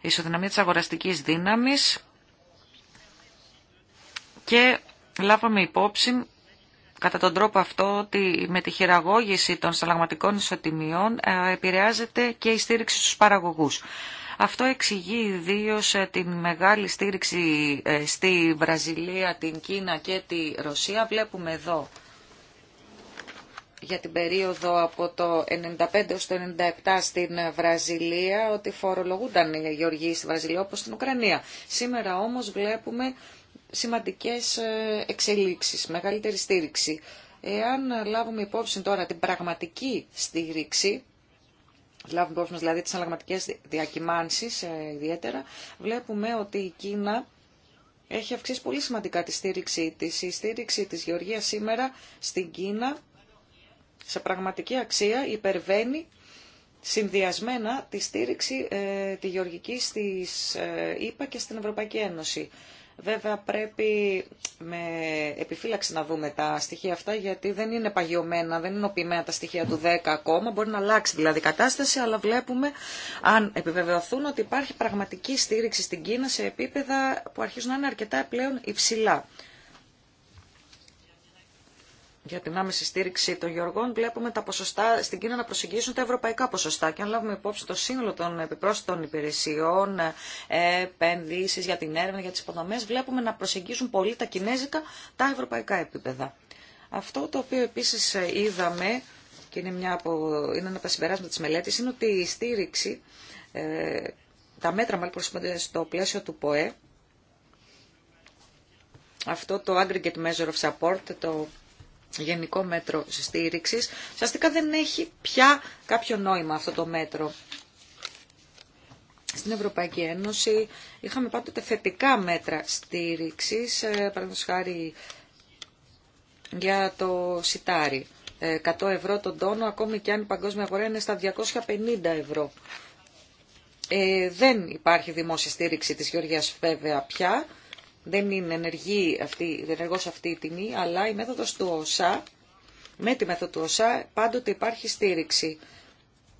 ισοδυναμία της αγοραστικής δύναμης και λάβαμε υπόψη κατά τον τρόπο αυτό ότι με τη χειραγώγηση των σταλαγματικών ισοτιμιών ε, επηρεάζεται και η στήριξη στους παραγωγούς. Αυτό εξηγεί ιδίω ε, την μεγάλη στήριξη ε, στη Βραζιλία, την Κίνα και τη Ρωσία. Βλέπουμε εδώ για την περίοδο από το 95 έως το 97 στην Βραζιλία ότι φορολογούνταν οι γεωργοί στη Βραζιλία όπως στην Ουκρανία. Σήμερα όμως βλέπουμε σημαντικές ε, εξελίξεις, μεγαλύτερη στήριξη. Εάν λάβουμε υπόψη τώρα την πραγματική στήριξη λάβουμε υπόψη μας δηλαδή τις αλλαγματικές διακυμάνσεις ε, ιδιαίτερα, βλέπουμε ότι η Κίνα έχει αυξήσει πολύ σημαντικά τη στήριξή της. Η στήριξη της Γεωργίας σήμερα στην Κίνα σε πραγματική αξία υπερβαίνει συνδυασμένα τη στήριξη ε, τη γεωργική στις ε, και στην Ευρωπαϊκή Ένωση. Βέβαια πρέπει με επιφύλαξη να δούμε τα στοιχεία αυτά γιατί δεν είναι παγιωμένα, δεν είναι οπημένα τα στοιχεία του 10 ακόμα. Μπορεί να αλλάξει δηλαδή η κατάσταση, αλλά βλέπουμε αν επιβεβαιωθούν ότι υπάρχει πραγματική στήριξη στην Κίνα σε επίπεδα που αρχίζουν να είναι αρκετά πλέον υψηλά για την άμεση στήριξη των γεωργών, βλέπουμε τα ποσοστά στην Κίνα να προσεγγίσουν τα ευρωπαϊκά ποσοστά. Και αν λάβουμε υπόψη το σύνολο των επιπρόσθετων υπηρεσιών, επενδύσει για την έρευνα, για τι υποδομέ, βλέπουμε να προσεγγίσουν πολύ τα κινέζικα τα ευρωπαϊκά επίπεδα. Αυτό το οποίο επίση είδαμε, και είναι, μια είναι ένα από τα συμπεράσματα τη μελέτη, είναι ότι η στήριξη, ε, τα μέτρα μάλλον στο πλαίσιο του ΠΟΕ, αυτό το aggregate measure of support, το γενικό μέτρο στήριξη. Σαστικά δεν έχει πια κάποιο νόημα αυτό το μέτρο. Στην Ευρωπαϊκή Ένωση είχαμε πάντοτε θετικά μέτρα στήριξης, ε, παραδείγματος χάρη για το σιτάρι. 100 ε, ευρώ τον τόνο, ακόμη και αν η παγκόσμια αγορά είναι στα 250 ευρώ. Ε, δεν υπάρχει δημόσια στήριξη της Γεωργίας βέβαια πια δεν είναι ενεργή αυτή, δεν ενεργός αυτή η τιμή, αλλά η μέθοδος του ΩΣΑ, με τη μέθοδο του ΩΣΑ, πάντοτε υπάρχει στήριξη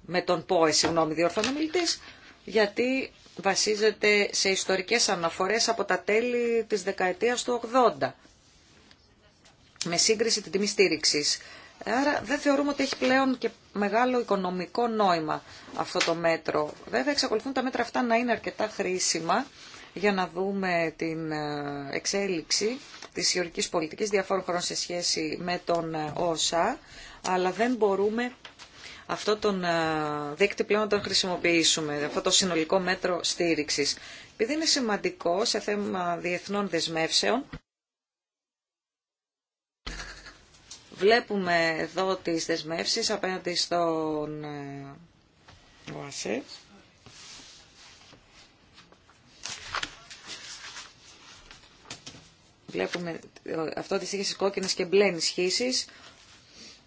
με τον ΠΟΕ, συγγνώμη, μιλητής, γιατί βασίζεται σε ιστορικές αναφορές από τα τέλη της δεκαετίας του 80 με σύγκριση την τιμή στήριξη. Άρα δεν θεωρούμε ότι έχει πλέον και μεγάλο οικονομικό νόημα αυτό το μέτρο. Βέβαια εξακολουθούν τα μέτρα αυτά να είναι αρκετά χρήσιμα για να δούμε την ε, εξέλιξη της ιωρικής πολιτικής διαφόρων χωρών σε σχέση με τον ε, ΩΣΑ, αλλά δεν μπορούμε αυτό τον ε, δείκτη πλέον να τον χρησιμοποιήσουμε, αυτό το συνολικό μέτρο στήριξης. Επειδή είναι σημαντικό σε θέμα διεθνών δεσμεύσεων, βλέπουμε εδώ τις δεσμεύσεις απέναντι στον ΟΑΣΕ βλέπουμε ε, αυτό τη σύγχυση κόκκινες και μπλε ενισχύσεις,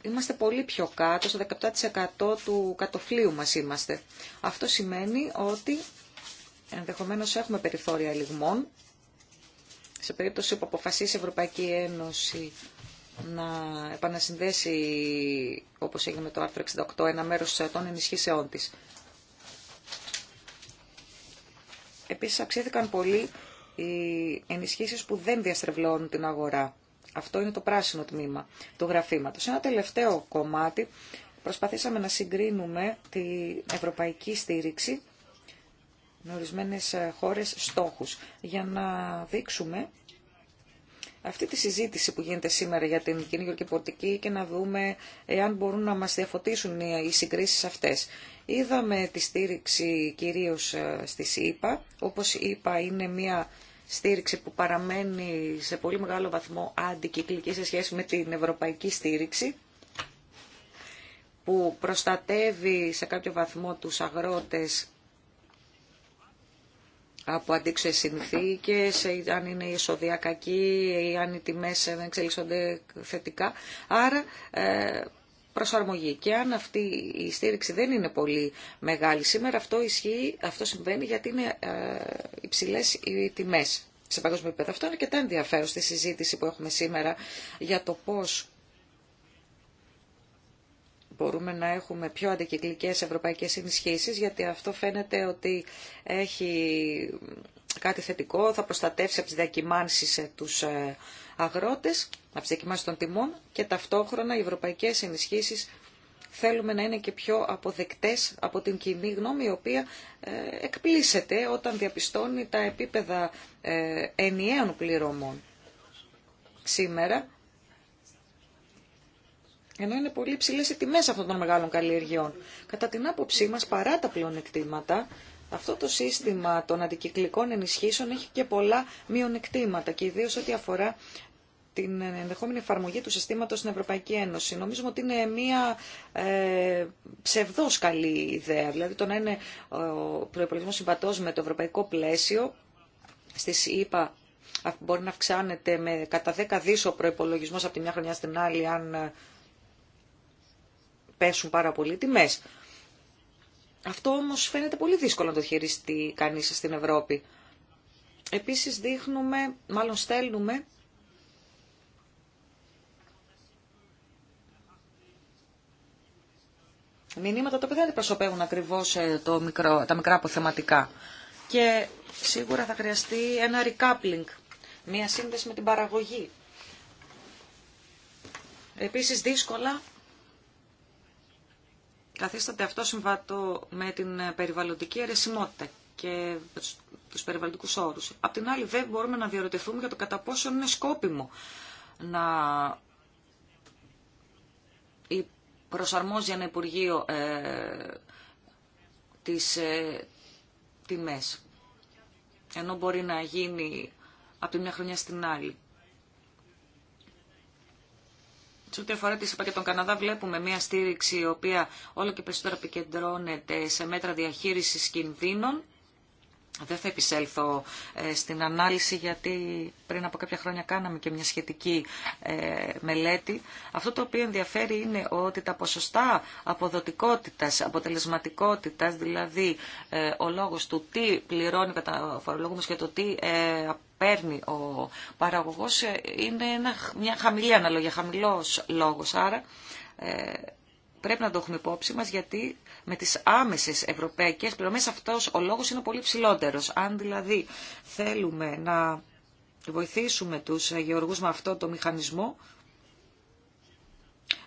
είμαστε πολύ πιο κάτω, στο 17% του κατοφλίου μας είμαστε. Αυτό σημαίνει ότι ενδεχομένως έχουμε περιθώρια λιγμών, σε περίπτωση που αποφασίσει η Ευρωπαϊκή Ένωση να επανασυνδέσει, όπως έγινε με το άρθρο 68, ένα μέρος των ενισχύσεών της. Επίσης αυξήθηκαν πολύ οι ενισχύσεις που δεν διαστρεβλώνουν την αγορά. Αυτό είναι το πράσινο τμήμα του γραφήματος. Ένα τελευταίο κομμάτι προσπαθήσαμε να συγκρίνουμε την ευρωπαϊκή στήριξη με ορισμένες ε, χώρες στόχους για να δείξουμε αυτή τη συζήτηση που γίνεται σήμερα για την κοινή γεωργική και να δούμε εάν μπορούν να μας διαφωτίσουν οι συγκρίσεις αυτές. Είδαμε τη στήριξη κυρίως ε, στη ΣΥΠΑ. Όπως είπα είναι μια στήριξη που παραμένει σε πολύ μεγάλο βαθμό αντικυκλική σε σχέση με την ευρωπαϊκή στήριξη που προστατεύει σε κάποιο βαθμό τους αγρότες από αντίξωες συνθήκες, αν είναι η ή αν οι τιμές δεν εξελίσσονται θετικά. Άρα ε, προσαρμογή. Και αν αυτή η στήριξη δεν είναι πολύ μεγάλη σήμερα, αυτό ισχύει, αυτό συμβαίνει γιατί είναι ε, υψηλέ οι τιμέ σε παγκόσμιο επίπεδο. Αυτό είναι αρκετά ενδιαφέρον στη συζήτηση που έχουμε σήμερα για το πώ μπορούμε να έχουμε πιο αντικυκλικές ευρωπαϊκές ενισχύσεις, γιατί αυτό φαίνεται ότι έχει κάτι θετικό, θα προστατεύσει από τις διακυμάνσεις ε, τους ε, αγρότες, να ψεκιμάσει τον τιμών και ταυτόχρονα οι ευρωπαϊκές ενισχύσεις θέλουμε να είναι και πιο αποδεκτές από την κοινή γνώμη η οποία ε, εκπλήσεται όταν διαπιστώνει τα επίπεδα ε, ενιαίων πληρωμών. Σήμερα, ενώ είναι πολύ ψηλέ οι τιμέ αυτών των μεγάλων καλλιεργειών. Κατά την άποψή μα, παρά τα πλεονεκτήματα, αυτό το σύστημα των αντικυκλικών ενισχύσεων έχει και πολλά μειονεκτήματα και ιδίω ό,τι αφορά την ενδεχόμενη εφαρμογή του συστήματος στην Ευρωπαϊκή Ένωση. Νομίζουμε ότι είναι μια ε, καλή ιδέα. Δηλαδή το να είναι ο προϋπολογισμός συμβατός με το ευρωπαϊκό πλαίσιο στις ΗΠΑ μπορεί να αυξάνεται με κατά 10 δίσο ο προϋπολογισμός από τη μια χρονιά στην άλλη αν ε, πέσουν πάρα πολύ τιμές. Αυτό όμως φαίνεται πολύ δύσκολο να το χειριστεί κανείς στην Ευρώπη. Επίσης δείχνουμε, μάλλον στέλνουμε μηνύματα τα οποία δεν αντιπροσωπεύουν ακριβώς ε, τα μικρά αποθεματικά. Και σίγουρα θα χρειαστεί ένα recoupling, μία σύνδεση με την παραγωγή. Επίσης δύσκολα καθίσταται αυτό συμβατό με την περιβαλλοντική αιρεσιμότητα και τους περιβαλλοντικούς όρους. Απ' την άλλη βέβαια μπορούμε να διαρωτηθούμε για το κατά πόσο είναι σκόπιμο να προσαρμόζει ένα Υπουργείο ε, τις ε, τιμές. Ενώ μπορεί να γίνει από τη μια χρονιά στην άλλη. Σε ό,τι αφορά τη ΣΥΠΑ και τον Καναδά βλέπουμε μια στήριξη η οποία όλο και περισσότερο επικεντρώνεται σε μέτρα διαχείρισης κινδύνων δεν θα επισέλθω ε, στην ανάλυση γιατί πριν από κάποια χρόνια κάναμε και μια σχετική ε, μελέτη. Αυτό το οποίο ενδιαφέρει είναι ότι τα ποσοστά αποδοτικότητας, αποτελεσματικότητας, δηλαδή ε, ο λόγος του τι πληρώνει κατά φορολογούμενος και το τι παίρνει ο παραγωγός είναι μια χαμηλή αναλογία, χαμηλός λόγος. Άρα Πρέπει να το έχουμε υπόψη μας γιατί με τις άμεσες ευρωπαϊκές πληρωμές αυτός ο λόγος είναι πολύ ψηλότερος. Αν δηλαδή θέλουμε να βοηθήσουμε τους γεωργού με αυτό το μηχανισμό,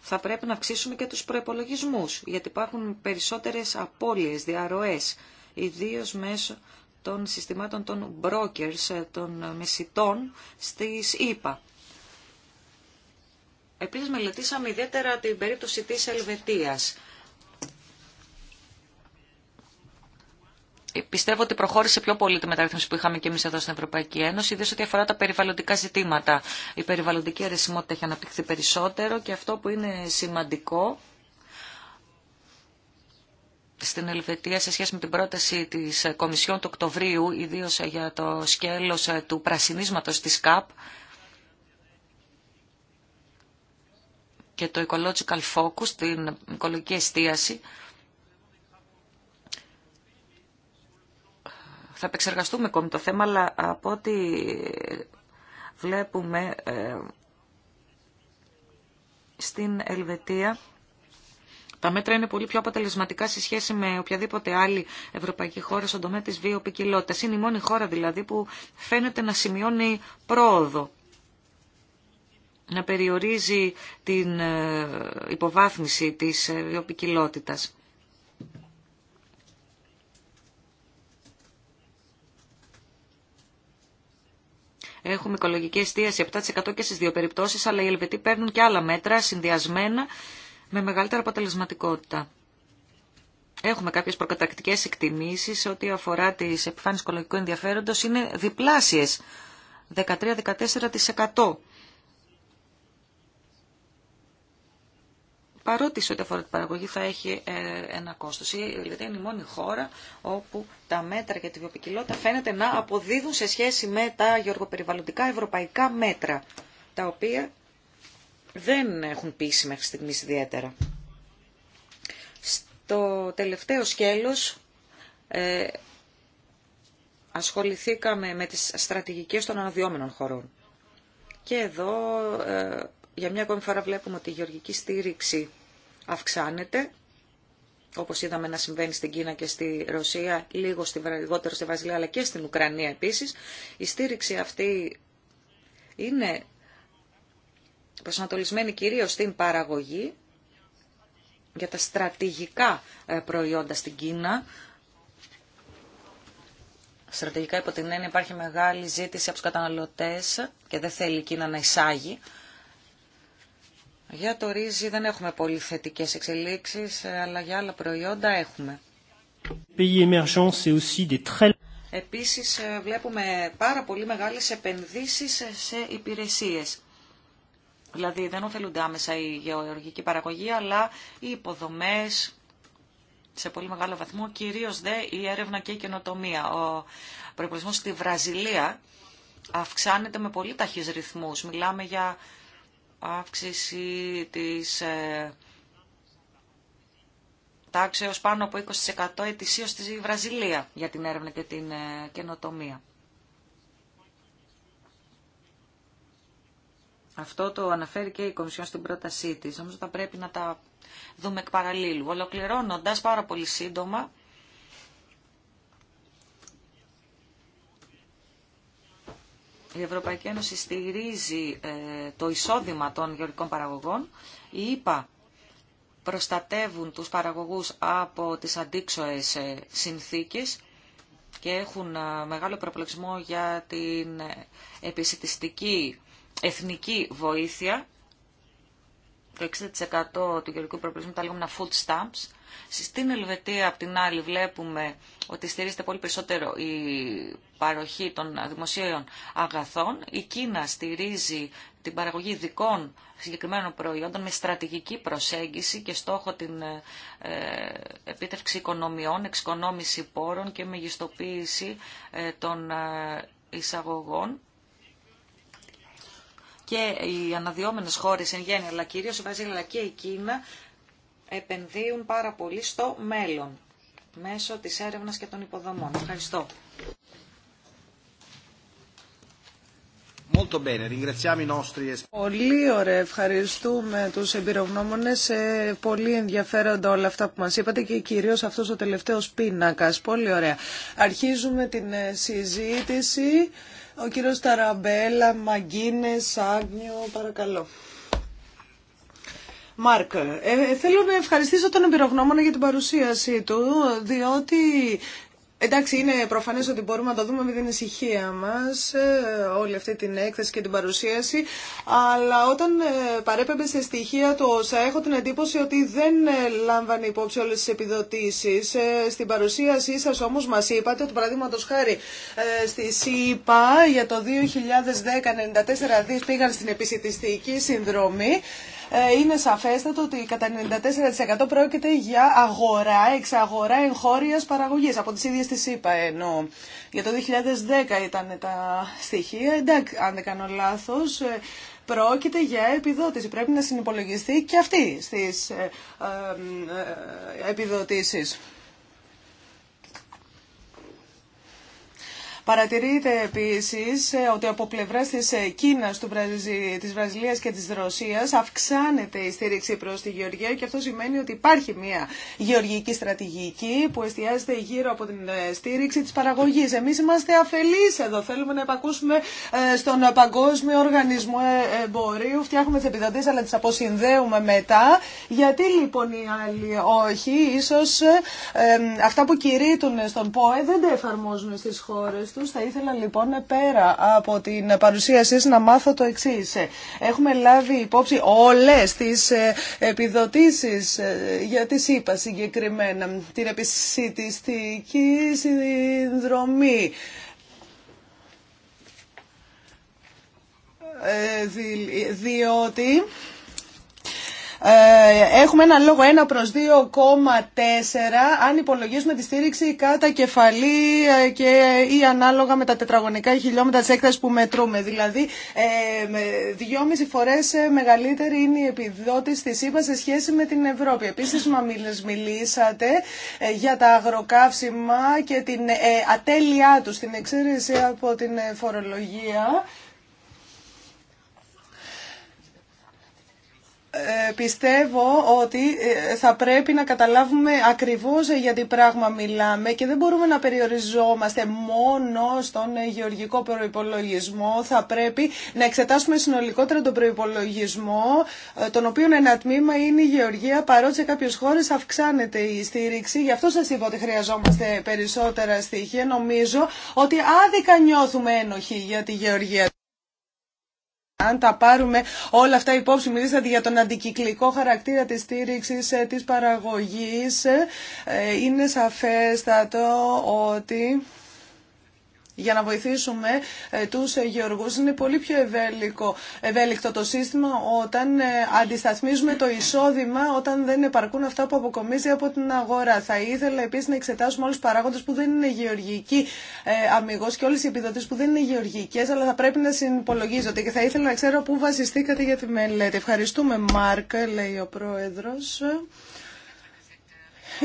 θα πρέπει να αυξήσουμε και τους προϋπολογισμούς, γιατί υπάρχουν περισσότερες απώλειες, διαρροές, ιδίως μέσω των συστημάτων των brokers, των μεσητών στις ΕΠΑ. Επίσης μελετήσαμε ιδιαίτερα την περίπτωση της Ελβετίας. Ε, πιστεύω ότι προχώρησε πιο πολύ τη μεταρρύθμιση που είχαμε και εμεί εδώ στην Ευρωπαϊκή Ένωση, ιδίω ό,τι αφορά τα περιβαλλοντικά ζητήματα. Η περιβαλλοντική αρεσιμότητα έχει αναπτυχθεί περισσότερο και αυτό που είναι σημαντικό στην Ελβετία σε σχέση με την πρόταση τη Κομισιόν του Οκτωβρίου, ιδίω για το σκέλο του πρασινίσματο τη ΚΑΠ, και το Ecological Focus, την οικολογική εστίαση. Θα επεξεργαστούμε ακόμη το θέμα, αλλά από ό,τι βλέπουμε ε, στην Ελβετία... Τα μέτρα είναι πολύ πιο αποτελεσματικά σε σχέση με οποιαδήποτε άλλη ευρωπαϊκή χώρα στον τομέα της βιοποικιλότητας. Είναι η μόνη χώρα δηλαδή που φαίνεται να σημειώνει πρόοδο να περιορίζει την ε, υποβάθμιση της ε, βιοπικιλότητας. Έχουμε οικολογική εστίαση 7% και στις δύο περιπτώσεις, αλλά οι Ελβετοί παίρνουν και άλλα μέτρα συνδυασμένα με μεγαλύτερη αποτελεσματικότητα. Έχουμε κάποιες προκατακτικές εκτιμήσεις σε ό,τι αφορά τις επιφάνειες οικολογικού ενδιαφέροντος είναι διπλάσιες, 13-14%. παρότι σε ό,τι αφορά την παραγωγή θα έχει ε, ένα κόστος. Η Ελβετία δηλαδή είναι η μόνη χώρα όπου τα μέτρα για τη βιοπικιλότητα φαίνεται να αποδίδουν σε σχέση με τα γεωργοπεριβαλλοντικά ευρωπαϊκά μέτρα, τα οποία δεν έχουν πείσει μέχρι στιγμής ιδιαίτερα. Στο τελευταίο σκέλος ε, ασχοληθήκαμε με τις στρατηγικές των αναδυόμενων χωρών. Και εδώ ε, για μια ακόμη φορά βλέπουμε ότι η γεωργική στήριξη αυξάνεται, όπως είδαμε να συμβαίνει στην Κίνα και στη Ρωσία, λίγο στη, λιγότερο στη Βασιλεία, αλλά και στην Ουκρανία επίσης. Η στήριξη αυτή είναι προσανατολισμένη κυρίως στην παραγωγή για τα στρατηγικά ε, προϊόντα στην Κίνα, Στρατηγικά υπό την έννοια υπάρχει μεγάλη ζήτηση από τους καταναλωτές και δεν θέλει η Κίνα να εισάγει για το ρύζι δεν έχουμε πολύ θετικέ εξελίξεις, αλλά για άλλα προϊόντα έχουμε. Επίσης ε, βλέπουμε πάρα πολύ μεγάλες επενδύσεις σε υπηρεσίες. Δηλαδή δεν ωφελούνται άμεσα η γεωργική παραγωγή, αλλά οι υποδομές σε πολύ μεγάλο βαθμό, κυρίως δε η έρευνα και η καινοτομία. Ο προϋπολογισμός στη Βραζιλία αυξάνεται με πολύ ταχύς ρυθμούς. Μιλάμε για αύξηση της ε, τάξεως πάνω από 20% ετησίως στη Βραζιλία για την έρευνα και την ε, καινοτομία. Αυτό το αναφέρει και η Κομισιόν στην πρότασή της. Νομίζω θα πρέπει να τα δούμε εκ παραλίλου. Ολοκληρώνοντας πάρα πολύ σύντομα, η Ευρωπαϊκή Ένωση στηρίζει ε, το εισόδημα των γεωργικών παραγωγών. Οι ΕΠΑ προστατεύουν τους παραγωγούς από τις αντίξωες ε, συνθήκες και έχουν ε, μεγάλο προπλεξμό για την επισητιστική εθνική βοήθεια το 60% του γεωργικού προπλησμού τα λέγουμε food stamps. Στην Ελβετία, από την άλλη, βλέπουμε ότι στηρίζεται πολύ περισσότερο η παροχή των δημοσίων αγαθών. Η Κίνα στηρίζει την παραγωγή ειδικών συγκεκριμένων προϊόντων με στρατηγική προσέγγιση και στόχο την ε, επίτευξη οικονομιών, εξοικονόμηση πόρων και μεγιστοποίηση ε, των ε, εισαγωγών και οι αναδυόμενες χώρες εν γέννη, αλλά κυρίως η Βραζίλια και η Κίνα επενδύουν πάρα πολύ στο μέλλον μέσω της έρευνας και των υποδομών. Ευχαριστώ. Πολύ ωραία. Ευχαριστούμε τους εμπειρογνώμονες. πολύ ενδιαφέροντα όλα αυτά που μας είπατε και κυρίως αυτός ο τελευταίος πίνακας. Πολύ ωραία. Αρχίζουμε την ε, συζήτηση. Ο κύριος Ταραμπέλα, Μαγκίνε, Άγνιο, παρακαλώ. Μάρκ, ε, θέλω να ευχαριστήσω τον εμπειρογνώμονα για την παρουσίασή του, διότι Εντάξει, είναι προφανές ότι μπορούμε να το δούμε με την ησυχία μας, ε, όλη αυτή την έκθεση και την παρουσίαση, αλλά όταν ε, παρέπεμπε σε στοιχεία το ΩΣΑ, έχω την εντύπωση ότι δεν ε, λάμβανε υπόψη όλες τις επιδοτήσεις. Στην παρουσίασή σας όμως μας είπατε ότι παραδείγματο χάρη στη ΣΥΠΑ για το 2010 94 δις πήγαν στην επισητιστική συνδρομή. Ε, είναι σαφέστατο ότι κατά 94% πρόκειται για αγορά, εξαγορά εγχώρια παραγωγή από τι ίδιε τις είπα εννοώ. Για το 2010 ήταν τα στοιχεία, εντάξει, αν δεν κάνω λάθος, ε, πρόκειται για επιδότηση. Πρέπει να συνυπολογιστεί και αυτή στις ε, επιδοτήσεις. Παρατηρείται επίση ε, ότι από πλευρά τη ε, Κίνα τη Βραζιλία και τη Ρωσία αυξάνεται η στήριξη προ τη Γεωργία και αυτό σημαίνει ότι υπάρχει μια γεωργική στρατηγική που εστιάζεται γύρω από την ε, στήριξη τη παραγωγή. Εμεί είμαστε αφελεί εδώ, θέλουμε να επακούσουμε στον Παγκόσμιο Οργανισμό Εμπορίου, φτιάχνουμε τι επιδοτέ, αλλά τι αποσυνδέουμε μετά. Γιατί λοιπόν οι άλλοι όχι, ίσως αυτά που κηρύττουν στον ΠΟΕ δεν τα εφαρμόζουν στι χώρε του θα ήθελα λοιπόν πέρα από την παρουσίασή σας να μάθω το εξής. Έχουμε λάβει υπόψη όλες τις ε, επιδοτήσεις ε, για τη ΣΥΠΑ συγκεκριμένα, την επισητιστική συνδρομή. Ε, διότι ε, έχουμε ένα λόγο 1 προς 2,4 αν υπολογίζουμε τη στήριξη κατά κεφαλή ε, και, ή ανάλογα με τα τετραγωνικά χιλιόμετρα της έκτασης που μετρούμε. Δηλαδή, ε, δυόμιση φορές ε, μεγαλύτερη είναι η επιδότηση της ΕΠΑ σε σχέση με την Ευρώπη. Επίσης, μα μιλήσατε για τα αγροκαύσιμα και την ατέλειά τους, την εξαίρεση από την φορολογία. Ε, πιστεύω ότι ε, θα πρέπει να καταλάβουμε ακριβώς για τι πράγμα μιλάμε και δεν μπορούμε να περιοριζόμαστε μόνο στον γεωργικό προϋπολογισμό. Θα πρέπει να εξετάσουμε συνολικότερα τον προϋπολογισμό, ε, τον οποίο ένα τμήμα είναι η γεωργία, παρότι σε κάποιες χώρες αυξάνεται η στήριξη. Γι' αυτό σας είπα ότι χρειαζόμαστε περισσότερα στοιχεία. Νομίζω ότι άδικα νιώθουμε ένοχοι για τη γεωργία αν τα πάρουμε όλα αυτά υπόψη, μιλήσατε για τον αντικυκλικό χαρακτήρα της στήριξης ε, της παραγωγής, ε, ε, είναι σαφέστατο ότι για να βοηθήσουμε ε, τους ε, γεωργούς. Είναι πολύ πιο ευέλικτο το σύστημα όταν ε, αντισταθμίζουμε το εισόδημα όταν δεν επαρκούν αυτά που αποκομίζει από την αγορά. Θα ήθελα επίσης να εξετάσουμε όλους τους παράγοντες που δεν είναι γεωργικοί αμυγός και όλες οι επιδοτήσεις που δεν είναι γεωργικές αλλά θα πρέπει να συνυπολογίζονται και θα ήθελα να ξέρω πού βασιστήκατε για τη μελέτη. Ευχαριστούμε Μάρκ, λέει ο Πρόεδρος.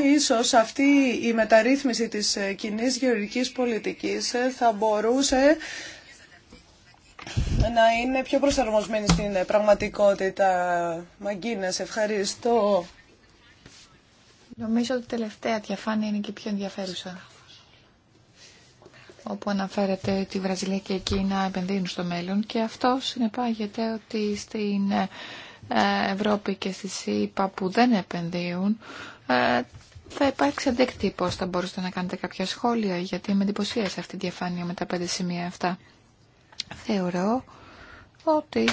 Ίσως αυτή η μεταρρύθμιση της ε, κοινή γεωργικής πολιτικής ε, θα μπορούσε να είναι πιο προσαρμοσμένη στην ε, πραγματικότητα. Μαγκίνες, ευχαριστώ. Νομίζω ότι η τελευταία διαφάνεια είναι και πιο ενδιαφέρουσα. Όπου αναφέρεται ότι η Βραζιλία και η Κίνα επενδύουν στο μέλλον και αυτό συνεπάγεται ότι στην Ευρώπη και στη ΣΥΠΑ που δεν επενδύουν θα υπάρξει αντίκτυπο. Θα μπορούσατε να κάνετε κάποια σχόλια, γιατί με εντυπωσίασε αυτή η διαφάνεια με τα πέντε σημεία αυτά. Θεωρώ ότι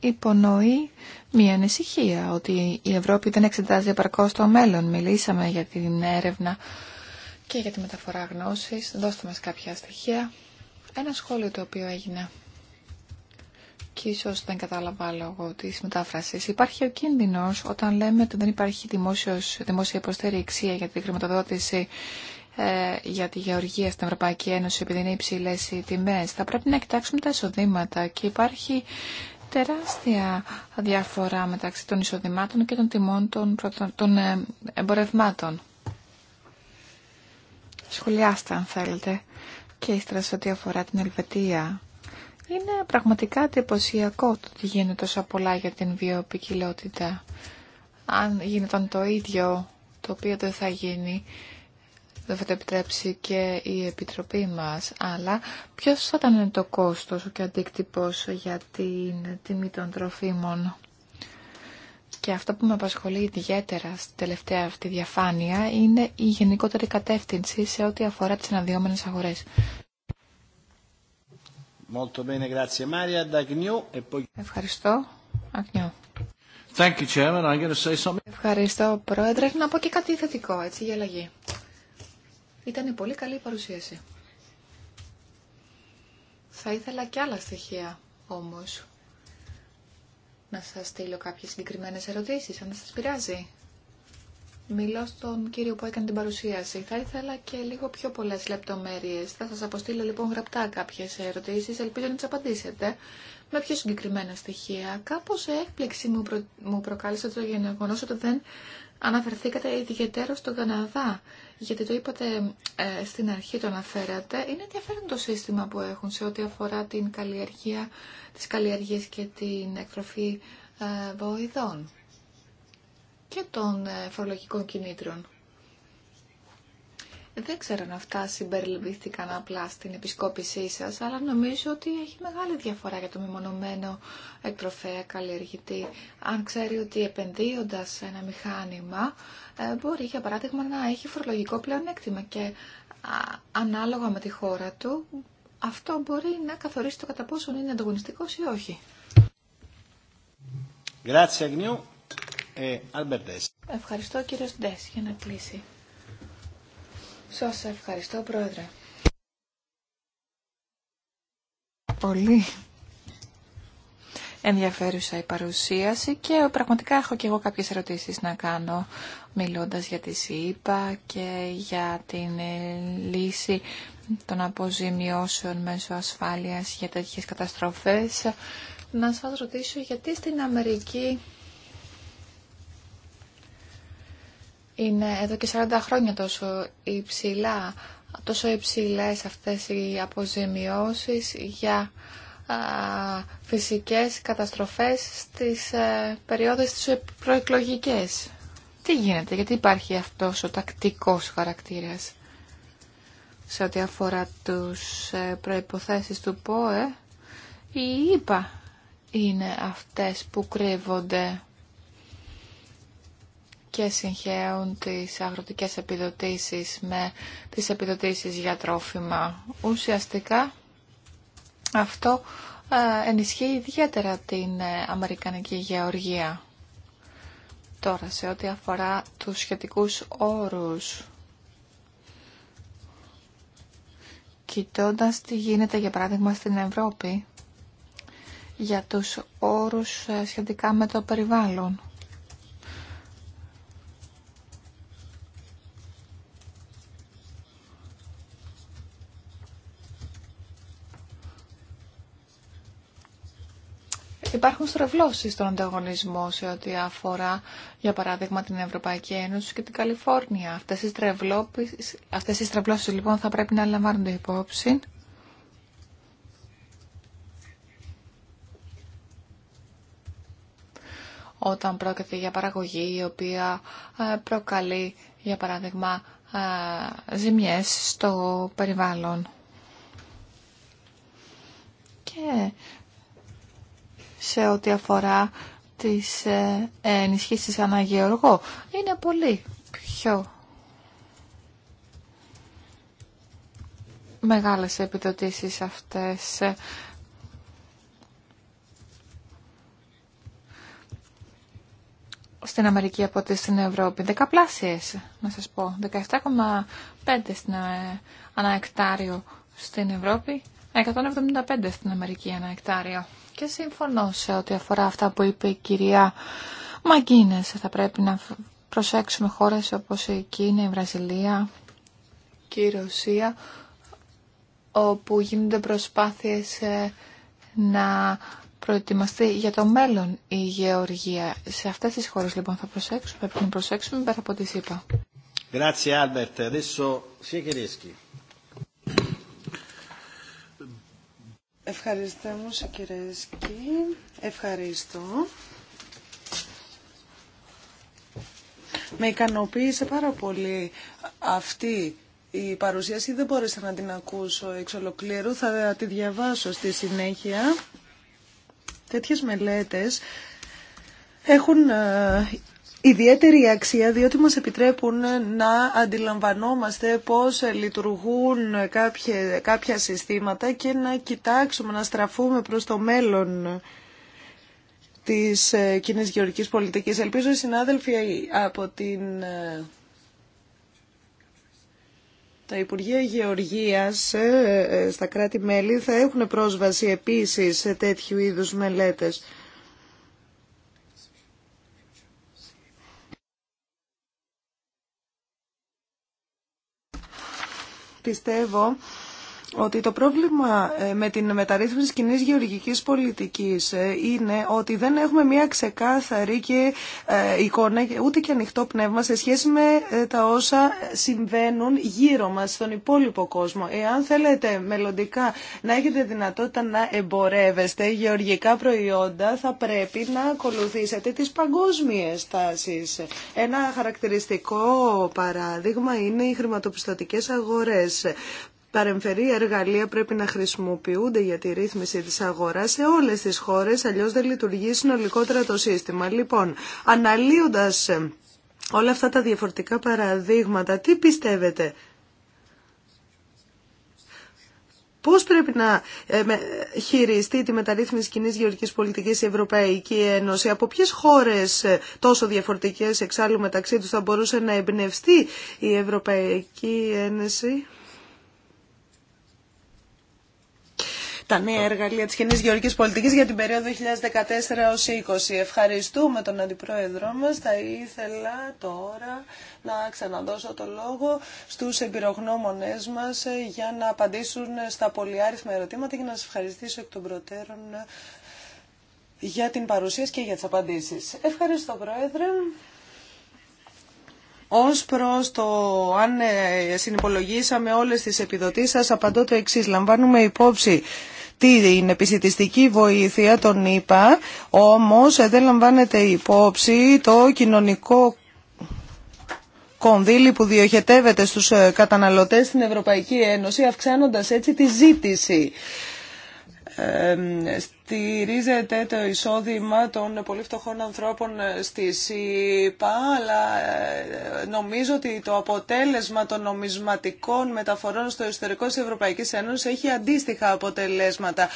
υπονοεί μία ανησυχία ότι η Ευρώπη δεν εξετάζει επαρκώς το μέλλον. Μιλήσαμε για την έρευνα και για τη μεταφορά γνώσης. Δώστε μας κάποια στοιχεία. Ένα σχόλιο το οποίο έγινε και ίσω δεν κατάλαβα λόγω τη μετάφραση. Υπάρχει ο κίνδυνο όταν λέμε ότι δεν υπάρχει δημόσιος, δημόσια υποστήριξη για τη χρηματοδότηση ε, για τη γεωργία στην Ευρωπαϊκή Ένωση επειδή είναι υψηλέ οι τιμέ. Θα πρέπει να κοιτάξουμε τα εισοδήματα και υπάρχει τεράστια διαφορά μεταξύ των εισοδημάτων και των τιμών των, των ε, εμπορευμάτων. Σχολιάστε αν θέλετε και ύστερα σε ό,τι αφορά την Ελβετία είναι πραγματικά εντυπωσιακό το ότι γίνεται τόσα πολλά για την βιοποικιλότητα. Αν γίνεται το ίδιο, το οποίο δεν θα γίνει, δεν θα το επιτρέψει και η Επιτροπή μας, αλλά ποιος θα ήταν το κόστος και αντίκτυπος για την τιμή των τροφίμων. Και αυτό που με απασχολεί ιδιαίτερα στη τελευταία αυτή διαφάνεια είναι η γενικότερη κατεύθυνση σε ό,τι αφορά τις αναδυόμενες αγορές. Ευχαριστώ. Ευχαριστώ, Πρόεδρε. Να πω και κάτι θετικό, έτσι, για αλλαγή. Ήταν πολύ καλή η παρουσίαση. Θα ήθελα και άλλα στοιχεία, όμως. Να σας στείλω κάποιες συγκεκριμένες ερωτήσεις, αν δεν σας πειράζει. Μιλώ στον κύριο που έκανε την παρουσίαση. Θα ήθελα και λίγο πιο πολλέ λεπτομέρειε. Θα σα αποστείλω λοιπόν γραπτά κάποιε ερωτήσει. ελπίζω να τι απαντήσετε. Με πιο συγκεκριμένα στοιχεία. Κάπω έκπληξη μου, μου προκάλεσε το γεγονό ότι δεν αναφερθήκατε ιδιαίτερο στον Καναδά. Γιατί το είπατε ε, στην αρχή, το αναφέρατε. Είναι ενδιαφέρον το σύστημα που έχουν σε ό,τι αφορά την καλλιεργία, τις καλλιεργίες και την εκτροφή ε, βοηδών και των ε, φορολογικών κινήτρων. Δεν ξέρω αν αυτά συμπεριληφθήκαν απλά στην επισκόπησή σας, αλλά νομίζω ότι έχει μεγάλη διαφορά για το μεμονωμένο εκτροφέα καλλιεργητή. Αν ξέρει ότι επενδύοντας σε ένα μηχάνημα ε, μπορεί για παράδειγμα να έχει φορολογικό πλεονέκτημα και ανάλογα με τη χώρα του αυτό μπορεί να καθορίσει το κατά πόσο είναι ανταγωνιστικό ή όχι. Grazie ε, ευχαριστώ κύριος Ντες για να κλείσει. Σας ευχαριστώ πρόεδρε. Πολύ ενδιαφέρουσα η παρουσίαση και πραγματικά έχω και εγώ κάποιες ερωτήσεις να κάνω μιλώντας για τη ΣΥΠΑ και για την ε, λύση των αποζημιώσεων μέσω ασφάλειας για τέτοιες καταστροφές. Να σας ρωτήσω γιατί στην Αμερική Είναι εδώ και 40 χρόνια τόσο υψηλά, τόσο υψηλές αυτές οι αποζημιώσεις για α, φυσικές καταστροφές στις περιόδους περιόδες προεκλογικές. Τι γίνεται, γιατί υπάρχει αυτός ο τακτικός χαρακτήρας σε ό,τι αφορά τους ε, προϋποθέσεις του ΠΟΕ. Οι ΙΠΑ είναι αυτές που κρύβονται και συγχαίουν τις αγροτικές επιδοτήσεις με τις επιδοτήσεις για τρόφιμα. Ουσιαστικά αυτό ε, ενισχύει ιδιαίτερα την ε, Αμερικανική γεωργία. Τώρα σε ό,τι αφορά τους σχετικούς όρους. Κοιτώντας τι γίνεται για παράδειγμα στην Ευρώπη για τους όρους ε, σχετικά με το περιβάλλον. Υπάρχουν στρεβλώσεις στον ανταγωνισμό σε ό,τι αφορά, για παράδειγμα, την Ευρωπαϊκή Ένωση και την Καλιφόρνια. Αυτές οι, αυτές οι στρεβλώσεις λοιπόν θα πρέπει να λαμβάνονται υπόψη. όταν πρόκειται για παραγωγή η οποία ε, προκαλεί, για παράδειγμα, ε, ζημιές στο περιβάλλον. Και σε ό,τι αφορά τις ε, ενισχύσεις αναγεωργό είναι πολύ πιο μεγάλες επιδοτήσεις αυτές στην Αμερική από ό,τι στην Ευρώπη. Δεκαπλάσιες, να σας πω. 17,5 στην ε, εκτάριο στην Ευρώπη 175 στην Αμερική ένα εκτάριο. Και συμφωνώ σε ό,τι αφορά αυτά που είπε η κυρία Μαγκίνες. Θα πρέπει να προσέξουμε χώρες όπως η Κίνα, η Βραζιλία και η Ρωσία, όπου γίνονται προσπάθειες ε, να προετοιμαστεί για το μέλλον η γεωργία. Σε αυτές τις χώρες λοιπόν θα προσέξουμε, πρέπει να προσέξουμε πέρα από τις είπα. Grazie Albert. Adesso si Ευχαριστώ μου σε Ευχαριστώ. Με ικανοποίησε πάρα πολύ αυτή η παρουσίαση. Δεν μπόρεσα να την ακούσω εξ ολοκλήρου. Θα τη διαβάσω στη συνέχεια. Τέτοιες μελέτες έχουν ε, ιδιαίτερη αξία διότι μας επιτρέπουν να αντιλαμβανόμαστε πώς λειτουργούν κάποια, συστήματα και να κοιτάξουμε, να στραφούμε προς το μέλλον της ε, κοινής γεωργικής πολιτικής. Ελπίζω οι συνάδελφοι από την... Ε, τα Υπουργεία Γεωργίας ε, στα κράτη-μέλη θα έχουν πρόσβαση επίσης σε τέτοιου είδους μελέτες. πιστεύω ότι το πρόβλημα ε, με την μεταρρύθμιση κοινή γεωργικής πολιτικής ε, είναι ότι δεν έχουμε μια ξεκάθαρη και ε, εικόνα ούτε και ανοιχτό πνεύμα σε σχέση με τα όσα συμβαίνουν γύρω μας στον υπόλοιπο κόσμο. Εάν θέλετε μελλοντικά να έχετε δυνατότητα να εμπορεύεστε γεωργικά προϊόντα θα πρέπει να ακολουθήσετε τις παγκόσμιες τάσεις. Ένα χαρακτηριστικό παράδειγμα είναι οι χρηματοπιστωτικές αγορές τα εργαλεία πρέπει να χρησιμοποιούνται για τη ρύθμιση της αγοράς σε όλες τις χώρες, αλλιώς δεν λειτουργεί συνολικότερα το σύστημα. Λοιπόν, αναλύοντας ε, όλα αυτά τα διαφορετικά παραδείγματα, τι πιστεύετε Πώς πρέπει να ε, χειριστεί τη μεταρρύθμιση κοινή γεωργικής πολιτικής η Ευρωπαϊκή Ένωση, από ποιες χώρες ε, τόσο διαφορετικές εξάλλου μεταξύ τους θα μπορούσε να εμπνευστεί η Ευρωπαϊκή Ένωση. τα νέα εργαλεία της κοινή γεωργικής πολιτικής για την περίοδο 2014-2020. Ευχαριστούμε τον Αντιπρόεδρό μας. Θα ήθελα τώρα να ξαναδώσω το λόγο στους εμπειρογνώμονε μας ε, για να απαντήσουν στα πολυάριθμα ερωτήματα και να σα ευχαριστήσω εκ των προτέρων ε, για την παρουσία και για τις απαντήσεις. Ευχαριστώ Πρόεδρε. Ω προ το αν ε, συνυπολογίσαμε όλες τις επιδοτήσεις σα, απαντώ το εξή. Λαμβάνουμε υπόψη την επισητιστική βοήθεια, τον είπα, όμως ε, δεν λαμβάνεται υπόψη το κοινωνικό κονδύλι που διοχετεύεται στους ε, καταναλωτές στην Ευρωπαϊκή Ένωση, αυξάνοντας έτσι τη ζήτηση στηρίζεται το εισόδημα των πολύ φτωχών ανθρώπων στη ΣΥΠΑ, αλλά ε, νομίζω ότι το αποτέλεσμα των νομισματικών μεταφορών στο ιστορικό της Ευρωπαϊκής Ένωσης έχει αντίστοιχα αποτελέσματα.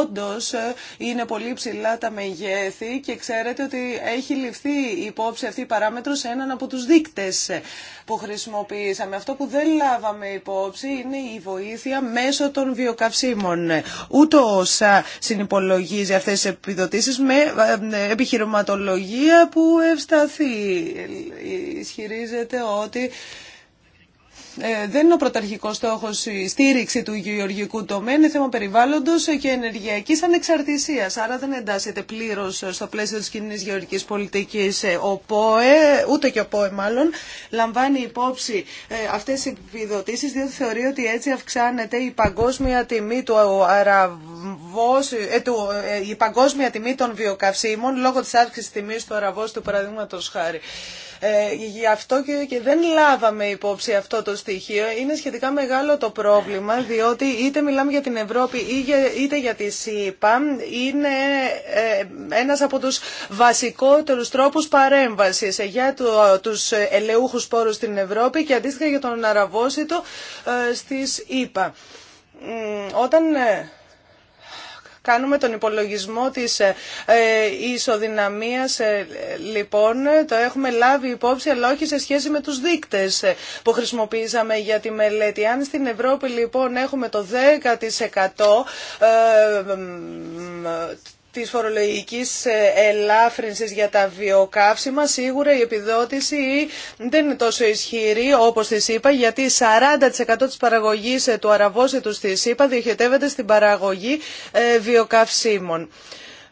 Όντως ε, είναι πολύ ψηλά τα μεγέθη και ξέρετε ότι έχει ληφθεί υπόψη αυτή η παράμετρο σε έναν από τους δείκτες ε, που χρησιμοποιήσαμε. Αυτό που δεν λάβαμε υπόψη είναι η βοήθεια μέσω των βιοκαυσίμων. Ούτω όσα αιτιολογίζει αυτές τις επιδοτήσεις με ε, ε, επιχειρηματολογία που ευσταθεί. Ισχυρίζεται ότι ε, δεν είναι ο πρωταρχικό στόχο η στήριξη του γεωργικού τομέα, είναι θέμα περιβάλλοντο και ενεργειακή ανεξαρτησία. Άρα δεν εντάσσεται πλήρω στο πλαίσιο τη κοινή γεωργική πολιτική ε, ο ΠΟΕ, ούτε και ο ΠΟΕ μάλλον, λαμβάνει υπόψη ε, αυτέ τι επιδοτήσει, διότι θεωρεί ότι έτσι αυξάνεται η παγκόσμια τιμή του η παγκόσμια τιμή των βιοκαυσίμων λόγω τη αύξηση τιμή του αραβό του παραδείγματο χάρη. Ε, γι' αυτό και, και δεν λάβαμε υπόψη αυτό το στοιχείο. Είναι σχετικά μεγάλο το πρόβλημα, διότι είτε μιλάμε για την Ευρώπη είτε για τη ΣΥΠΑ, είναι ε, ένας από τους βασικότερους τρόπους παρέμβασης για τους ελεούχους πόρους στην Ευρώπη και αντίστοιχα για τον αραβόσιτο ε, στις ΗΠΑ. Όταν ε, Κάνουμε τον υπολογισμό της ε, ε ισοδυναμίας, ε, λοιπόν, το έχουμε λάβει υπόψη, αλλά όχι σε σχέση με τους δείκτες ε, που χρησιμοποιήσαμε για τη μελέτη. Αν στην Ευρώπη, λοιπόν, έχουμε το 10% της φορολογικής ε, ελάφρυνσης για τα βιοκαύσιμα, σίγουρα η επιδότηση δεν είναι τόσο ισχυρή όπως τη είπα γιατί 40% της παραγωγής ε, του αραβόσιτου στη ΣΥΠΑ διοχετεύεται στην παραγωγή ε, βιοκαυσίμων.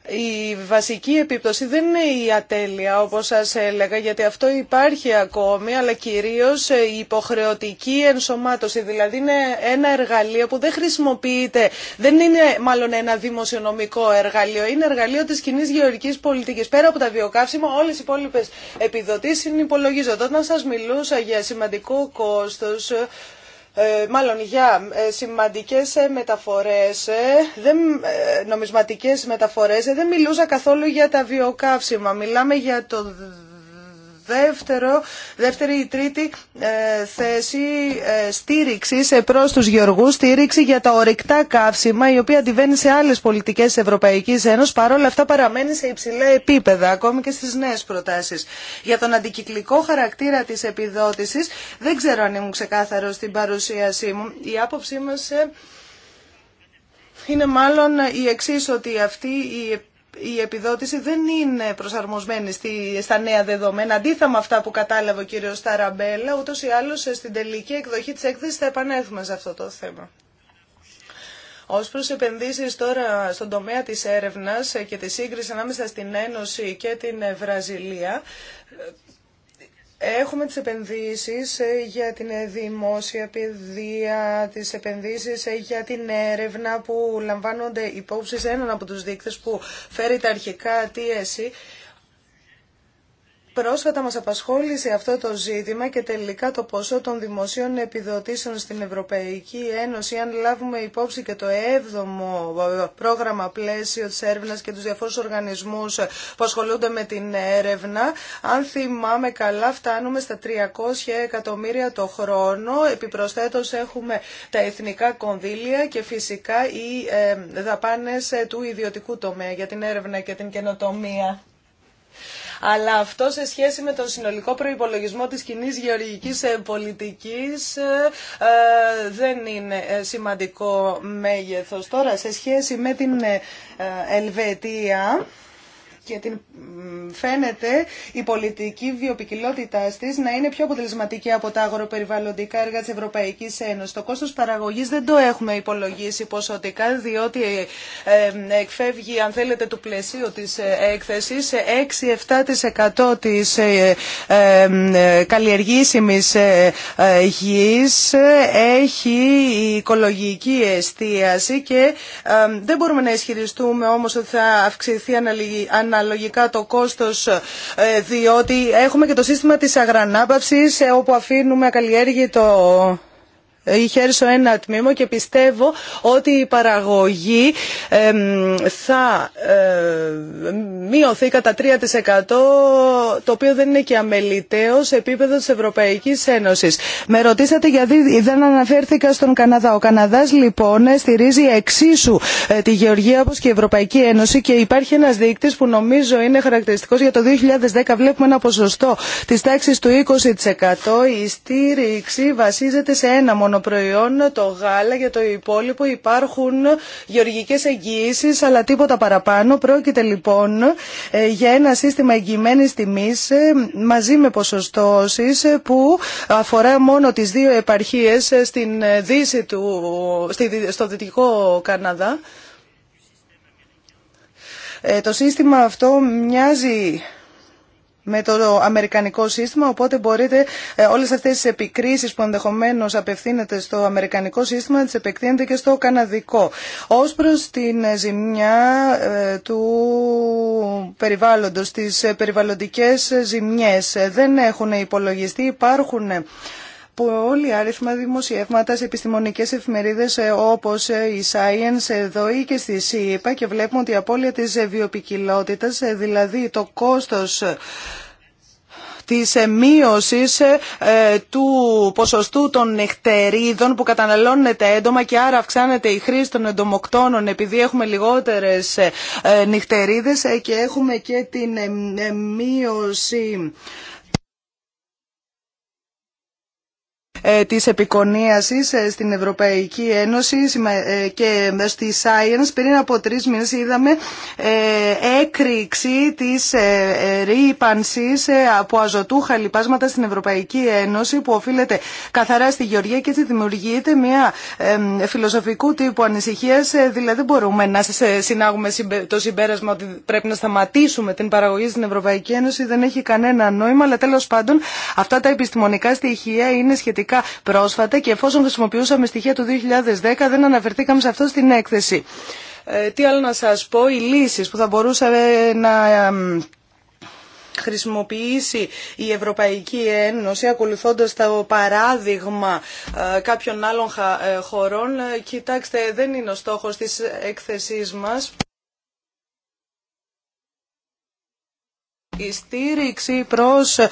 Η βασική επίπτωση δεν είναι η ατέλεια όπως σας έλεγα γιατί αυτό υπάρχει ακόμη αλλά κυρίως η υποχρεωτική ενσωμάτωση δηλαδή είναι ένα εργαλείο που δεν χρησιμοποιείται, δεν είναι μάλλον ένα δημοσιονομικό εργαλείο, είναι εργαλείο της κοινή γεωργικής πολιτικής. Πέρα από τα βιοκαύσιμα όλες οι υπόλοιπε επιδοτήσεις είναι υπολογίζοντα Όταν σας μιλούσα για σημαντικό κόστος ε, μάλλον για ε, σημαντικές ε, μεταφορές, δεν, νομισματικές μεταφορές, δεν μιλούσα καθόλου για τα βιοκαύσιμα. Μιλάμε για το δεύτερο, δεύτερη ή τρίτη ε, θέση ε, στήριξη προ του γεωργού, στήριξη για τα ορυκτά καύσιμα, η οποία αντιβαίνει σε άλλε πολιτικέ τη Ευρωπαϊκή Ένωση. Παρ' αυτά παραμένει σε υψηλά επίπεδα, ακόμη και στι νέε προτάσει. Για τον αντικυκλικό χαρακτήρα τη επιδότηση, δεν ξέρω αν ήμουν ξεκάθαρο στην παρουσίασή μου. Η άποψή μα. Ε, είναι μάλλον η εξή ότι αυτή η η επιδότηση δεν είναι προσαρμοσμένη στη, στα νέα δεδομένα. Αντίθετα με αυτά που κατάλαβε ο κύριος Ταραμπέλα, ούτως ή άλλως ε, στην τελική εκδοχή της έκθεσης θα επανέλθουμε σε αυτό το θέμα. Ω προ επενδύσει τώρα στον τομέα τη έρευνα ε, και τη σύγκριση ανάμεσα στην Ένωση και την ε, Βραζιλία, Έχουμε τις επενδύσεις ε, για την δημόσια παιδεία, τις επενδύσεις ε, για την έρευνα που λαμβάνονται υπόψη σε έναν από τους δείκτες που φέρει τα αρχικά TSE Πρόσφατα μας απασχόλησε αυτό το ζήτημα και τελικά το ποσό των δημοσίων επιδοτήσεων στην Ευρωπαϊκή Ένωση, αν λάβουμε υπόψη και το 7ο ε, πρόγραμμα πλαίσιο της έρευνας και τους διαφόρους οργανισμούς που ασχολούνται με την έρευνα, αν θυμάμαι καλά φτάνουμε στα 300 εκατομμύρια το χρόνο. Επιπροσθέτως έχουμε τα εθνικά κονδύλια και φυσικά οι ε, δαπάνες του ιδιωτικού τομέα για την έρευνα και την καινοτομία αλλά αυτό σε σχέση με τον συνολικό προϋπολογισμό της κοινή γεωργικής ε, πολιτικής ε, ε, δεν είναι σημαντικό μέγεθος. Τώρα, σε σχέση με την Ελβετία και την φαίνεται η πολιτική βιοπικιλότητα τη να είναι πιο αποτελεσματική από τα αγοροπεριβαλλοντικά έργα τη Ευρωπαϊκή Ένωση. Το κόστο παραγωγή δεν το έχουμε υπολογίσει ποσοτικά, διότι ε, ε, εκφεύγει, αν θέλετε, του πλαισίου τη ε, έκθεση. 6-7% τη καλλιεργήσιμη γη έχει η οικολογική εστίαση και δεν μπορούμε να ισχυριστούμε όμω ότι θα αυξηθεί αναλογικά το κόστος ε, διότι έχουμε και το σύστημα της αγρανάπαυσης ε, όπου αφήνουμε ακαλλιέργητο η ε, στο ένα τμήμα και πιστεύω ότι η παραγωγή θα ε, μειωθεί κατά 3% το οποίο δεν είναι και αμεληταίο σε επίπεδο της Ευρωπαϊκής Ένωσης. Με ρωτήσατε γιατί δεν αναφέρθηκα στον Καναδά. Ο Καναδάς λοιπόν στηρίζει εξίσου ε, τη Γεωργία όπως και η Ευρωπαϊκή Ένωση και υπάρχει ένας δείκτης που νομίζω είναι χαρακτηριστικός για το 2010 βλέπουμε ένα ποσοστό της τάξης του 20% η στήριξη βασίζεται σε ένα προϊόν, το γάλα για το υπόλοιπο υπάρχουν γεωργικές εγγυήσεις αλλά τίποτα παραπάνω. Πρόκειται λοιπόν ε, για ένα σύστημα εγγυημένης τιμής ε, μαζί με ποσοστώσεις ε, που αφορά μόνο τις δύο επαρχίες στην δύση του, στο δυτικό Καναδά. Το σύστημα αυτό μοιάζει με το αμερικανικό σύστημα, οπότε μπορείτε ε, όλες αυτές τις επικρίσεις που ενδεχομένως απευθύνεται στο αμερικανικό σύστημα να τις επεκτείνετε και στο καναδικό. Ως προς την ζημιά ε, του περιβάλλοντος, τις περιβαλλοντικές ζημιές ε, δεν έχουν υπολογιστεί, υπάρχουν Πολλοί άριθμα δημοσιεύματα σε επιστημονικές εφημερίδες ε, όπως ε, η Science εδώ ή και στη ΣΥΠΑ και βλέπουμε ότι η απώλεια της ε, βιοπικιλότητας, δηλαδή το κόστος της μείωσης του ποσοστού των νεκτερίδων που καταναλώνεται τα έντομα και άρα αυξάνεται η χρήση των εντομοκτώνων επειδή έχουμε λιγότερες νυχτερίδες και έχουμε και την μείωση Ε, της επικονίασης ε, στην Ευρωπαϊκή Ένωση ε, και στη Science πριν από τρεις μήνες είδαμε έκρηξη της ρήπανσης από αζωτούχα λοιπάσματα στην Ευρωπαϊκή Ένωση που οφείλεται καθαρά στη Γεωργία και έτσι δημιουργείται μια φιλοσοφικού τύπου ανησυχία. Δηλαδή δεν μπορούμε να συνάγουμε το συμπέρασμα ότι πρέπει να σταματήσουμε την παραγωγή στην Ευρωπαϊκή Ένωση. Δεν έχει κανένα νόημα, αλλά τέλος πάντων αυτά τα επιστημονικά στοιχεία είναι σχετικά πρόσφατα και εφόσον χρησιμοποιούσαμε στοιχεία του 2010 δεν αναφερθήκαμε σε αυτό στην έκθεση. Ε, τι άλλο να σας πω, οι λύσεις που θα μπορούσα να χρησιμοποιήσει η Ευρωπαϊκή Ένωση ακολουθώντας το παράδειγμα ε, κάποιων άλλων ε, χωρών. Κοιτάξτε, δεν είναι ο στόχος της έκθεσής μας. Η στήριξη προς ε,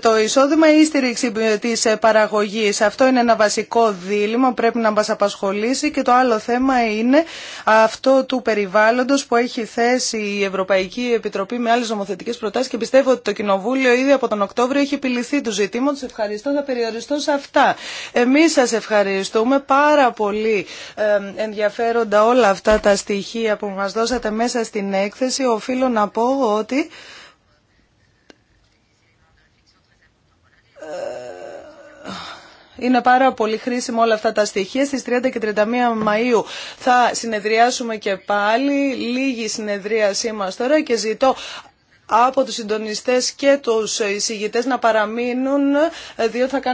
το εισόδημα ή η στήριξη της ε, παραγωγής. Αυτό είναι ένα βασικό δίλημα που πρέπει να μας απασχολήσει και το άλλο θέμα είναι αυτό του περιβάλλοντος που έχει θέσει η Ευρωπαϊκή Επιτροπή με άλλες νομοθετικές προτάσεις και πιστεύω ότι το Κοινοβούλιο ήδη από τον Οκτώβριο έχει επιληθεί του ζητήματος. Ευχαριστώ, θα περιοριστώ σε αυτά. Εμείς σας ευχαριστούμε πάρα πολύ ε, ενδιαφέροντα όλα αυτά τα στοιχεία που μας δώσατε μέσα στην έκθεση. Οφείλω να πω ότι Ε, είναι πάρα πολύ χρήσιμο όλα αυτά τα στοιχεία. Στις 30 και 31 Μαΐου θα συνεδριάσουμε και πάλι. Λίγη συνεδρίασή μας τώρα και ζητώ από τους συντονιστές και τους εισηγητές να παραμείνουν, διότι θα κάνουμε